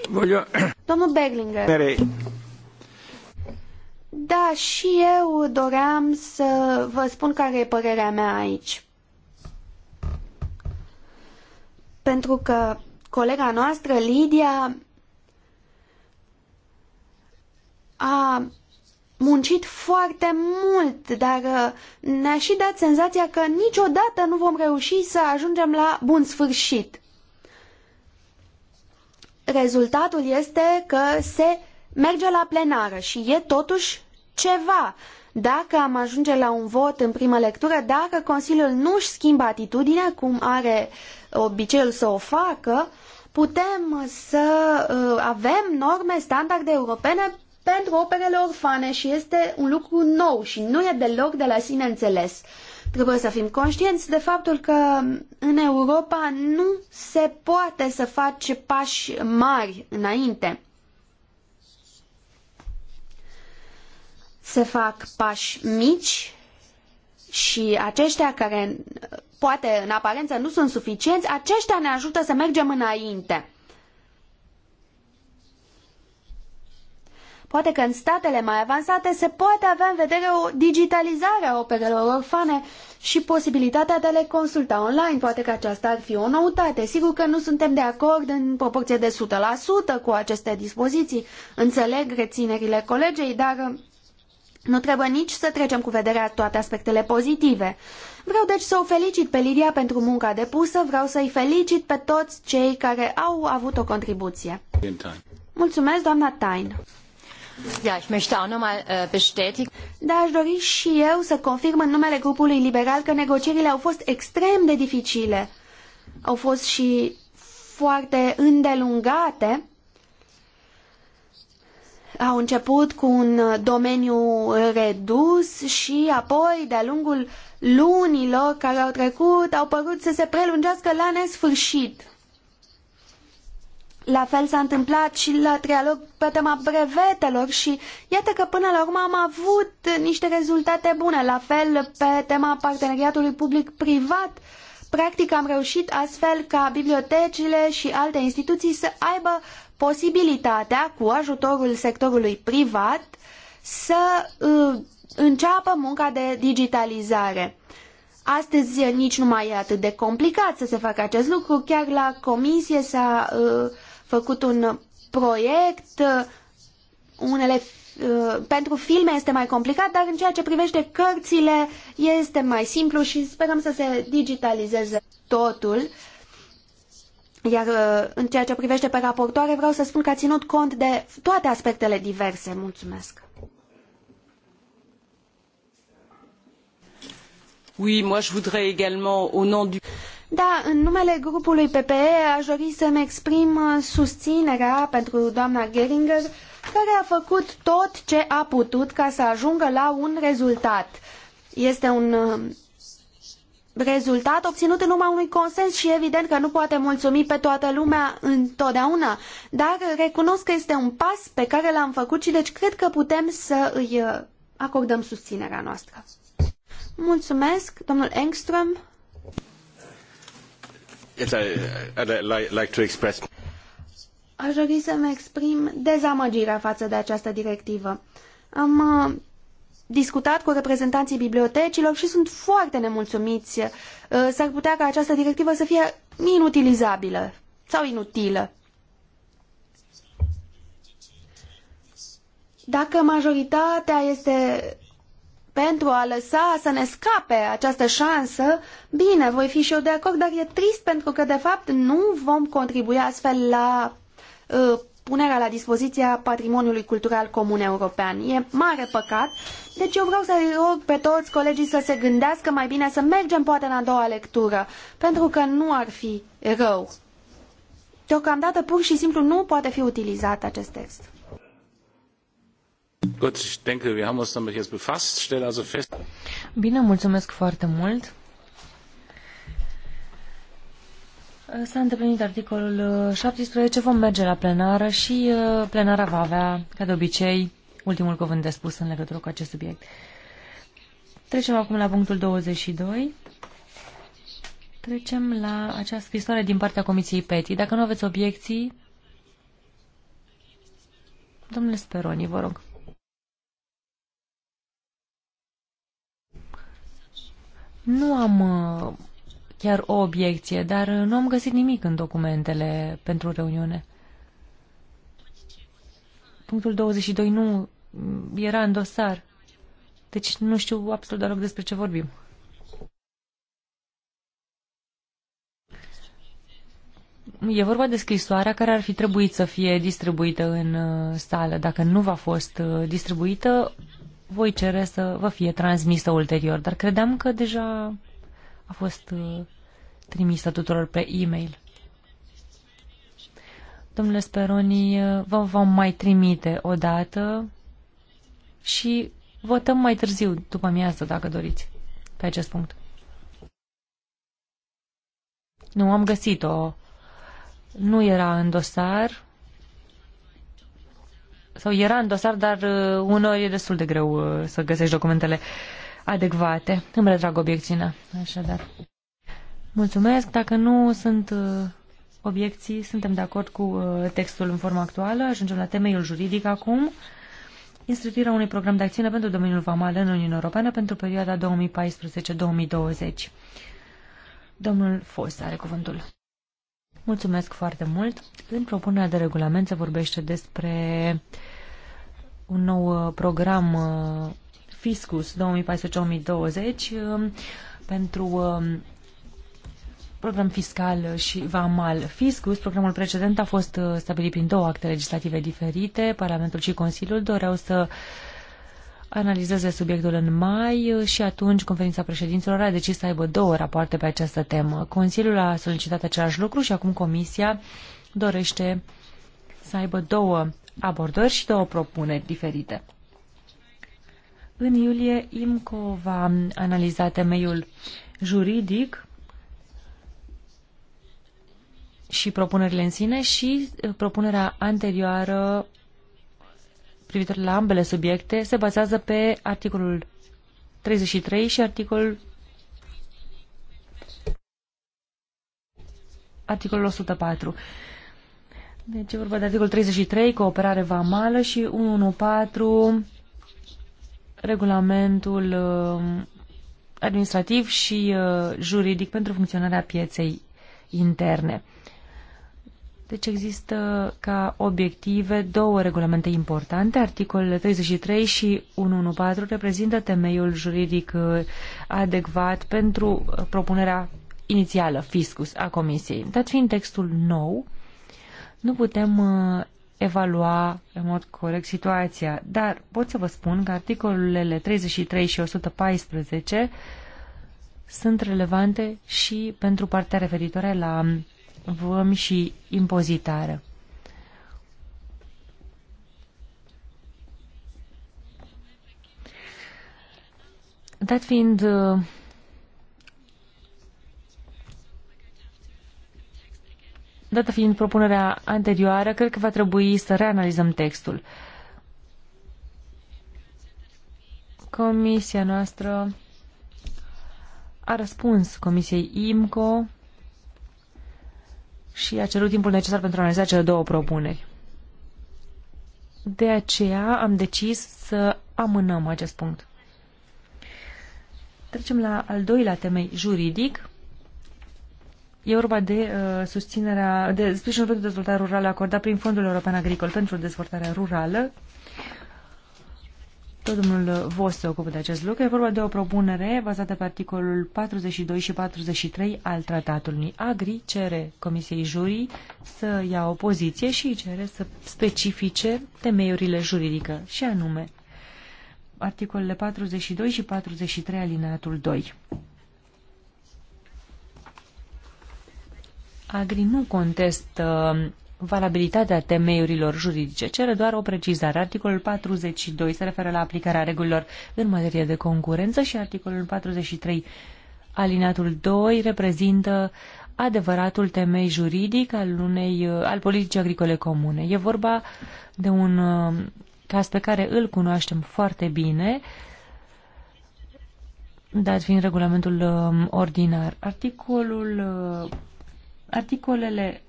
Voglio... Domnul Berlinger. Da, și eu doream să vă spun care e părerea mea aici. pentru că colega noastră, Lidia, a muncit foarte mult, dar uh, ne-a și dat senzația că niciodată nu vom reuși să ajungem la bun sfârșit. Rezultatul este că se merge la plenară și e totuși ceva. Dacă am ajunge la un vot în primă lectură, dacă Consiliul nu-și schimbă atitudinea, cum are uh, obiceiul să o facă, putem să uh, avem norme, standarde europene pentru operele orfane și este un lucru nou și nu e deloc de la sine înțeles. Trebuie să fim conștienți de faptul că în Europa nu se poate să faci pași mari înainte. Se fac pași mici și aceștia care poate în aparență nu sunt suficienți, aceștia ne ajută să mergem înainte. Poate că în statele mai avansate se poate avea în vedere o digitalizare a operelor orfane și posibilitatea de a le consulta online. Poate că aceasta ar fi o noutate. Sigur că nu suntem de acord în proporție de 100% cu aceste dispoziții. Înțeleg reținerile colegei, dar nu trebuie nici să trecem cu vederea toate aspectele pozitive. Vreau deci să o felicit pe Lidia pentru munca depusă, vreau să-i felicit pe toți cei care au avut o contribuție. Mulțumesc, doamna Tain. Ja, ich möchte auch nochmal uh, äh, bestätigen. Da, aș dori și eu să confirm în numele grupului liberal că negocierile au fost extrem de dificile. Au fost și foarte îndelungate au început cu un domeniu redus și apoi, de-a lungul lunilor care au trecut, au părut să se prelungească la nesfârșit. La fel s-a întâmplat și la trialog pe tema brevetelor și iată că până la urmă am avut niște rezultate bune. La fel pe tema parteneriatului public-privat, practic am reușit astfel ca bibliotecile și alte instituții să aibă posibilitatea, cu ajutorul sectorului privat, să uh, înceapă munca de digitalizare. Astăzi nici nu mai e atât de complicat să se facă acest lucru. Chiar la comisie s-a uh, făcut un proiect, unele uh, pentru filme este mai complicat, dar în ceea ce privește cărțile este mai simplu și sperăm să se digitalizeze totul iar uh, în ceea ce privește pe raportoare, vreau să spun că a ținut cont de toate aspectele diverse. Mulțumesc! Oui, moi je voudrais également au nom du da, în numele grupului PPE aș dori să-mi exprim uh, susținerea pentru doamna Geringer, care a făcut tot ce a putut ca să ajungă la un rezultat. Este un uh, rezultat obținut în urma unui consens și evident că nu poate mulțumi pe toată lumea întotdeauna, dar recunosc că este un pas pe care l-am făcut și deci cred că putem să îi uh, acordăm susținerea noastră. Mulțumesc, domnul Engström. Yes, I, I, like to express... Aș dori să-mi exprim dezamăgirea față de această directivă. Am uh, discutat cu reprezentanții bibliotecilor și sunt foarte nemulțumiți. Uh, s-ar putea ca această directivă să fie inutilizabilă sau inutilă. Dacă majoritatea este pentru a lăsa să ne scape această șansă, bine, voi fi și eu de acord, dar e trist pentru că, de fapt, nu vom contribui astfel la uh, punerea la dispoziția patrimoniului cultural comun european. E mare păcat, deci eu vreau să-i rog pe toți colegii să se gândească mai bine, să mergem poate la a doua lectură, pentru că nu ar fi rău. Deocamdată pur și simplu nu poate fi utilizat acest text. Bine, mulțumesc foarte mult. S-a îndeplinit articolul 17, uh, vom merge la plenară și uh, plenara va avea, ca de obicei, ultimul cuvânt de spus în legătură cu acest subiect. Trecem acum la punctul 22. Trecem la această scrisoare din partea Comisiei PETI. Dacă nu aveți obiecții, domnule Speroni, vă rog. Nu am uh, chiar o obiecție, dar uh, nu am găsit nimic în documentele pentru reuniune. Punctul 22 nu mm, era în dosar. Deci nu știu absolut deloc despre ce vorbim. E vorba de scrisoarea care ar fi trebuit să fie distribuită în uh, sală. Dacă nu va fost uh, distribuită, voi cere să vă fie transmisă ulterior. Dar credeam că deja a fost uh, trimisă tuturor pe e-mail. Domnule Speroni, uh, vă vom mai trimite o dată și votăm mai târziu, după amiază, dacă doriți, pe acest punct. Nu, am găsit-o. Nu era în dosar. Sau era în dosar, dar uh, uneori e destul de greu să găsești documentele. Uh, adecvate. Îmi retrag obiecțiunea, așadar. Mulțumesc. Dacă nu sunt uh, obiecții, suntem de acord cu uh, textul în formă actuală. Ajungem la temeiul juridic acum. Instituirea unui program de acțiune pentru domeniul vamal în Uniunea Europeană pentru perioada 2014-2020. Domnul Fos are cuvântul. Mulțumesc foarte mult. În propunerea de regulament se vorbește despre un nou uh, program Fiscus 2014-2020 um, pentru um, program fiscal și VAMAL Fiscus. Programul precedent a fost uh, stabilit prin două acte legislative diferite. Parlamentul și Consiliul doreau să analizeze subiectul în mai și atunci conferința președinților a decis să aibă două rapoarte pe această temă. Consiliul a solicitat același lucru și acum Comisia dorește să aibă două abordări și două propuneri diferite. În iulie, IMCO va analiza temeiul juridic și propunerile în sine și uh, propunerea anterioară privitor la ambele subiecte se bazează pe articolul 33 și articolul articolul 104. Deci e vorba de articolul 33, cooperare vamală și 114, regulamentul uh, administrativ și uh, juridic pentru funcționarea pieței interne. Deci există ca obiective două regulamente importante. Articolele 33 și 114 reprezintă temeiul juridic uh, adecvat pentru propunerea inițială, fiscus, a Comisiei. Dat fiind textul nou, nu putem evalua în mod corect situația. Dar pot să vă spun că articolele 33 și 114 sunt relevante și pentru partea referitoare la văm și impozitare. Dat fiind uh, dată fiind propunerea anterioară, cred că va trebui să reanalizăm textul. Comisia noastră a răspuns Comisiei IMCO și a cerut timpul necesar pentru a analiza cele două propuneri. De aceea am decis să amânăm acest punct. Trecem la al doilea temei juridic, E vorba de uh, susținerea, de sprijinul pentru dezvoltare rurală acordat prin Fondul European Agricol pentru dezvoltarea rurală. Tot domnul Vos se ocupă de acest lucru. E vorba de o propunere bazată pe articolul 42 și 43 al tratatului. Agri cere Comisiei Jurii să ia o poziție și cere să specifice temeiurile juridică, și anume articolele 42 și 43 alineatul 2. Agri nu contestă uh, valabilitatea temeiurilor juridice, cere doar o precizare. Articolul 42 se referă la aplicarea regulilor în materie de concurență și articolul 43 alinatul 2 reprezintă adevăratul temei juridic al unei uh, al politicii agricole comune. E vorba de un uh, caz pe care îl cunoaștem foarte bine, dat fiind regulamentul ordinar. Articolul Articolele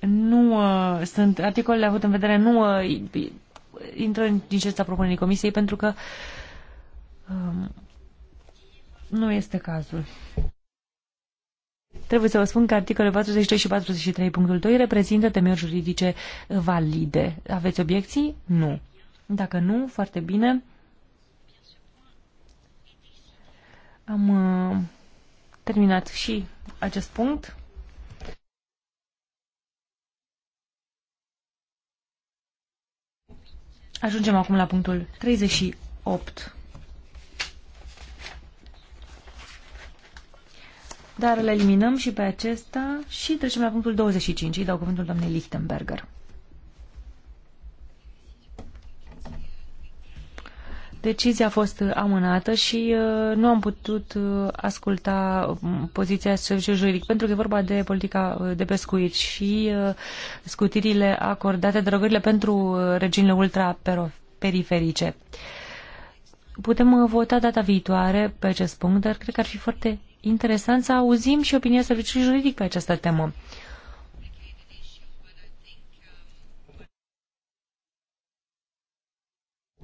nu uh, sunt, articolele avut în vedere nu uh, intră în licența propunerii comisiei pentru că um, nu este cazul. Trebuie să vă spun că articolele 42 și 43 punctul 2 reprezintă temeri juridice valide. Aveți obiecții? Nu. Dacă nu, foarte bine. Am uh, terminat și acest punct. Ajungem acum la punctul 38. Dar îl eliminăm și pe acesta și trecem la punctul 25. Îi dau cuvântul doamnei Lichtenberger. Decizia a fost amânată și uh, nu am putut uh, asculta um, poziția serviciului juridic, pentru că e vorba de politica uh, de pescuit și scutirile acordate, drogările pentru regiunile ultraperiferice. Putem vota data viitoare pe acest punct, dar cred că ar fi foarte interesant să auzim și opinia serviciului juridic pe această temă.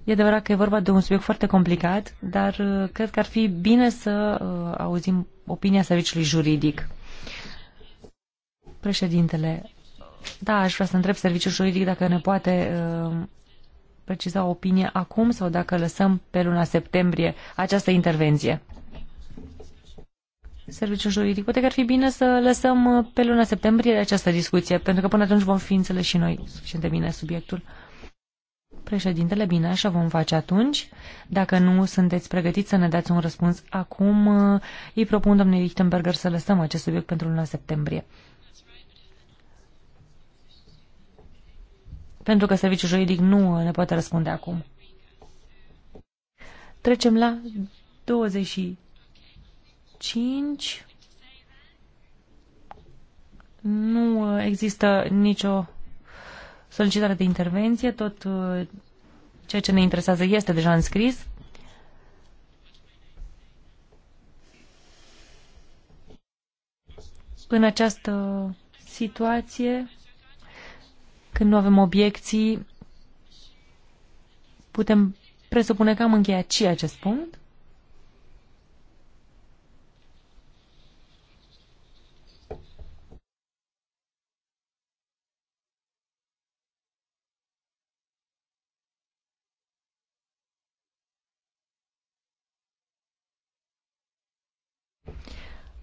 E adevărat că e vorba de un subiect foarte complicat, dar uh, cred că ar fi bine să uh, auzim opinia serviciului juridic. Președintele, da, aș vrea să întreb serviciul juridic dacă ne poate uh, preciza opinia acum sau dacă lăsăm pe luna septembrie această intervenție. Serviciul juridic, poate că ar fi bine să lăsăm pe luna septembrie această discuție, pentru că până atunci vom fi înțeles și noi suficient de bine subiectul. Președintele, bine, așa vom face atunci. Dacă nu sunteți pregătiți să ne dați un răspuns acum, uh, îi propun domnului Lichtenberger să lăsăm acest subiect pentru luna septembrie. Pentru că serviciul juridic nu uh, ne poate răspunde acum. Trecem la 25. Nu uh, există nicio solicitare de intervenție, tot uh, ceea ce ne interesează este deja înscris. În această situație, când nu avem obiecții, putem presupune că am încheiat și acest punct.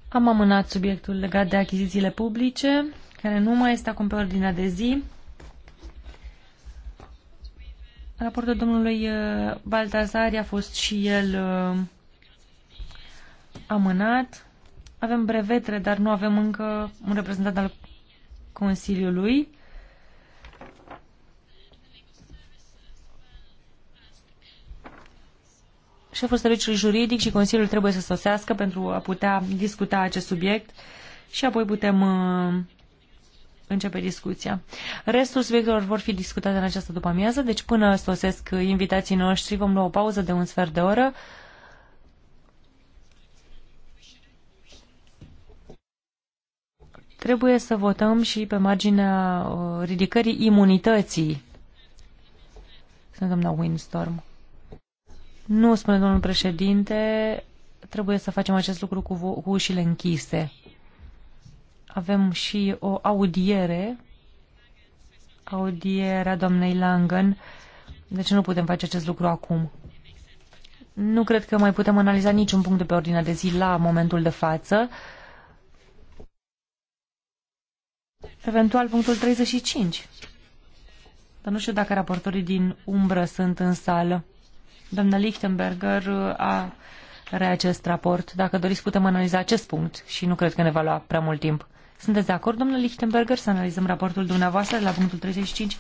Am amânat subiectul legat de achizițiile publice, care nu mai este acum pe ordinea de zi. Raportul domnului uh, Baltazari a fost și el uh, amânat. Avem brevetele, dar nu avem încă un reprezentant al Consiliului. Șeful serviciului juridic și Consiliul trebuie să sosească pentru a putea discuta acest subiect și apoi putem uh, începe discuția. Restul subiectelor vor fi discutate în această după-amiază, deci până sosesc invitații noștri vom lua o pauză de un sfert de oră. Trebuie să votăm și pe marginea uh, ridicării imunității. Sunt doamna Windstorm. Nu, spune domnul președinte, trebuie să facem acest lucru cu, cu ușile închise. Avem și o audiere, audierea doamnei Langen, deci nu putem face acest lucru acum. Nu cred că mai putem analiza niciun punct de pe ordinea de zi la momentul de față. Eventual punctul 35. Dar nu știu dacă raportorii din umbră sunt în sală. Doamna Lichtenberger a rea acest raport. Dacă doriți, putem analiza acest punct și nu cred că ne va lua prea mult timp. Sunteți de acord, domnule Lichtenberger, să analizăm raportul dumneavoastră la punctul 35?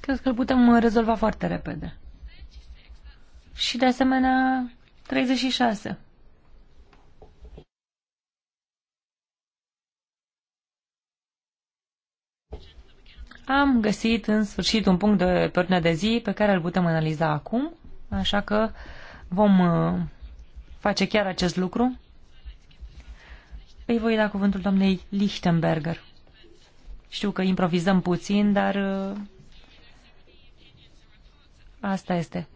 Cred că îl putem rezolva foarte repede. Și de asemenea, 36. Am găsit în sfârșit un punct de pe de zi pe care îl putem analiza acum, așa că vom uh, face chiar acest lucru. Îi voi da cuvântul doamnei Lichtenberger. Știu că improvizăm puțin, dar uh, asta este.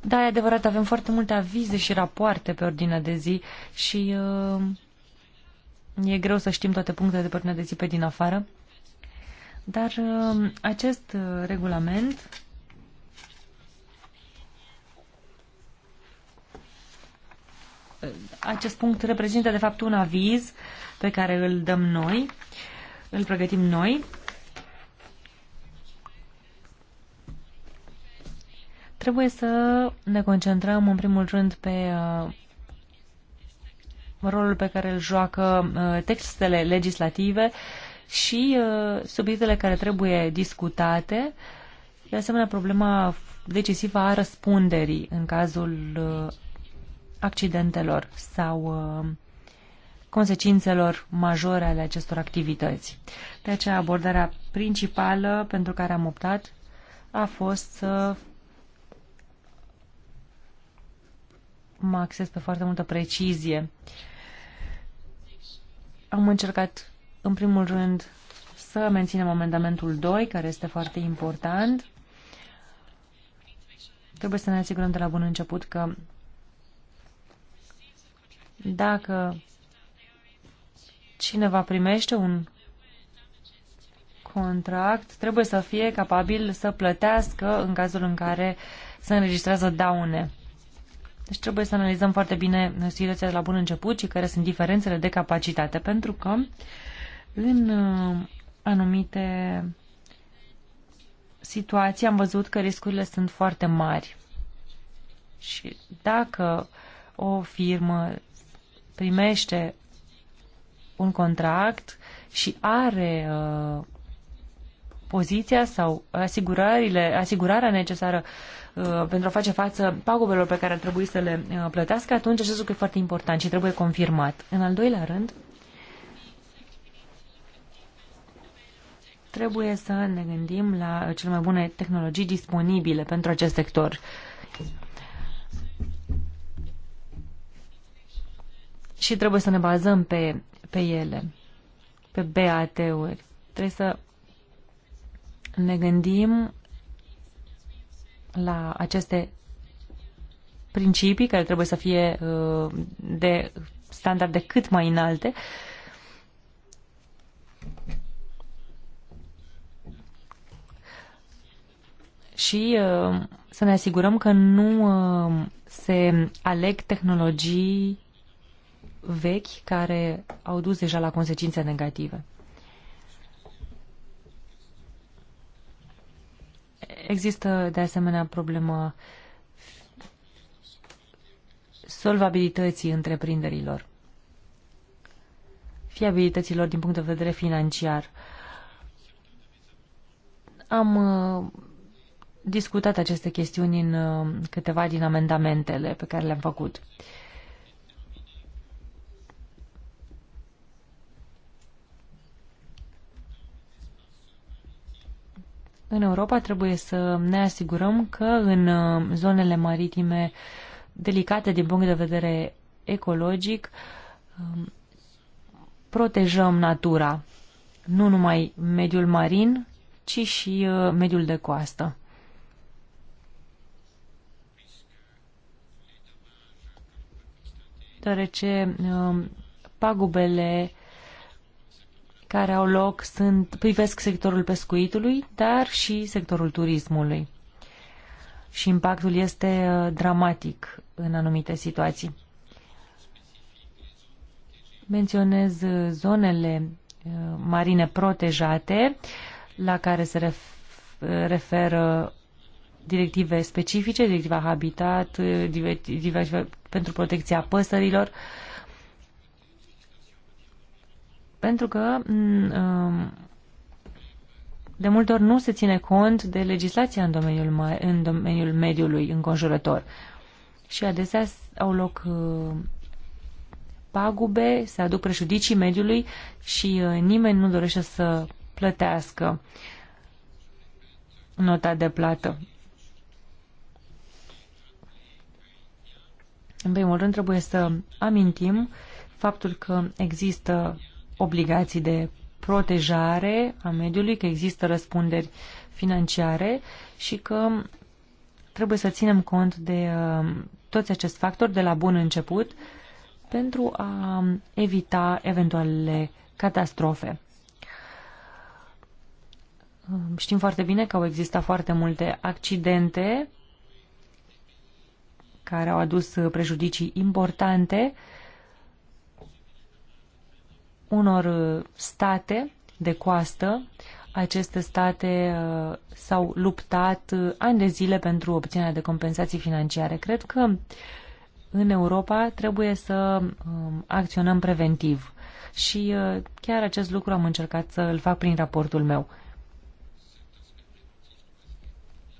Da, e adevărat, avem foarte multe avize și rapoarte pe ordinea de zi și uh, e greu să știm toate punctele de pe ordinea de zi pe din afară. Dar um, acest uh, regulament acest punct reprezintă de fapt un aviz pe care îl dăm noi, îl pregătim noi. Trebuie să ne concentrăm în primul rând pe uh, rolul pe care îl joacă uh, textele legislative și uh, subiectele care trebuie discutate, de asemenea problema decisivă a răspunderii în cazul uh, accidentelor sau uh, consecințelor majore ale acestor activități. De aceea abordarea principală pentru care am optat a fost să mă acces pe foarte multă precizie. Am încercat în primul rând, să menținem amendamentul 2, care este foarte important. Trebuie să ne asigurăm de la bun început că dacă cineva primește un contract, trebuie să fie capabil să plătească în cazul în care se înregistrează daune. Deci trebuie să analizăm foarte bine situația de la bun început și care sunt diferențele de capacitate, pentru că uh, în uh, anumite situații am văzut că riscurile sunt foarte mari. Și dacă o firmă primește un contract și are uh, poziția sau asigurările, asigurarea necesară uh, pentru a face față pagubelor pe care ar trebui să le uh, plătească, atunci acest lucru e foarte important și trebuie confirmat. În al doilea rând, Trebuie să ne gândim la cele mai bune tehnologii disponibile pentru acest sector. Și trebuie să ne bazăm pe, pe ele, pe BAT-uri. Trebuie să ne gândim la aceste principii care trebuie să fie uh, de standarde cât mai înalte și uh, să ne asigurăm că nu uh, se aleg tehnologii vechi care au dus deja la consecințe negative. Există de asemenea problema solvabilității întreprinderilor, fiabilităților din punct de vedere financiar. Am uh, discutat aceste chestiuni în uh, câteva din amendamentele pe care le-am făcut. În Europa trebuie să ne asigurăm că în uh, zonele maritime delicate din punct de vedere ecologic um, protejăm natura, nu numai mediul marin, ci și uh, mediul de coastă. deoarece um, pagubele care au loc sunt, privesc sectorul pescuitului, dar și sectorul turismului. Și impactul este uh, dramatic în anumite situații. Menționez uh, zonele uh, marine protejate la care se referă directive specifice, directiva Habitat, eh, directiva pentru protecția păsărilor, pentru că mm, um, de multe ori nu se ține cont de legislația în domeniul, în domeniul mediului înconjurător. Și adesea au loc uh, pagube, se aduc prejudicii mediului și uh, nimeni nu dorește să plătească nota de plată. În primul rând, trebuie să amintim faptul că există obligații de protejare a mediului, că există răspunderi financiare și că trebuie să ținem cont de uh, toți acești factori de la bun început pentru a evita eventualele catastrofe. Um, știm foarte bine că au existat foarte multe accidente care au adus prejudicii importante unor state de coastă. Aceste state uh, s-au luptat uh, ani de zile pentru obținerea de compensații financiare. Cred că în Europa trebuie să um, acționăm preventiv și uh, chiar acest lucru am încercat să îl fac prin raportul meu.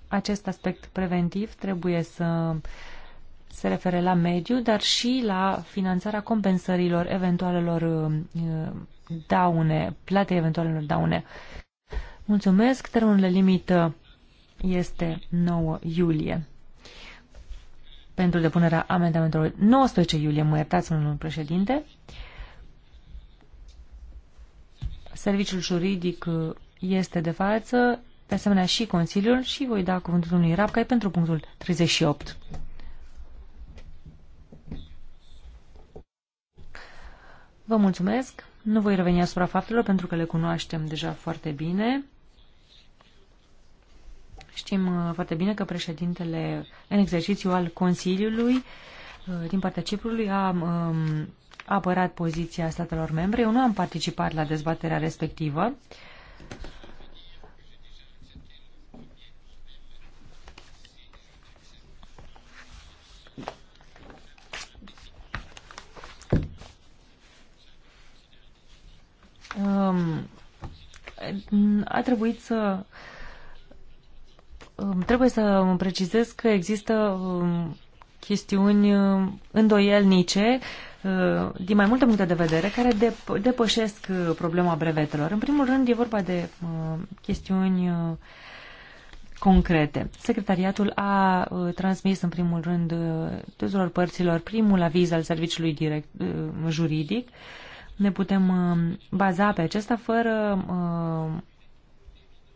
Acest aspect preventiv trebuie să se referă la mediu, dar și la finanțarea compensărilor eventualelor uh, daune, plate eventualelor daune. Mulțumesc, termenul limită este 9 iulie pentru depunerea amendamentelor 19 iulie, mă iertați, domnul președinte. Serviciul juridic este de față, de asemenea și Consiliul și voi da cuvântul unui Rapcai pentru punctul 38. Vă mulțumesc. Nu voi reveni asupra faptelor pentru că le cunoaștem deja foarte bine. Știm uh, foarte bine că președintele în exercițiu al Consiliului uh, din partea Ciprului a um, apărat poziția statelor membre. Eu nu am participat la dezbaterea respectivă. Um, a trebuit să um, trebuie să precizez că există um, chestiuni îndoielnice uh, din mai multe puncte de vedere care depășesc uh, problema brevetelor. În primul rând e vorba de uh, chestiuni concrete. Secretariatul a transmis în primul rând tuturor părților primul aviz al serviciului direct juridic ne putem uh, baza pe acesta fără uh,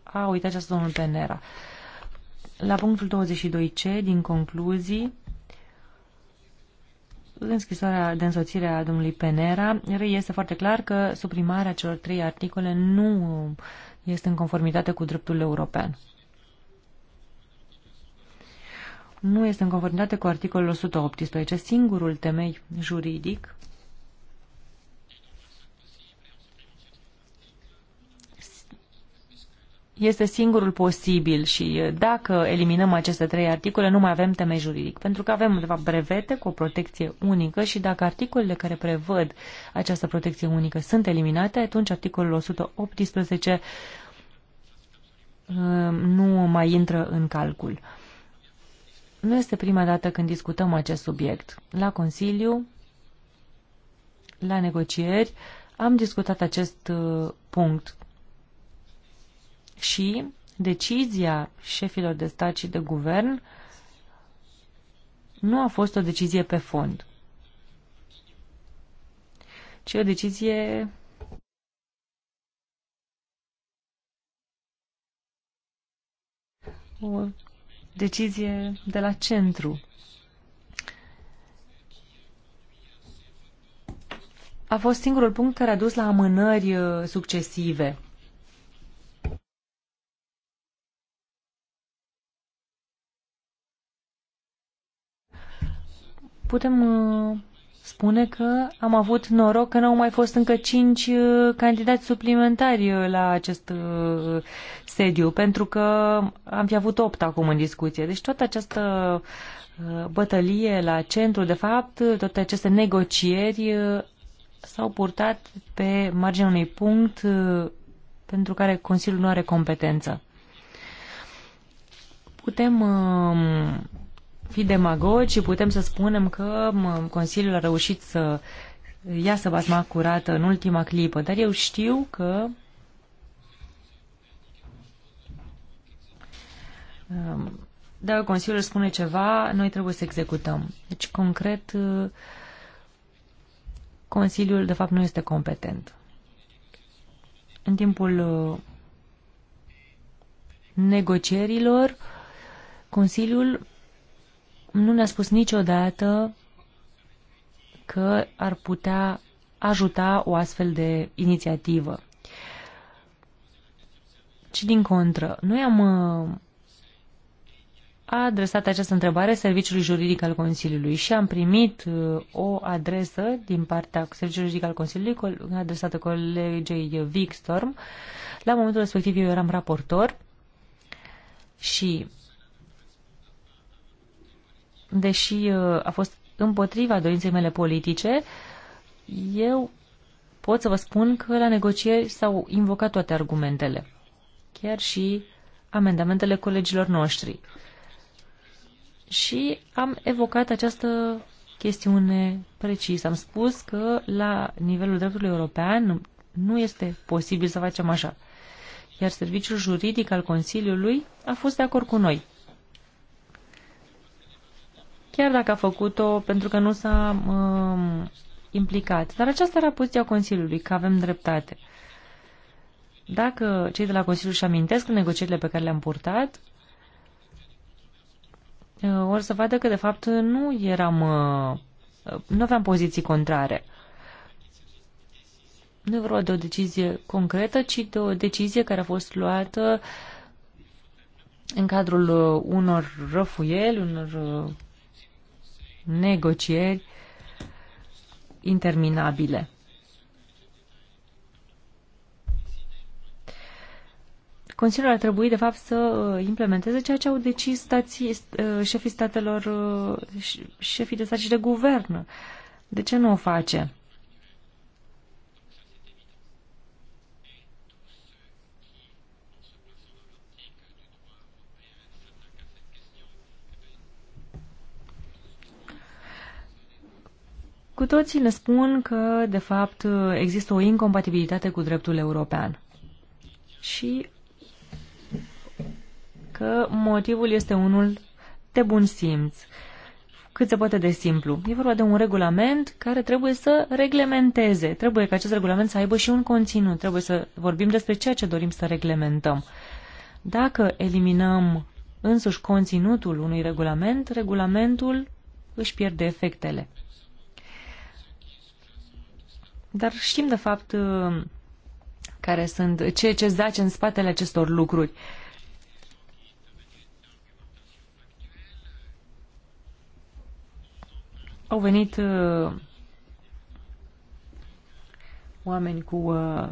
a uita această domnul Penera. La punctul 22c din concluzii, în scrisoarea de însoțire a domnului Penera, este foarte clar că suprimarea celor trei articole nu este în conformitate cu dreptul european. Nu este în conformitate cu articolul 118. Singurul temei juridic este singurul posibil și dacă eliminăm aceste trei articole, nu mai avem teme juridic, pentru că avem, de fapt, brevete cu o protecție unică și dacă articolele care prevăd această protecție unică sunt eliminate, atunci articolul 118 nu mai intră în calcul. Nu este prima dată când discutăm acest subiect. La Consiliu, la negocieri, am discutat acest punct și decizia șefilor de stat și de guvern nu a fost o decizie pe fond, ci o decizie o decizie de la centru. A fost singurul punct care a dus la amânări uh, succesive putem uh, spune că am avut noroc că n-au mai fost încă cinci uh, candidați suplimentari uh, la acest sediu, pentru că am fi avut opt acum în discuție. Deci toată această bătălie la centru, de fapt, toate aceste negocieri s-au purtat pe marginea unui punct pentru care Consiliul nu are competență. Putem um, fi demagogi și putem să spunem că Consiliul a reușit să iasă basma curată în ultima clipă, dar eu știu că um, dacă Consiliul spune ceva, noi trebuie să executăm. Deci, concret, uh, Consiliul, de fapt, nu este competent. În timpul uh, negocierilor, Consiliul nu ne-a spus niciodată că ar putea ajuta o astfel de inițiativă. Și din contră, noi am uh, adresat această întrebare Serviciului Juridic al Consiliului și am primit uh, o adresă din partea Serviciului Juridic al Consiliului adresată colegei Storm. La momentul respectiv eu eram raportor și deși uh, a fost împotriva dorinței mele politice, eu pot să vă spun că la negocieri s-au invocat toate argumentele, chiar și amendamentele colegilor noștri. Și am evocat această chestiune precisă. Am spus că la nivelul dreptului european nu este posibil să facem așa. Iar serviciul juridic al Consiliului a fost de acord cu noi chiar dacă a făcut-o pentru că nu s-a uh, implicat. Dar aceasta era poziția Consiliului, că avem dreptate. Dacă cei de la Consiliu își amintesc negocierile pe care le-am purtat, uh, or să vadă că, de fapt, nu eram... Uh, nu aveam poziții contrare. Nu e vorba de o decizie concretă, ci de o decizie care a fost luată în cadrul uh, unor răfuieli, unor negocieri interminabile. Consiliul ar trebui, de fapt, să uh, implementeze ceea ce au decis stații, uh, șefii statelor, uh, șefii de stat și de guvern. De ce nu o face? Cu toții ne spun că, de fapt, există o incompatibilitate cu dreptul european. Și că motivul este unul de bun simț, cât se poate de simplu. E vorba de un regulament care trebuie să reglementeze. Trebuie ca acest regulament să aibă și un conținut. Trebuie să vorbim despre ceea ce dorim să reglementăm. Dacă eliminăm însuși conținutul unui regulament, regulamentul își pierde efectele. Dar știm, de fapt, uh, care sunt, ce, ce zace în spatele acestor lucruri. Au venit uh, oameni cu uh,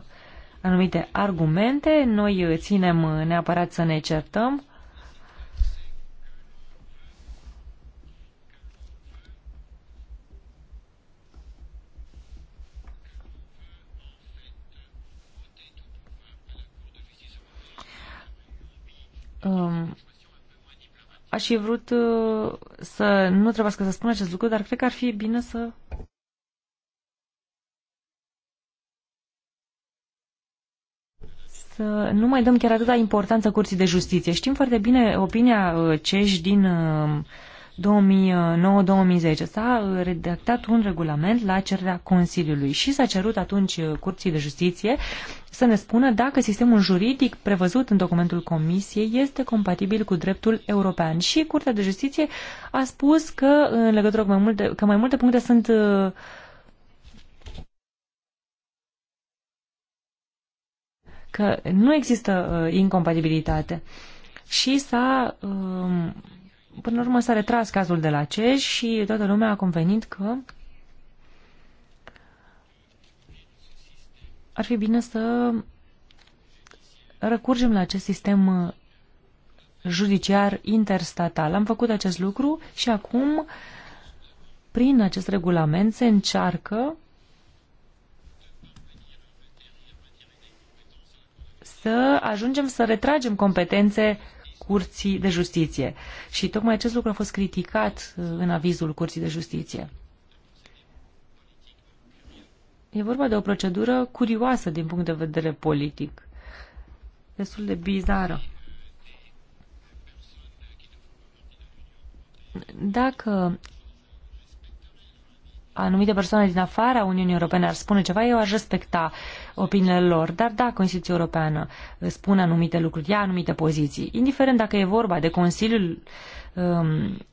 anumite argumente, noi uh, ținem uh, neapărat să ne certăm, Um, aș fi vrut uh, să nu trebuiască să spun acest lucru, dar cred că ar fi bine să să nu mai dăm chiar atâta importanță curții de justiție. Știm foarte bine opinia uh, ceși din uh, 2009-2010 s-a redactat un regulament la cererea Consiliului și s-a cerut atunci uh, Curții de Justiție să ne spună dacă sistemul juridic prevăzut în documentul Comisiei este compatibil cu dreptul european. Și Curtea de Justiție a spus că în legătură cu mai multe, că mai multe puncte sunt uh, că nu există uh, incompatibilitate. Și s-a Uh, Până la urmă s-a retras cazul de la CEJ și toată lumea a convenit că ar fi bine să recurgem la acest sistem uh, judiciar interstatal. Am făcut acest lucru și acum, prin acest regulament, se încearcă să ajungem să retragem competențe Curții de Justiție. Și tocmai acest lucru a fost criticat uh, în avizul Curții de Justiție. E vorba de o procedură curioasă din punct de vedere politic. Destul de bizară. Dacă anumite persoane din afara Uniunii Europene ar spune ceva, eu aș respecta opiniile lor. Dar dacă Constituția Europeană spune anumite lucruri, ia anumite poziții, indiferent dacă e vorba de Consiliul um,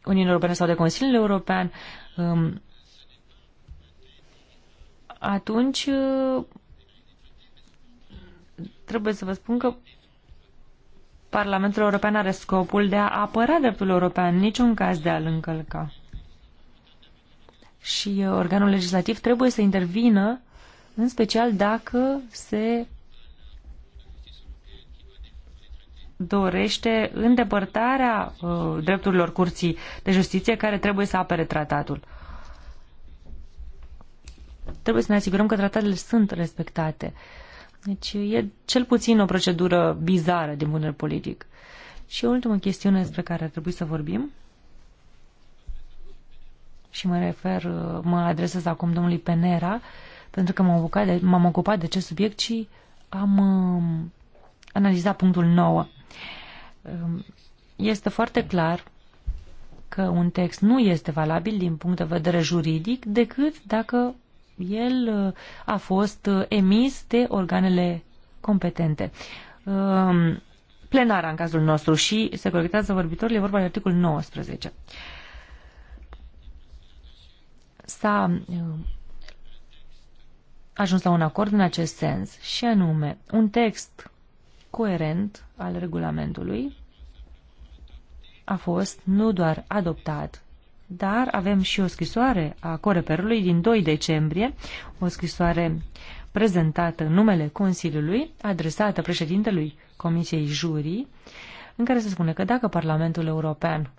Uniunii Europene sau de Consiliul European, um, atunci uh, trebuie să vă spun că Parlamentul European are scopul de a apăra dreptul european, niciun caz de a-l încălca și uh, organul legislativ trebuie să intervină, în special dacă se dorește îndepărtarea uh, drepturilor curții de justiție care trebuie să apere tratatul. Trebuie să ne asigurăm că tratatele sunt respectate. Deci e cel puțin o procedură bizară din punct de politic. Și o ultimă chestiune despre care ar trebui să vorbim și mă refer, mă adresez acum domnului Penera, pentru că m-am ocupat de, acest subiect și am uh, analizat punctul 9. Uh, um, este foarte clar că un text nu este valabil din punct de vedere juridic decât dacă el uh, a fost uh, emis de organele competente. Um, plenara în cazul nostru și securitatea vorbitorilor e vorba de articolul 19 s-a uh, ajuns la un acord în acest sens și anume un text coerent al regulamentului a fost nu doar adoptat, dar avem și o scrisoare a Coreperului din 2 decembrie, o scrisoare prezentată în numele Consiliului, adresată președintelui Comisiei Jurii, în care se spune că dacă Parlamentul European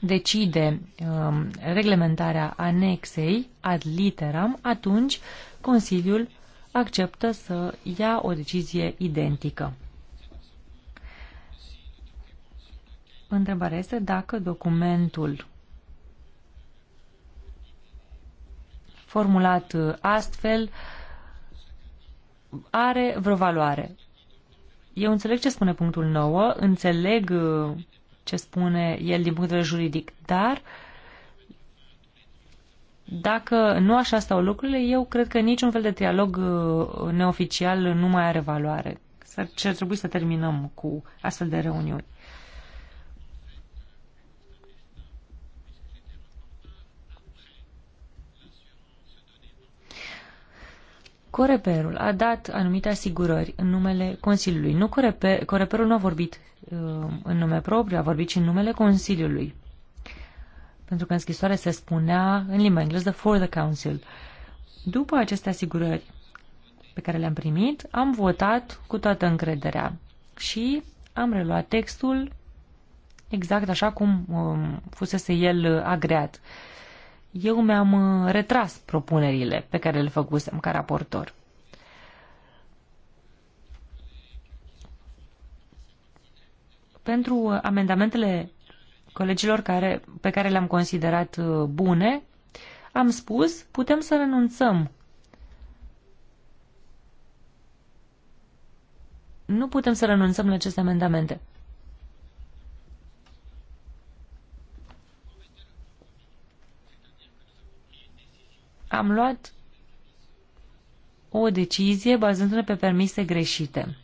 decide um, reglementarea anexei ad literam, atunci Consiliul acceptă să ia o decizie identică. Întrebarea este dacă documentul formulat uh, astfel are vreo valoare. Eu înțeleg ce spune punctul 9, înțeleg uh, ce spune el din punct de vedere juridic, dar dacă nu așa stau lucrurile, eu cred că niciun fel de trialog uh, neoficial nu mai are valoare. Ce ar trebui să terminăm cu astfel de reuniuni. Coreperul a dat anumite asigurări în numele Consiliului. Nu Coreper, Coreperul nu a vorbit uh, în nume propriu, a vorbit și în numele Consiliului. Pentru că în scrisoare se spunea în limba engleză for the Council. După aceste asigurări pe care le-am primit, am votat cu toată încrederea și am reluat textul exact așa cum um, fusese el agreat. Uh, eu mi-am uh, retras propunerile pe care le făcusem ca raportor. Pentru uh, amendamentele colegilor care, pe care le-am considerat uh, bune, am spus, putem să renunțăm. Nu putem să renunțăm la aceste amendamente. am luat o decizie bazându-ne pe permise greșite.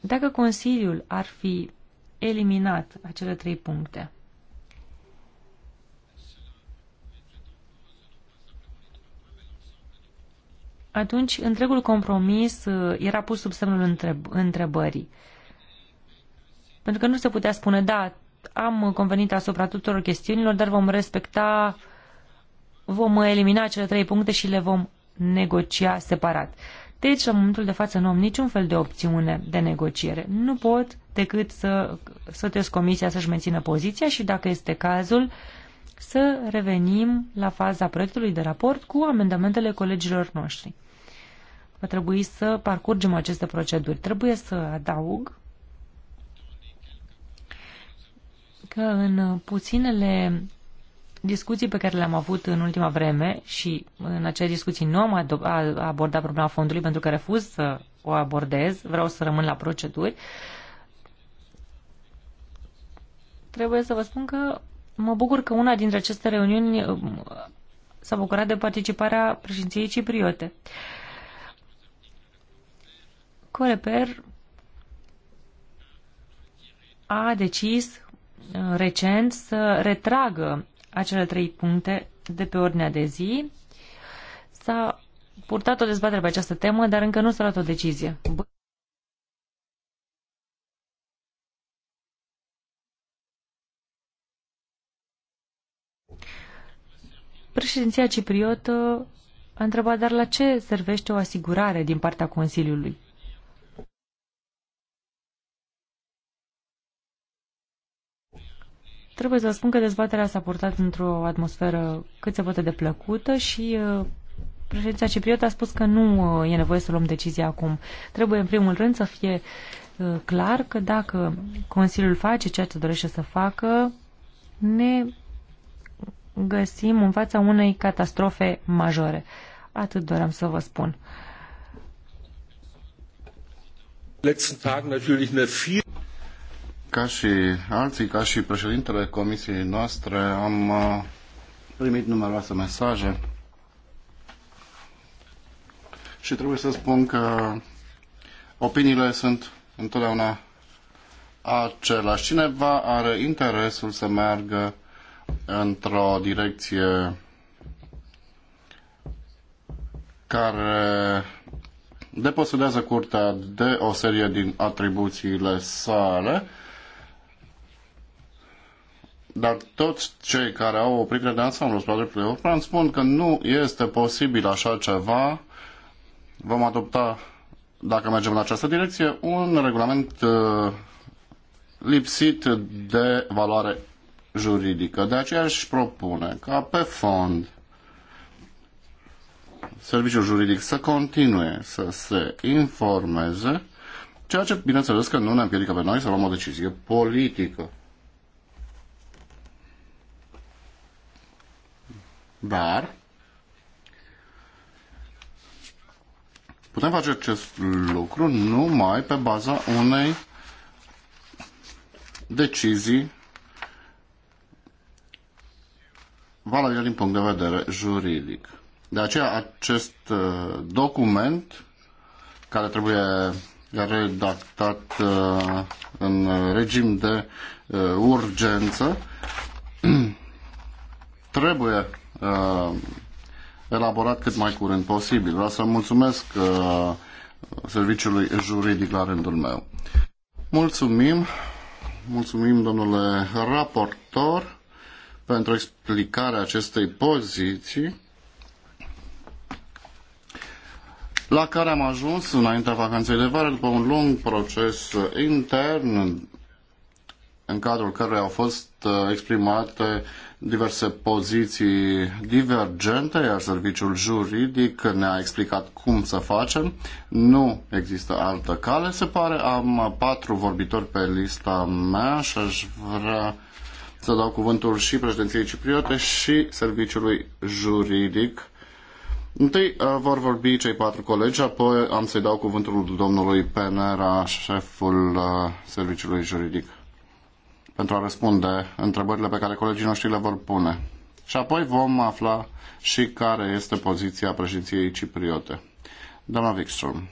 Dacă Consiliul ar fi eliminat acele trei puncte, atunci întregul compromis uh, era pus sub semnul întreb întrebării. Pentru că nu se putea spune, da, am convenit asupra tuturor chestiunilor, dar vom respecta uh, vom elimina cele trei puncte și le vom negocia separat. Deci, la momentul de față, nu am niciun fel de opțiune de negociere. Nu pot decât să sătesc comisia să-și mențină poziția și, dacă este cazul, să revenim la faza proiectului de raport cu amendamentele colegilor noștri. Va trebui să parcurgem aceste proceduri. Trebuie să adaug că în puținele discuții pe care le-am avut în ultima vreme și în acele discuții nu am abordat problema fondului pentru că refuz să o abordez, vreau să rămân la proceduri, trebuie să vă spun că mă bucur că una dintre aceste reuniuni uh, s-a bucurat de participarea președinției cipriote. Coreper a decis uh, recent să retragă acele trei puncte de pe ordinea de zi. S-a purtat o dezbatere pe această temă, dar încă nu s-a luat o decizie. Președinția cipriotă a întrebat, dar la ce servește o asigurare din partea Consiliului? Trebuie să spun că dezbaterea s-a purtat într-o atmosferă cât se poate de plăcută și uh, președința Cipriot a spus că nu uh, e nevoie să luăm decizia acum. Trebuie în primul rând să fie uh, clar că dacă Consiliul face ceea ce dorește să facă, ne găsim în fața unei catastrofe majore. Atât doream să vă spun. letzten Tagen natürlich eine viel ca și alții, ca și președintele comisiei noastre, am uh, primit numeroase mesaje și trebuie să spun că opiniile sunt întotdeauna același. Cineva are interesul să meargă într-o direcție care deposedează curtea de o serie din atribuțiile sale dar toți cei care au o privire de ansamblu spre drepturile european spun că nu este posibil așa ceva. Vom adopta, dacă mergem în această direcție, un regulament uh, lipsit de valoare juridică. De aceea își propune ca pe fond serviciul juridic să continue să se informeze, ceea ce, bineînțeles, că nu ne împiedică pe noi să luăm o decizie politică. Dar putem face acest lucru numai pe baza unei decizii valabile din punct de vedere juridic. De aceea acest uh, document care trebuie redactat uh, în regim de uh, urgență <clears throat> trebuie uh, elaborat cât mai curând posibil. Vreau să mulțumesc uh, serviciului juridic la rândul meu. Mulțumim, mulțumim domnule raportor pentru explicarea acestei poziții la care am ajuns înaintea vacanței de vară după un lung proces intern în cadrul căruia au fost uh, exprimate diverse poziții divergente, iar serviciul juridic ne-a explicat cum să facem. Nu există altă cale, se pare. Am patru vorbitori pe lista mea și aș vrea să dau cuvântul și președinției cipriote și serviciului juridic. Întâi uh, vor vorbi cei patru colegi, apoi am să-i dau cuvântul domnului Penera, șeful uh, serviciului juridic pentru a răspunde întrebările pe care colegii noștri le vor pune. Și apoi vom afla și care este poziția președinției cipriote. Doamna Wikström.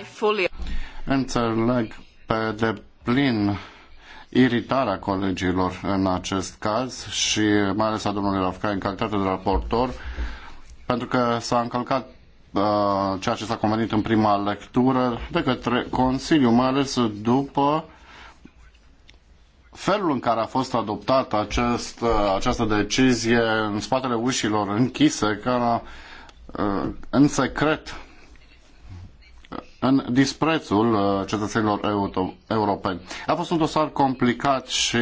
I fully... Înțeleg pe deplin iritarea colegilor în acest caz și mai ales a domnului Rafka în calitate de raportor, pentru că s-a încălcat Uh, ceea ce s-a convenit în prima lectură de către Consiliu, mai ales după felul în care a fost adoptată acest, uh, această decizie în spatele ușilor închise, ca uh, în secret, în disprețul cetățenilor europeni. A fost un dosar complicat și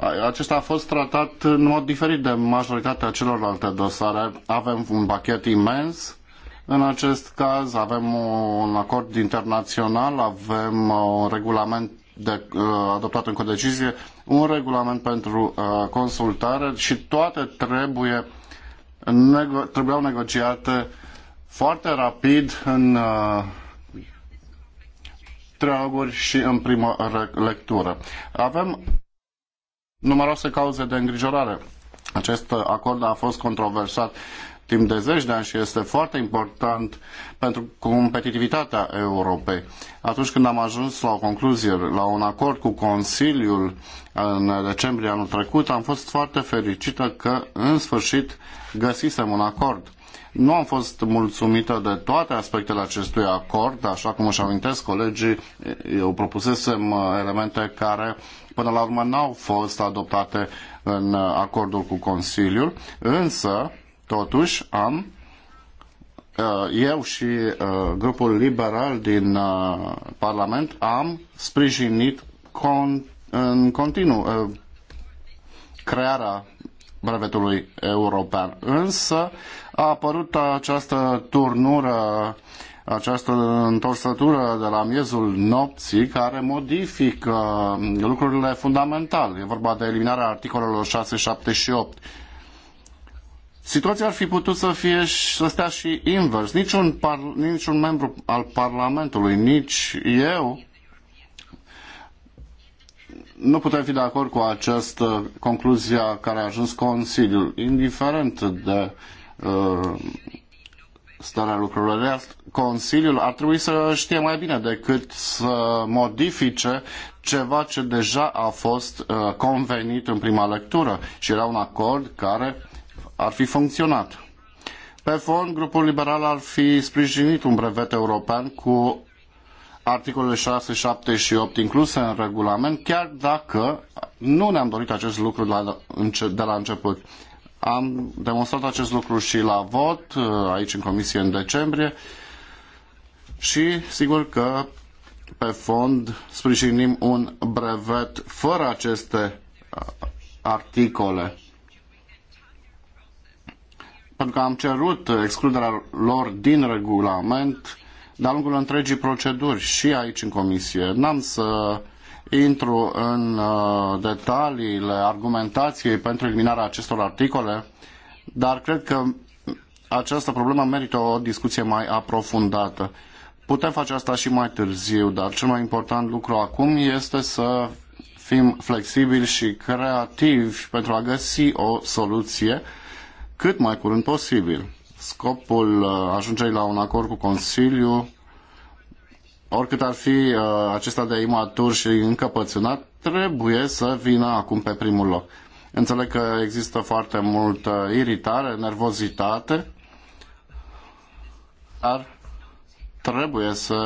acesta a fost tratat în mod diferit de majoritatea celorlalte dosare. Avem un pachet imens. În acest caz avem un acord internațional, avem uh, un regulament de, uh, adoptat în codecizie, un regulament pentru uh, consultare și toate trebuie nego, trebuiau negociate foarte rapid în trialoguri și în primă lectură. Avem numeroase cauze de îngrijorare. Acest acord a fost controversat timp de zeci de ani și este foarte important pentru competitivitatea Europei. Atunci când am ajuns la o concluzie, la un acord cu Consiliul în decembrie anul trecut, am fost foarte fericită că în sfârșit găsisem un acord. Nu am fost mulțumită de toate aspectele acestui acord, așa cum își amintesc colegii, eu propusesem uh, elemente care până la urmă n-au fost adoptate în uh, acordul cu Consiliul, însă totuși am uh, eu și grupul liberal din Parlament am sprijinit în continuu crearea brevetului european. Însă a apărut această turnură, această întorsătură de la miezul nopții care modifică uh, lucrurile fundamentale. E vorba de eliminarea articolelor 6, 7 și 8. Situația ar fi putut să fie să stea și invers. Niciun, par, niciun membru al Parlamentului, nici eu, nu putem fi de acord cu această concluzie care a ajuns Consiliul, indiferent de Uh, starea lucrurilor. Consiliul ar trebui să știe mai bine decât să modifice ceva ce deja a fost uh, convenit în prima lectură și era un acord care ar fi funcționat. Pe fond, grupul liberal ar fi sprijinit un brevet european cu articolele 6, 7 și 8 incluse în regulament, chiar dacă nu ne-am dorit acest lucru de la, început. Am demonstrat acest lucru și la vot, uh, aici în comisie în decembrie și sigur că pe fond sprijinim un brevet fără aceste uh, articole. Pentru că am cerut excluderea lor din regulament de-a lungul întregii proceduri și aici în comisie. N-am să intru în uh, detaliile argumentației pentru eliminarea acestor articole, dar cred că această problemă merită o discuție mai aprofundată. Putem face asta și mai târziu, dar cel mai important lucru acum este să fim flexibili și creativi pentru a găsi o soluție cât mai curând posibil. Scopul uh, ajungerii la un acord cu Consiliu oricât ar fi uh, acesta de imatur și încăpățânat, trebuie să vină acum pe primul loc. Înțeleg că există foarte multă iritare, nervozitate, dar trebuie să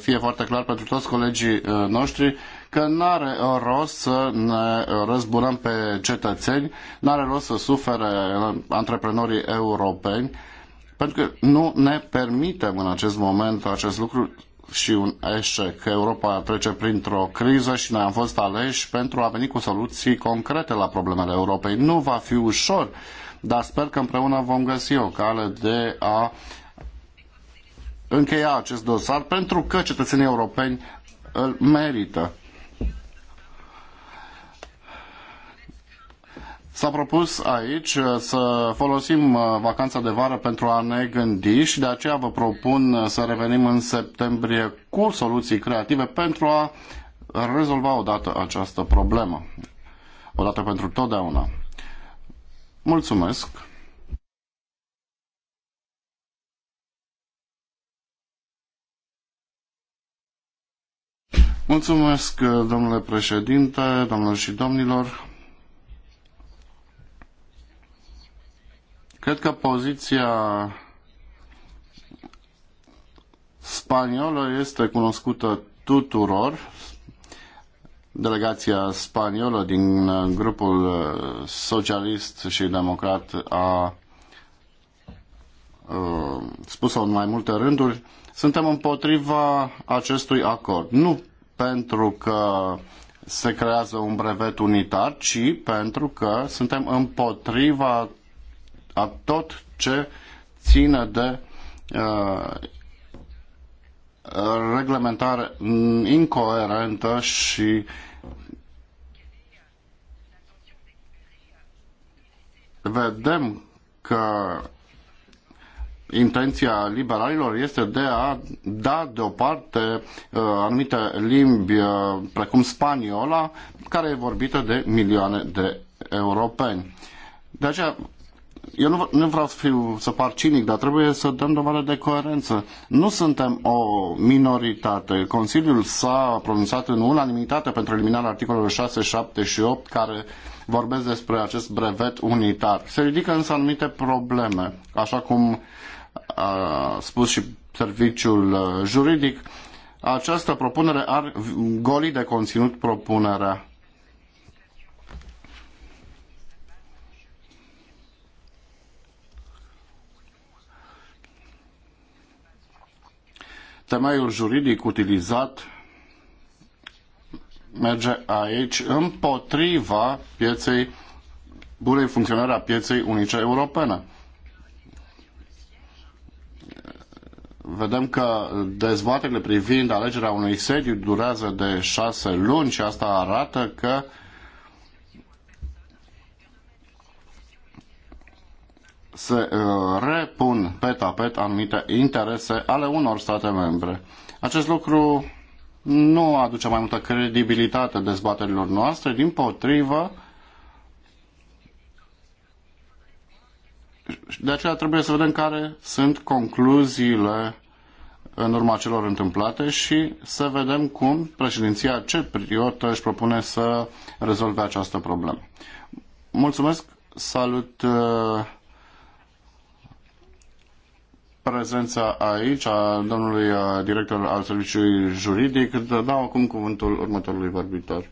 fie foarte clar pentru toți colegii uh, noștri că nu are rost să ne răzbunăm pe cetățeni, nu are rost să sufere uh, antreprenorii europeni, pentru că nu ne permitem în acest moment acest lucru și un eșec. Europa trece printr-o criză și noi am fost aleși pentru a veni cu soluții concrete la problemele Europei. Nu va fi ușor, dar sper că împreună vom găsi o cale de a încheia acest dosar pentru că cetățenii europeni îl merită. S-a propus aici uh, să folosim uh, vacanța de vară pentru a ne gândi și de aceea vă propun uh, să revenim în septembrie cu soluții creative pentru a rezolva odată această problemă. Odată pentru totdeauna. Mulțumesc! Mulțumesc, domnule președinte, domnilor și domnilor. Cred că poziția spaniolă este cunoscută tuturor. Delegația spaniolă din uh, grupul uh, socialist și democrat a uh, spus-o în mai multe rânduri, suntem împotriva acestui acord. Nu pentru că se creează un brevet unitar, ci pentru că suntem împotriva a tot ce ține de uh, reglementare incoerentă și vedem că intenția liberalilor este de a da deoparte uh, anumite limbi uh, precum spaniola, care e vorbită de milioane de europeni. De aceea eu nu, nu vreau să, fiu, să par cinic, dar trebuie să dăm dovadă de coerență. Nu suntem o minoritate. Consiliul s-a pronunțat în unanimitate pentru eliminarea articolelor 6, 7 și 8 care vorbesc despre acest brevet unitar. Se ridică însă anumite probleme, așa cum a spus și serviciul uh, juridic. Această propunere ar goli de conținut propunerea temeiul juridic utilizat merge aici împotriva pieței, bunei funcționare a pieței unice europene. Vedem că dezbaterile privind alegerea unui sediu durează de șase luni și asta arată că uh, se uh, repun pe tapet anumite interese ale unor state membre. Acest lucru nu aduce mai multă credibilitate dezbaterilor noastre, din potrivă, de aceea trebuie să vedem care sunt concluziile în urma celor întâmplate și să vedem cum președinția cepriotă își propune să rezolve această problemă. Mulțumesc, salut uh, prezența aici a domnului director al serviciului juridic. Dau acum cuvântul următorului vorbitor.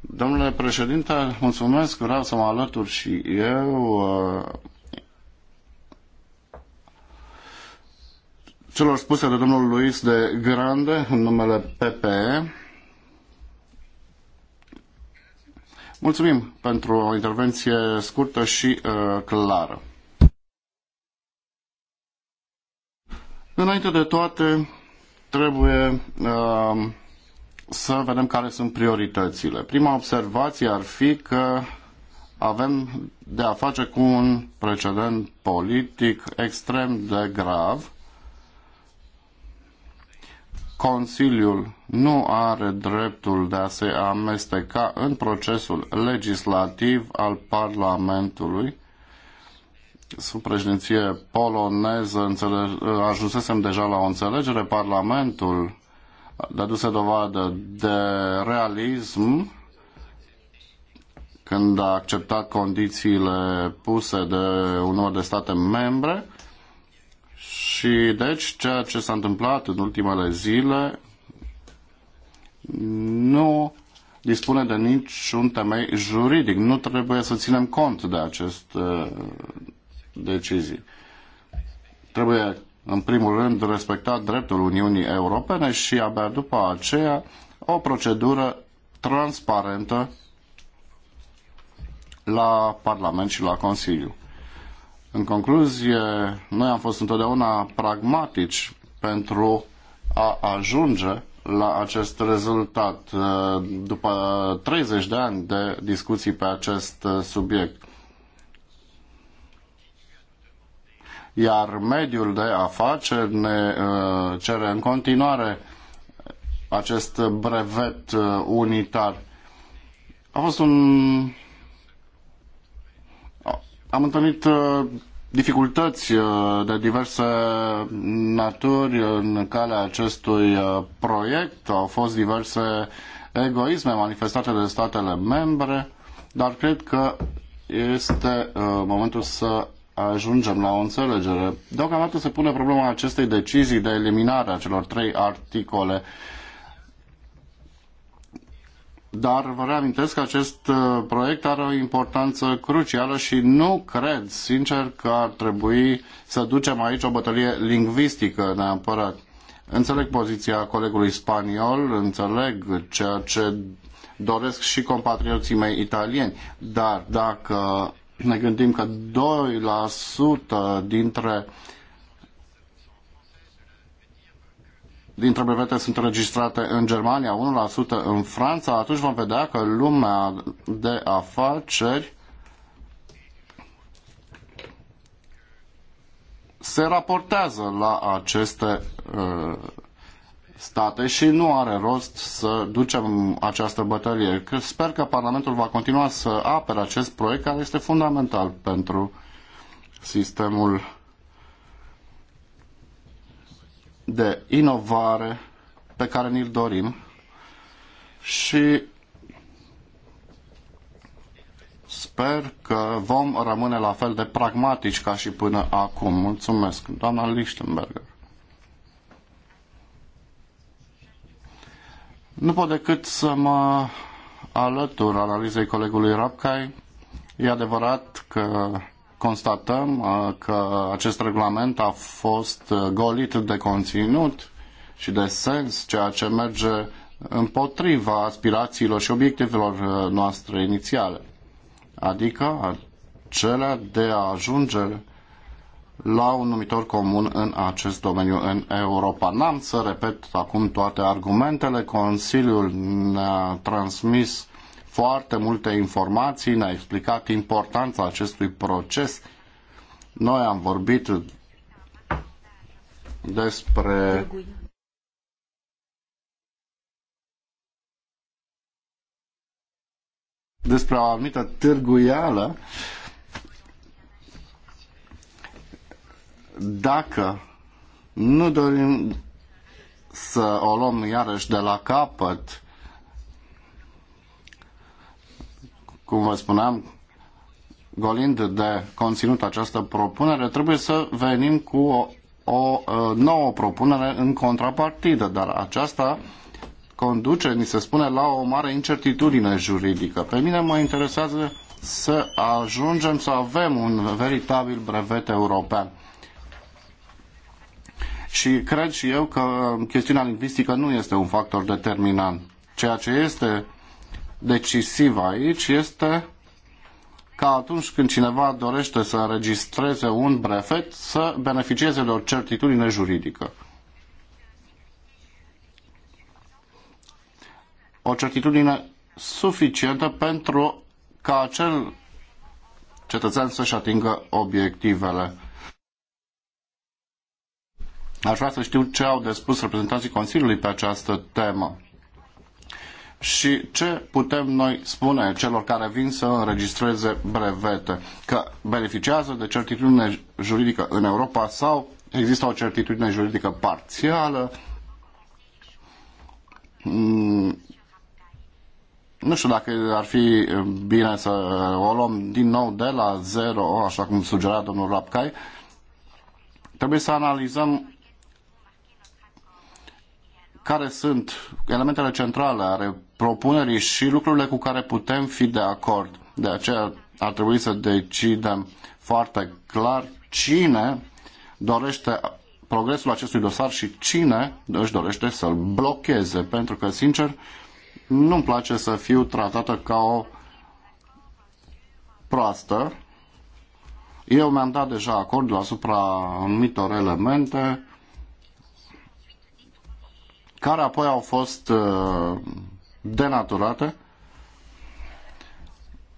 Domnule președinte, mulțumesc, vreau să mă alătur și eu celor spuse de domnul Luis de Grande în numele PPE. Mulțumim pentru o intervenție scurtă și uh, clară. Înainte de toate, trebuie uh, să vedem care sunt prioritățile. Prima observație ar fi că avem de a face cu un precedent politic extrem de grav. Consiliul nu are dreptul de a se amesteca în procesul legislativ al Parlamentului sub președinție poloneză ajunsesem deja la o înțelegere, Parlamentul dăduse dovadă de realism când a acceptat condițiile puse de unor de state membre și deci ceea ce s-a întâmplat în ultimele zile nu dispune de niciun temei juridic. Nu trebuie să ținem cont de acest decizii. Trebuie, în primul rând, respectat dreptul Uniunii Europene și abia după aceea o procedură transparentă la Parlament și la Consiliu. În concluzie, noi am fost întotdeauna pragmatici pentru a ajunge la acest rezultat după 30 de ani de discuții pe acest subiect. iar mediul de afaceri ne uh, cere în continuare acest brevet uh, unitar. A fost un... Am întâlnit uh, dificultăți de diverse naturi în calea acestui proiect. Au fost diverse egoisme manifestate de statele membre, dar cred că este momentul să ajungem la o înțelegere. Deocamdată se pune problema acestei decizii de eliminare a celor trei articole. Dar vă reamintesc că acest uh, proiect are o importanță crucială și nu cred, sincer, că ar trebui să ducem aici o bătălie lingvistică neapărat. Înțeleg poziția colegului spaniol, înțeleg ceea ce doresc și compatrioții mei italieni, dar dacă ne gândim că 2% dintre dintre brevete sunt înregistrate în Germania, 1% în Franța, atunci vom vedea că lumea de afaceri se raportează la aceste uh, state și nu are rost să ducem această bătălie. Sper că Parlamentul va continua să apere acest proiect care este fundamental pentru sistemul de inovare pe care ni-l dorim și sper că vom rămâne la fel de pragmatici ca și până acum. Mulțumesc, doamna Lichtenberger. Nu pot decât să mă alătur analizei colegului Rapcai. E adevărat că constatăm uh, că acest regulament a fost uh, golit de conținut și de sens, ceea ce merge împotriva aspirațiilor și obiectivelor uh, noastre inițiale, adică acelea de a ajunge la un numitor comun în acest domeniu în Europa. N-am să repet acum toate argumentele. Consiliul ne-a transmis foarte multe informații, ne-a explicat importanța acestui proces. Noi am vorbit despre despre o anumită târguială uh, dacă nu dorim să o luăm iarăși de la capăt, cum vă spuneam, golind de conținut această propunere, trebuie să venim cu o, o uh, nouă propunere în contrapartidă, dar aceasta conduce, ni se spune, la o mare incertitudine juridică. Pe mine mă interesează să ajungem să avem un veritabil brevet european. Și cred și eu că chestiunea lingvistică nu este un factor determinant. Ceea ce este decisiv aici este ca atunci când cineva dorește să înregistreze un brefet să beneficieze de o certitudine juridică. O certitudine suficientă pentru ca acel cetățean să-și atingă obiectivele. Aș vrea să știu ce au de spus reprezentanții Consiliului pe această temă. Și ce putem noi spune celor care vin să înregistreze brevete? Că beneficiază de certitudine juridică în Europa sau există o certitudine juridică parțială? Mm, nu știu dacă ar fi bine să o luăm din nou de la zero, așa cum sugera domnul Rapcai. Trebuie să analizăm care sunt elementele centrale ale propunerii și lucrurile cu care putem fi de acord. De aceea ar trebui să decidem foarte clar cine dorește progresul acestui dosar și cine își dorește să-l blocheze, pentru că, sincer, nu-mi place să fiu tratată ca o proastă. Eu mi-am dat deja acordul asupra anumitor elemente care apoi au fost uh, denaturate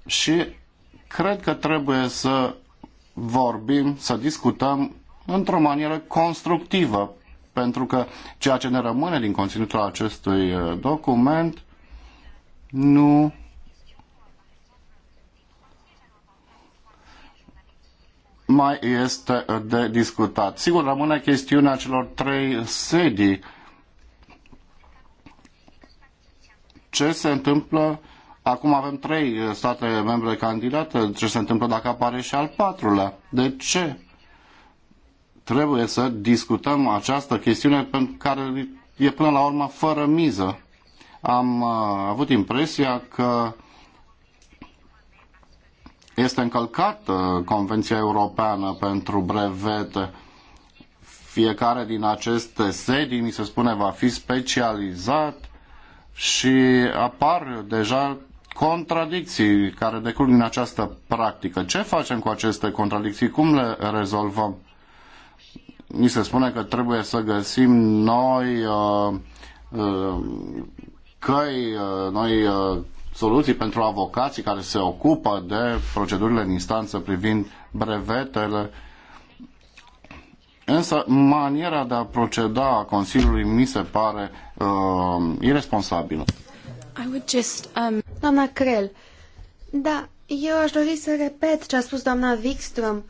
și cred că trebuie să vorbim, să discutăm într-o manieră constructivă, pentru că ceea ce ne rămâne din conținutul acestui uh, document nu mai este de discutat. Sigur, rămâne chestiunea celor trei sedii ce se întâmplă Acum avem trei eh, state membre candidate. Ce se întâmplă dacă apare și al patrulea? De ce? Trebuie să discutăm această chestiune pentru care e până la urmă fără miză. Am eh, avut impresia că este încălcată Convenția Europeană pentru brevete. Fiecare din aceste sedii, mi se spune, va fi specializat și apar deja contradicții care decurg din această practică. Ce facem cu aceste contradicții? Cum le rezolvăm? Mi se spune că trebuie să găsim noi uh, uh, căi, uh, noi uh, soluții pentru avocații care se ocupă de procedurile în instanță privind brevetele Însă maniera de a proceda a Consiliului mi se pare uh, irresponsabilă. I would just, um... Doamna Crel, da, eu aș dori să repet ce a spus doamna Wikström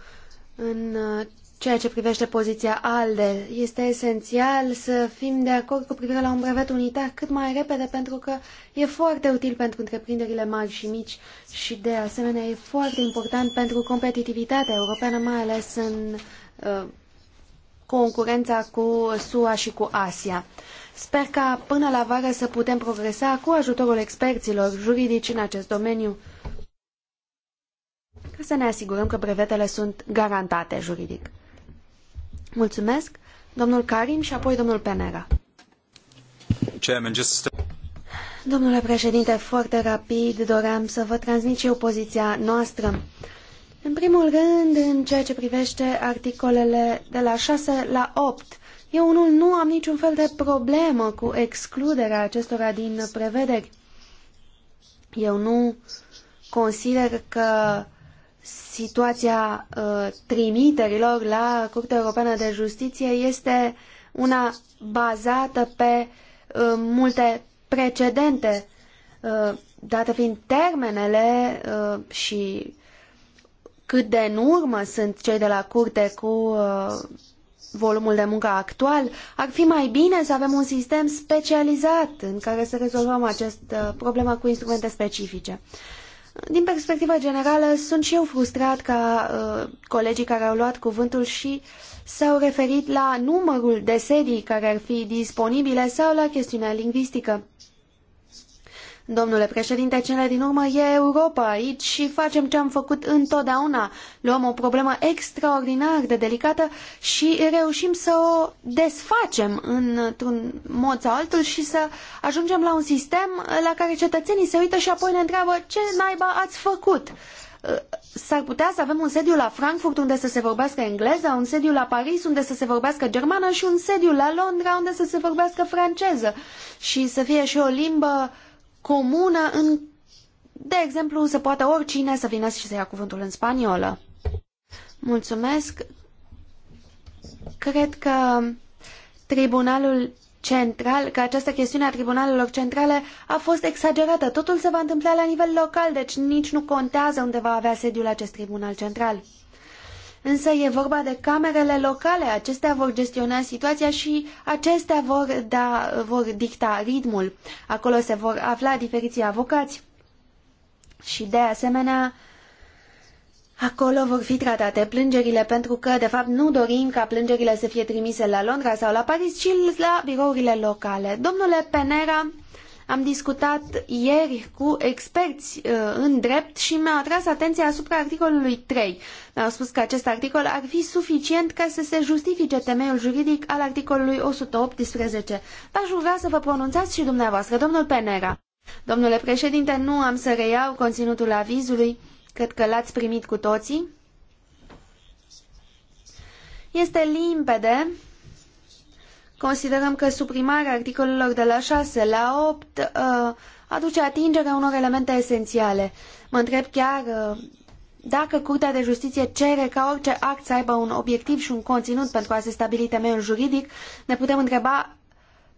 în uh, ceea ce privește poziția ALDE. Este esențial să fim de acord cu privire la un brevet unitar cât mai repede, pentru că e foarte util pentru întreprinderile mari și mici și, de asemenea, e foarte important pentru competitivitatea europeană, mai ales în uh, concurența cu SUA și cu Asia. Sper ca până la vară să putem progresa cu ajutorul experților juridici în acest domeniu ca să ne asigurăm că brevetele sunt garantate juridic. Mulțumesc, domnul Karim și apoi domnul Penera. Domnule președinte, foarte rapid doream să vă transmit și eu poziția noastră. În primul rând, în ceea ce privește articolele de la 6 la 8, eu unul nu am niciun fel de problemă cu excluderea acestora din prevederi. Eu nu consider că situația uh, trimiterilor la Curtea Europeană de Justiție este una bazată pe uh, multe precedente, uh, date fiind termenele uh, și cât de în urmă sunt cei de la curte cu uh, volumul de muncă actual, ar fi mai bine să avem un sistem specializat în care să rezolvăm această problemă cu instrumente specifice. Din perspectivă generală, sunt și eu frustrat ca uh, colegii care au luat cuvântul și s-au referit la numărul de sedii care ar fi disponibile sau la chestiunea lingvistică. Domnule președinte, cele din urmă e Europa aici și facem ce am făcut întotdeauna. Luăm o problemă extraordinar de delicată și reușim să o desfacem într-un mod sau altul și să ajungem la un sistem la care cetățenii se uită și apoi ne întreabă ce naiba ați făcut. S-ar putea să avem un sediu la Frankfurt unde să se vorbească engleză, un sediu la Paris unde să se vorbească germană și un sediu la Londra unde să se vorbească franceză și să fie și o limbă uh, comună în de exemplu, se poate oricine să vină și să ia cuvântul în spaniolă. Mulțumesc. Cred că Tribunalul Central, că această chestiune a tribunalelor centrale a fost exagerată. Totul se va întâmpla la nivel local, deci nici nu contează unde va avea sediul acest tribunal central. Însă e vorba de camerele locale, acestea vor gestiona situația și acestea vor, da, vor dicta ritmul. Acolo se vor afla diferiții avocați. Și de asemenea, Acolo vor fi tratate plângerile pentru că, de fapt, nu dorim ca plângerile să fie trimise la Londra sau la Paris, ci la birourile locale. Domnule Penera, am discutat ieri cu experți uh, în drept și mi-au atras atenția asupra articolului 3. Mi-au spus că acest articol ar fi suficient ca să se justifice temeiul juridic al articolului 118. V-aș ruga să vă pronunțați și dumneavoastră, domnul Penera. Domnule președinte, nu am să reiau conținutul avizului. Cred că l-ați primit cu toții. Este limpede Considerăm că suprimarea articolelor de la 6 la 8 uh, aduce atingerea unor elemente esențiale. Mă întreb chiar uh, dacă Curtea de Justiție cere ca orice act să aibă un obiectiv și un conținut pentru a se stabili temeiul juridic, ne putem întreba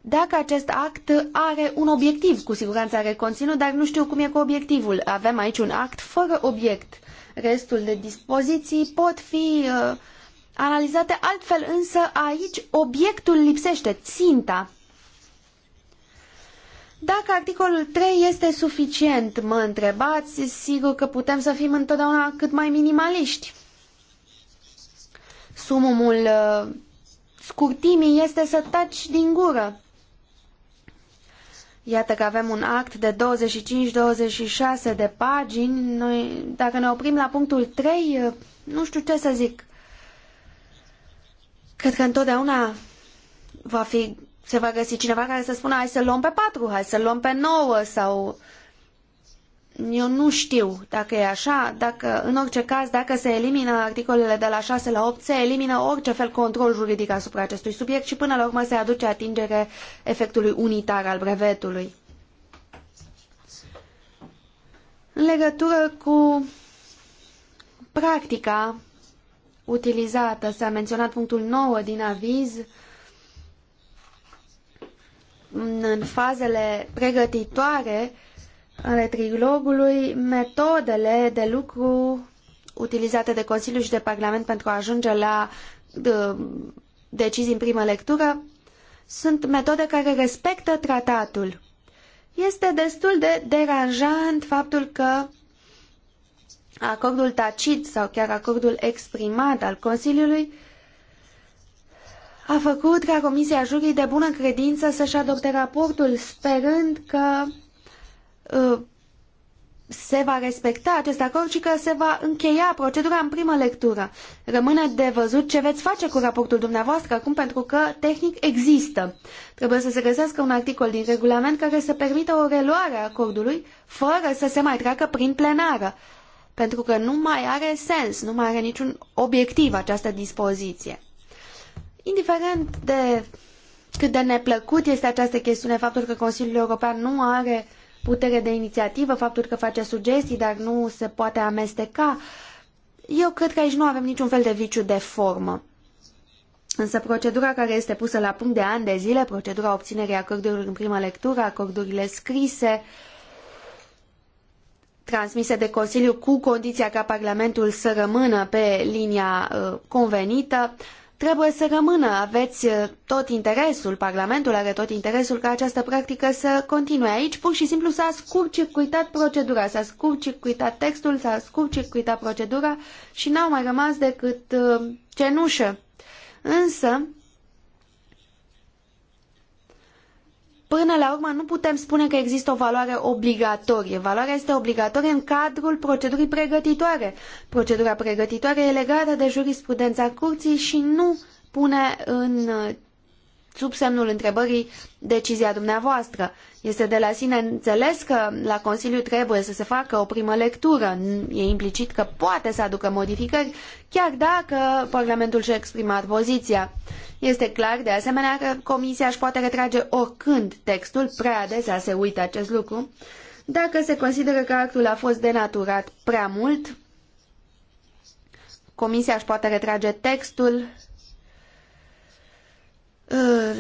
dacă acest act are un obiectiv. Cu siguranță are conținut, dar nu știu cum e cu obiectivul. Avem aici un act fără obiect. Restul de dispoziții pot fi uh, analizate altfel, însă aici obiectul lipsește, ținta. Dacă articolul 3 este suficient, mă întrebați, sigur că putem să fim întotdeauna cât mai minimaliști. Sumumul uh, scurtimii este să taci din gură. Iată că avem un act de 25-26 de pagini. Noi, dacă ne oprim la punctul 3, uh, nu știu ce să zic. Cred că întotdeauna va fi, se va găsi cineva care să spună hai să luăm pe patru, hai să luăm pe nouă sau... Eu nu știu dacă e așa, dacă, în orice caz, dacă se elimină articolele de la 6 la 8, se elimină orice fel control juridic asupra acestui subiect și până la urmă se aduce atingere efectului unitar al brevetului. În legătură cu practica utilizată. S-a menționat punctul 9 din aviz în fazele pregătitoare ale trilogului metodele de lucru utilizate de Consiliu și de Parlament pentru a ajunge la de, decizii în primă lectură sunt metode care respectă tratatul. Este destul de deranjant faptul că acordul tacit sau chiar acordul exprimat al Consiliului a făcut ca Comisia Jurii de bună credință să-și adopte raportul, sperând că uh, se va respecta acest acord și că se va încheia procedura în primă lectură. Rămâne de văzut ce veți face cu raportul dumneavoastră acum, pentru că tehnic există. Trebuie să se găsească un articol din regulament care să permită o reluare a acordului, fără să se mai treacă prin plenară pentru că nu mai are sens, nu mai are niciun obiectiv această dispoziție. Indiferent de cât de neplăcut este această chestiune, faptul că Consiliul European nu are putere de inițiativă, faptul că face sugestii, dar nu se poate amesteca, eu cred că aici nu avem niciun fel de viciu de formă. Însă procedura care este pusă la punct de ani de zile, procedura obținerii acordurilor în prima lectură, acordurile scrise, uh, transmise de Consiliu cu condiția ca Parlamentul să rămână pe linia uh, convenită, trebuie să rămână. Aveți uh, tot interesul, Parlamentul are tot interesul ca această practică să continue aici. Pur și simplu s-a scurt-circuitat procedura, s-a scurt-circuitat textul, s-a scurt-circuitat procedura și n-au mai rămas decât uh, cenușă. Însă, Până la urmă, nu putem spune că există o valoare obligatorie. Valoarea este obligatorie în cadrul procedurii pregătitoare. Procedura pregătitoare e legată de jurisprudența curții și nu pune în sub semnul întrebării decizia dumneavoastră. Este de la sine înțeles că la Consiliu trebuie să se facă o primă lectură. E implicit că poate să aducă modificări, chiar dacă Parlamentul și-a exprimat poziția. Este clar, de asemenea, că Comisia își poate retrage oricând textul, prea adesea se uită acest lucru, dacă se consideră că actul a fost denaturat prea mult, Comisia își poate retrage textul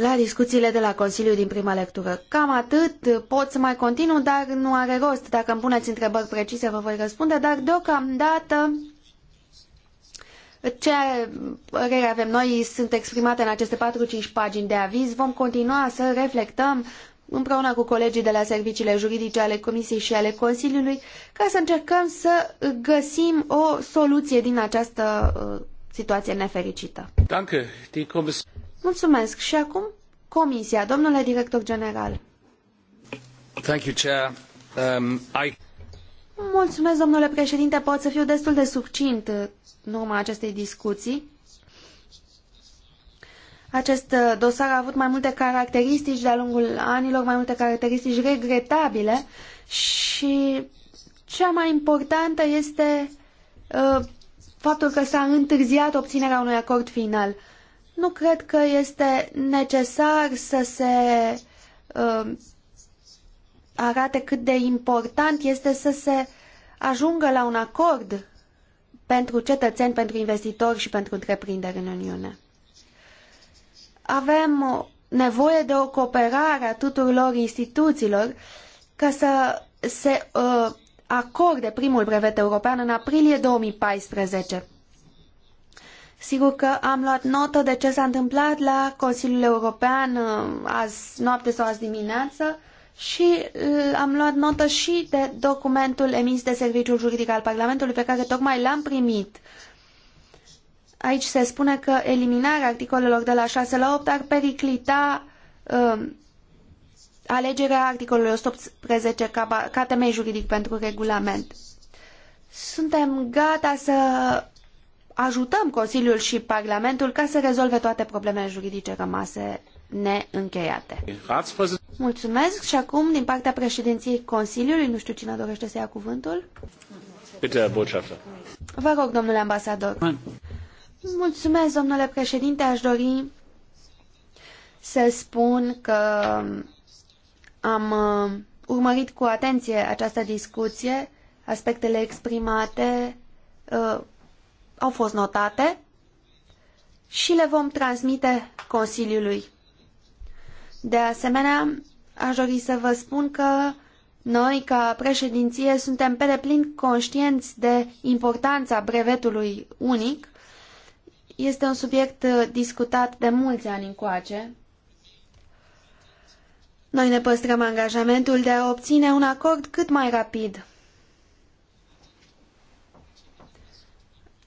la discuțiile de la Consiliu din prima lectură. Cam atât, pot să mai continu, dar nu are rost. Dacă îmi puneți întrebări precise, vă voi răspunde, dar deocamdată ce părere avem noi sunt exprimate în aceste 4-5 pagini de aviz. Vom continua să reflectăm împreună cu colegii de la serviciile juridice ale Comisiei și ale Consiliului ca să încercăm să găsim o soluție din această uh, situație nefericită. Danke, Mulțumesc. Și acum Comisia, domnule director general. Thank you, Chair. Um, I... Mulțumesc, domnule președinte. Pot să fiu destul de succint în urma acestei discuții. Acest dosar a avut mai multe caracteristici de-a lungul anilor, mai multe caracteristici regretabile și cea mai importantă este uh, faptul că s-a întârziat obținerea unui acord final nu cred că este necesar să se uh, arate cât de important este să se ajungă la un acord pentru cetățeni, pentru investitori și pentru întreprinderi în Uniune. Avem nevoie de o cooperare a tuturor instituțiilor ca să se uh, acorde primul brevet european în aprilie 2014. Sigur că am luat notă de ce s-a întâmplat la Consiliul European uh, azi noapte sau azi dimineață și uh, am luat notă și de documentul emis de Serviciul Juridic al Parlamentului pe care tocmai l-am primit. Aici se spune că eliminarea articolelor de la 6 la 8 ar periclita uh, alegerea articolului 118 ca, ca temei juridic pentru regulament. Suntem gata să ajutăm Consiliul și Parlamentul ca să rezolve toate problemele juridice rămase neîncheiate. Mulțumesc și acum din partea președinției Consiliului, nu știu cine dorește să ia cuvântul. Bitte, Botschafter. Vă rog, domnule ambasador. Mulțumesc, domnule președinte, aș dori să spun că am uh, urmărit cu atenție această discuție, aspectele exprimate uh, au fost notate și le vom transmite Consiliului. De asemenea, aș dori să vă spun că noi, ca președinție, suntem pe deplin conștienți de importanța brevetului unic. Este un subiect uh, discutat de mulți ani încoace. Noi ne păstrăm angajamentul de a obține un acord cât mai rapid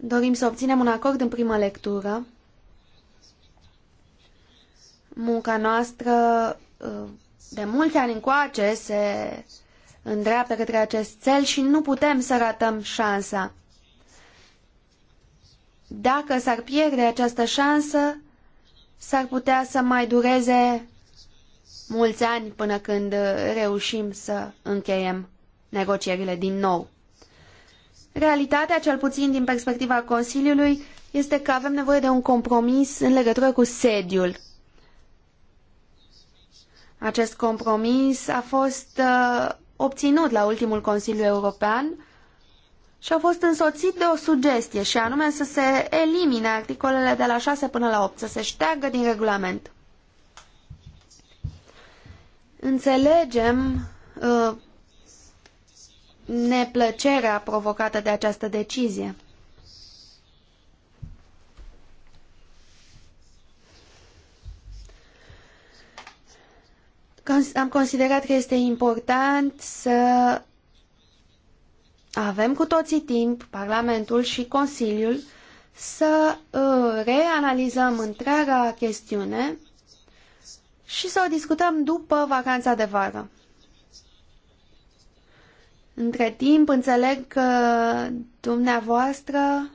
Dorim să obținem un acord în primă lectură. Munca noastră uh, de mulți ani încoace se îndreaptă către acest cel și nu putem să ratăm șansa. Dacă s-ar pierde această șansă, s-ar putea să mai dureze mulți ani până când reușim să încheiem negocierile din nou. Realitatea, cel puțin din perspectiva Consiliului, este că avem nevoie de un compromis în legătură cu sediul. Acest compromis a fost uh, obținut la ultimul Consiliu European și a fost însoțit de o sugestie, și anume să se elimine articolele de la 6 până la 8, să se șteargă din regulament. Înțelegem uh, neplăcerea provocată de această decizie. Am considerat că este important să avem cu toții timp, Parlamentul și Consiliul, să uh, reanalizăm întreaga chestiune și să o discutăm după vacanța de vară. Între timp, înțeleg că dumneavoastră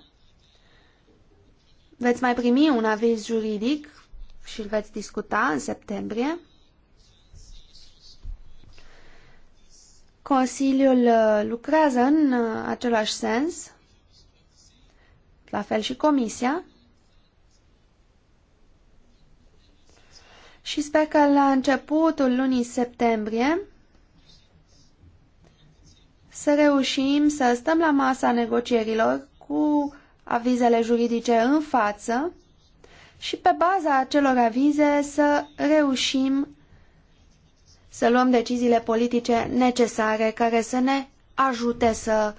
veți mai primi un aviz juridic și îl veți discuta în septembrie. Consiliul uh, lucrează în uh, același sens, la fel și Comisia. Și sper că la începutul lunii septembrie să reușim să stăm la masa negocierilor cu avizele juridice în față și pe baza acelor avize să reușim să luăm deciziile politice necesare care să ne ajute să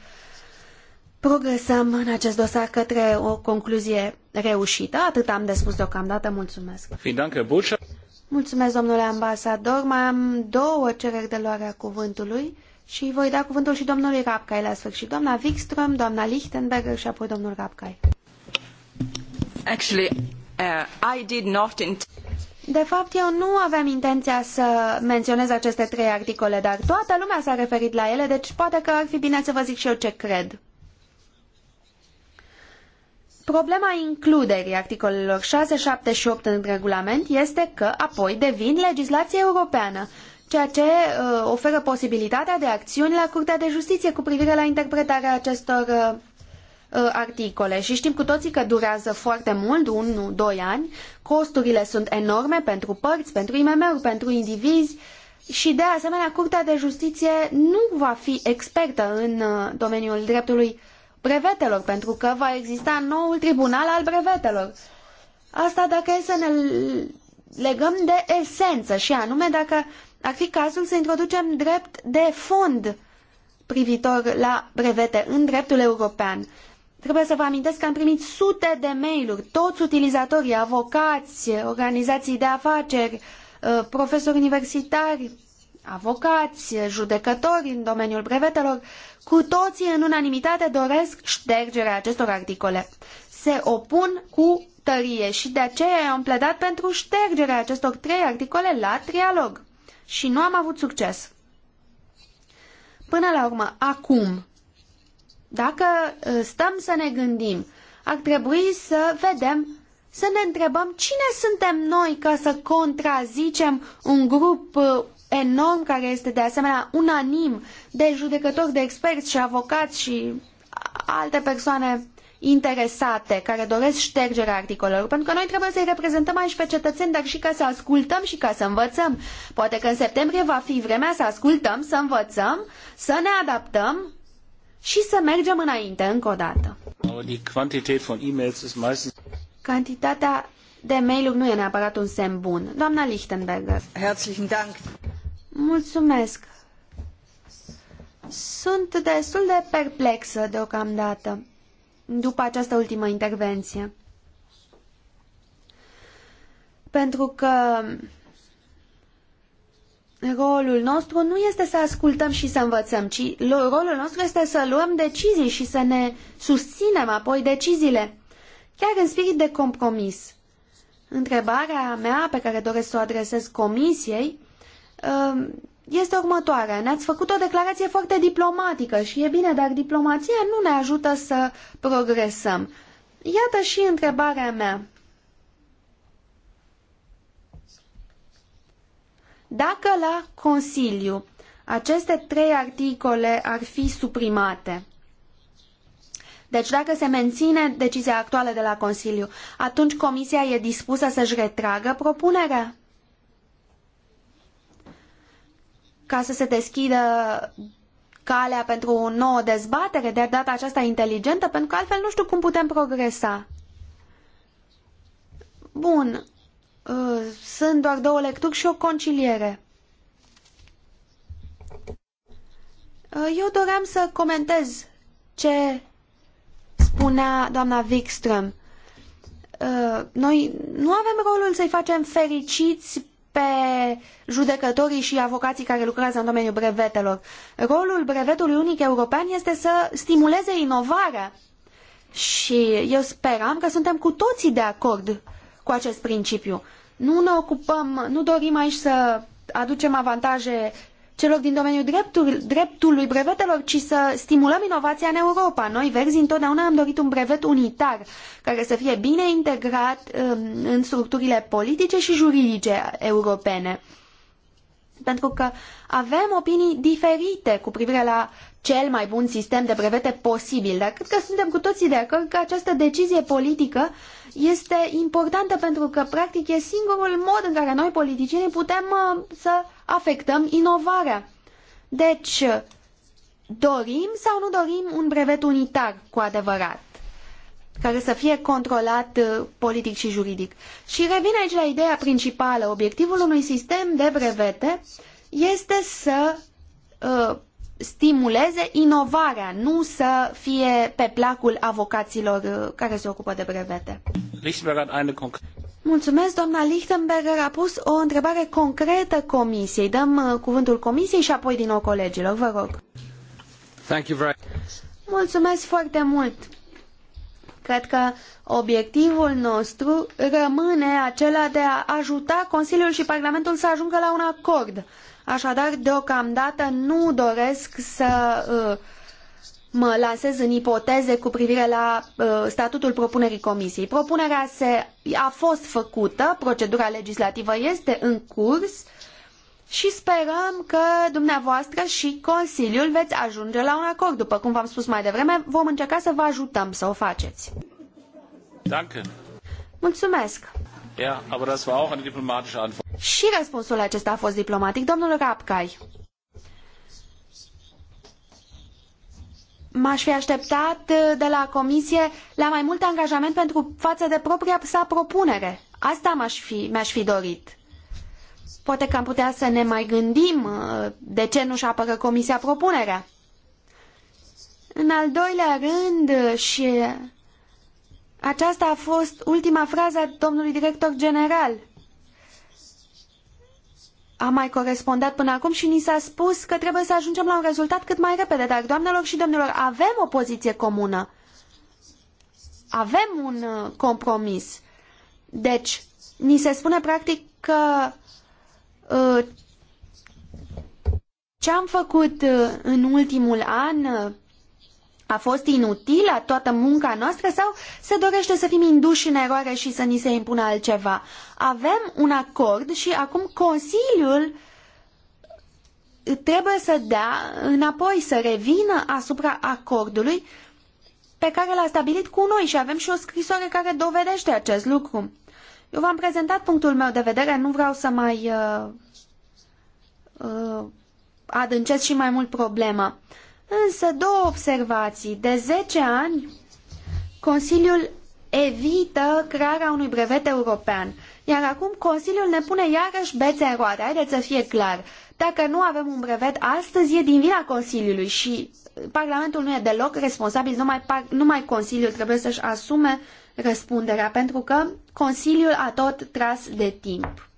progresăm în acest dosar către o concluzie reușită. Atât am de spus deocamdată. Mulțumesc. Mulțumesc, domnule ambasador. Mai am două cereri de luare a cuvântului și voi da cuvântul și domnului Rapcai la sfârșit. Doamna Wikström, doamna Lichtenberger și apoi domnul Rapcai. Actually, uh, I did not de fapt, eu nu aveam intenția să menționez aceste trei articole, dar toată lumea s-a referit la ele, deci poate că ar fi bine să vă zic și eu ce cred. Problema includerii articolelor 6, 7 și 8 în regulament este că apoi devin legislație europeană ceea ce uh, oferă posibilitatea de acțiuni la Curtea de Justiție cu privire la interpretarea acestor uh, uh articole. Și știm cu toții că durează foarte mult, 1-2 ani, costurile sunt enorme pentru părți, pentru IMM-uri, pentru indivizi și de asemenea Curtea de Justiție nu va fi expertă în uh, domeniul dreptului brevetelor, pentru că va exista noul tribunal al brevetelor. Asta dacă e să ne legăm de esență și anume dacă ar fi cazul să introducem drept de fond privitor la brevete în dreptul european. Trebuie să vă amintesc că am primit sute de mail-uri, toți utilizatorii, avocați, organizații de afaceri, uh, profesori universitari, avocați, judecători în domeniul brevetelor, cu toții în unanimitate doresc ștergerea acestor articole. Se opun cu tărie și de aceea am pledat pentru ștergerea acestor trei articole la trialog și nu am avut succes. Până la urmă, acum, dacă uh, stăm să ne gândim, ar trebui să vedem, să ne întrebăm cine suntem noi ca să contrazicem un grup uh, enorm care este de asemenea unanim de judecători, de experți și avocați și alte persoane interesate care doresc ștergerea articolelor, pentru că noi trebuie să-i reprezentăm aici pe cetățeni, dar și ca să ascultăm și ca să învățăm. Poate că în septembrie va fi vremea să ascultăm, să învățăm, să ne adaptăm și să mergem înainte încă o dată. Cantitatea de mail-uri nu e neapărat un semn bun. Doamna Lichtenberger. Herzlichen Dank. Mulțumesc. Sunt destul de perplexă deocamdată după această ultimă intervenție. Pentru că rolul nostru nu este să ascultăm și să învățăm, ci rolul nostru este să luăm decizii și să ne susținem apoi deciziile, chiar în spirit de compromis. Întrebarea mea pe care doresc să o adresez comisiei ă, este următoarea. Ne-ați făcut o declarație foarte diplomatică și e bine, dar diplomația nu ne ajută să progresăm. Iată și întrebarea mea. Dacă la Consiliu aceste trei articole ar fi suprimate, deci dacă se menține decizia actuală de la Consiliu, atunci Comisia e dispusă să-și retragă propunerea? ca să se deschidă calea pentru o nouă dezbatere, de data aceasta inteligentă, pentru că altfel nu știu cum putem progresa. Bun. Uh, sunt doar două lecturi și o conciliere. Uh, eu doream să comentez ce spunea doamna Wikström. Uh, noi nu avem rolul să-i facem fericiți pe judecătorii și avocații care lucrează în domeniul brevetelor. Rolul brevetului unic european este să stimuleze inovarea și eu speram că suntem cu toții de acord cu acest principiu. Nu ne ocupăm, nu dorim aici să aducem avantaje celor din domeniul dreptului, dreptului brevetelor, ci să stimulăm inovația în Europa. Noi, verzi, întotdeauna am dorit un brevet unitar, care să fie bine integrat um, în structurile politice și juridice europene. Pentru că avem opinii diferite cu privire la cel mai bun sistem de brevete posibil, dar cred că suntem cu toții de acord că această decizie politică este importantă pentru că, practic, e singurul mod în care noi, politicienii, putem uh, să afectăm inovarea. Deci, dorim sau nu dorim un brevet unitar cu adevărat? care să fie controlat uh, politic și juridic. Și revin aici la ideea principală. Obiectivul unui sistem de brevete este să uh, stimuleze inovarea, nu să fie pe placul avocaților uh, care se ocupă de brevete. Mulțumesc, doamna Lichtenberger a pus o întrebare concretă comisiei. Dăm uh, cuvântul comisiei și apoi din nou colegilor, vă rog. Mulțumesc foarte mult. Cred că obiectivul nostru rămâne acela de a ajuta Consiliul și Parlamentul să ajungă la un acord Așadar, deocamdată nu doresc să uh, mă lansez în ipoteze cu privire la uh, statutul propunerii comisiei. Propunerea se, a fost făcută, procedura legislativă este în curs și sperăm că dumneavoastră și Consiliul veți ajunge la un acord. După cum v-am spus mai devreme, vom încerca să vă ajutăm să o faceți. Danke. Mulțumesc! Și răspunsul acesta a fost diplomatic. Domnul Rapcai. M-aș fi așteptat uh, de la comisie la mai mult angajament pentru față de propria sa propunere. Asta m-aș fi, mi-aș fi dorit. Poate că am putea să ne mai gândim uh, de ce nu-și apără comisia propunerea. În al doilea rând, uh, și aceasta a fost ultima frază a domnului director general. A mai corespondat până acum și ni s-a spus că trebuie să ajungem la un rezultat cât mai repede, dar doamnelor și domnilor, avem o poziție comună. Avem un uh, compromis. Deci, ni se spune practic că uh, ce am făcut uh, în ultimul an a fost inutilă toată munca noastră sau se dorește să fim induși în eroare și să ni se impună altceva? Avem un acord și acum Consiliul trebuie să dea înapoi, să revină asupra acordului pe care l-a stabilit cu noi și avem și o scrisoare care dovedește acest lucru. Eu v-am prezentat punctul meu de vedere, nu vreau să mai uh, uh, adâncesc și mai mult problema. Uh, Însă două observații. De zece ani, Consiliul evită crearea unui brevet european. Iar acum Consiliul ne pune iarăși bețe în roate. Haideți să fie clar. Dacă nu avem un brevet astăzi, e din vina Consiliului și Parlamentul nu e deloc responsabil, numai, numai Consiliul trebuie să-și asume răspunderea, pentru că Consiliul a tot tras de timp.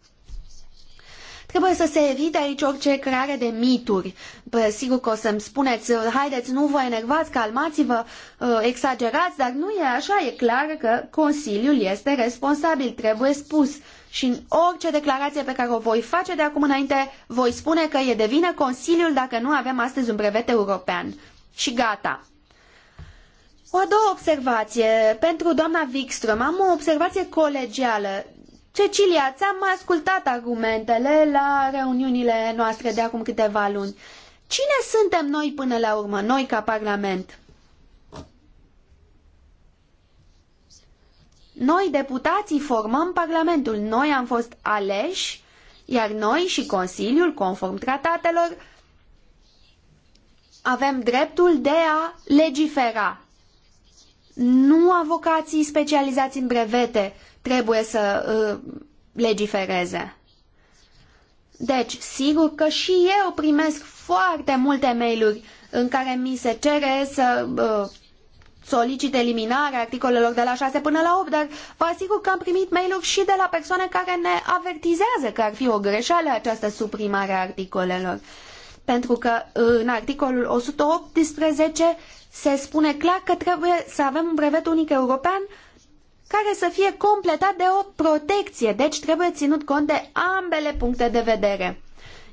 Trebuie să se evite aici orice creare de mituri. Pă, sigur că o să-mi spuneți, uh, haideți, nu vă enervați, calmați-vă, uh, exagerați, dar nu e așa, e clar că Consiliul este responsabil, trebuie spus. Și în orice declarație pe care o voi face de acum înainte, voi spune că e de vină Consiliul dacă nu avem astăzi un brevet european. Și gata. O a doua observație pentru doamna Wikström. Am o observație colegială. Cecilia, ți-am ascultat argumentele la reuniunile noastre de acum câteva luni. Cine suntem noi până la urmă, noi ca Parlament? Noi, deputații, formăm Parlamentul. Noi am fost aleși, iar noi și Consiliul, conform tratatelor, avem dreptul de a legifera. Nu avocații specializați în brevete, trebuie să uh, legifereze. Deci, sigur că și eu primesc foarte multe mail-uri în care mi se cere să uh, solicit eliminarea articolelor de la 6 până la 8, dar vă asigur că am primit mail-uri și de la persoane care ne avertizează că ar fi o greșeală această suprimare a articolelor. Pentru că uh, în articolul 118 se spune clar că trebuie să avem un brevet unic european care să fie completat de o protecție, deci trebuie ținut cont de ambele puncte de vedere.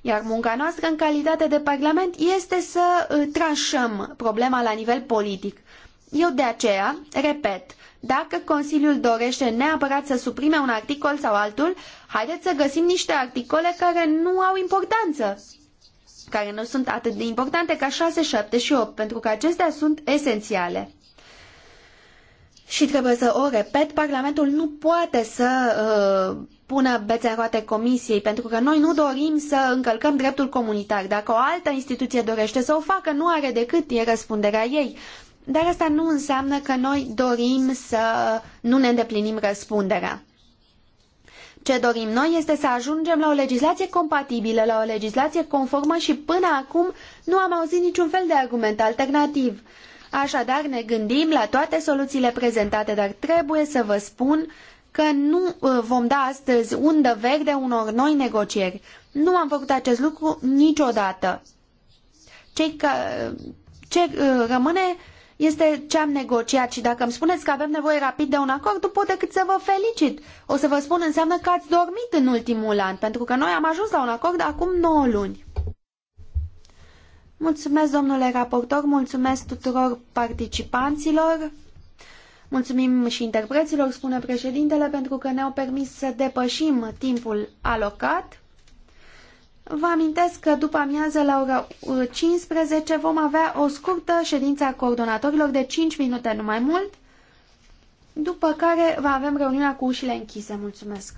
Iar munca noastră în calitate de Parlament este să uh, tranșăm problema la nivel politic. Eu de aceea, repet, dacă Consiliul dorește neapărat să suprime un articol sau altul, haideți să găsim niște articole care nu au importanță, care nu sunt atât de importante ca 6, 7 și 8, pentru că acestea sunt esențiale și trebuie să o repet, Parlamentul nu poate să uh, pună bețe în roate Comisiei, pentru că noi nu dorim să încălcăm dreptul comunitar. Dacă o altă instituție dorește să o facă, nu are decât e răspunderea ei. Dar asta nu înseamnă că noi dorim să nu ne îndeplinim răspunderea. Ce dorim noi este să ajungem la o legislație compatibilă, la o legislație conformă și până acum nu am auzit niciun fel de argument alternativ. Așadar, ne gândim la toate soluțiile prezentate, dar trebuie să vă spun că nu uh, vom da astăzi undă verde unor noi negocieri. Nu am făcut acest lucru niciodată. Cei că, ce uh, rămâne este ce am negociat și dacă îmi spuneți că avem nevoie rapid de un acord, nu pot decât să vă felicit. O să vă spun înseamnă că ați dormit în ultimul an, pentru că noi am ajuns la un acord acum 9 luni. Mulțumesc, domnule raportor, mulțumesc tuturor participanților. Mulțumim și interpreților, spune președintele, pentru că ne-au permis să depășim timpul alocat. Vă amintesc că după amiază la ora 15 vom avea o scurtă ședință a coordonatorilor de 5 minute, nu mai mult, după care va avem reuniunea cu ușile închise. Mulțumesc!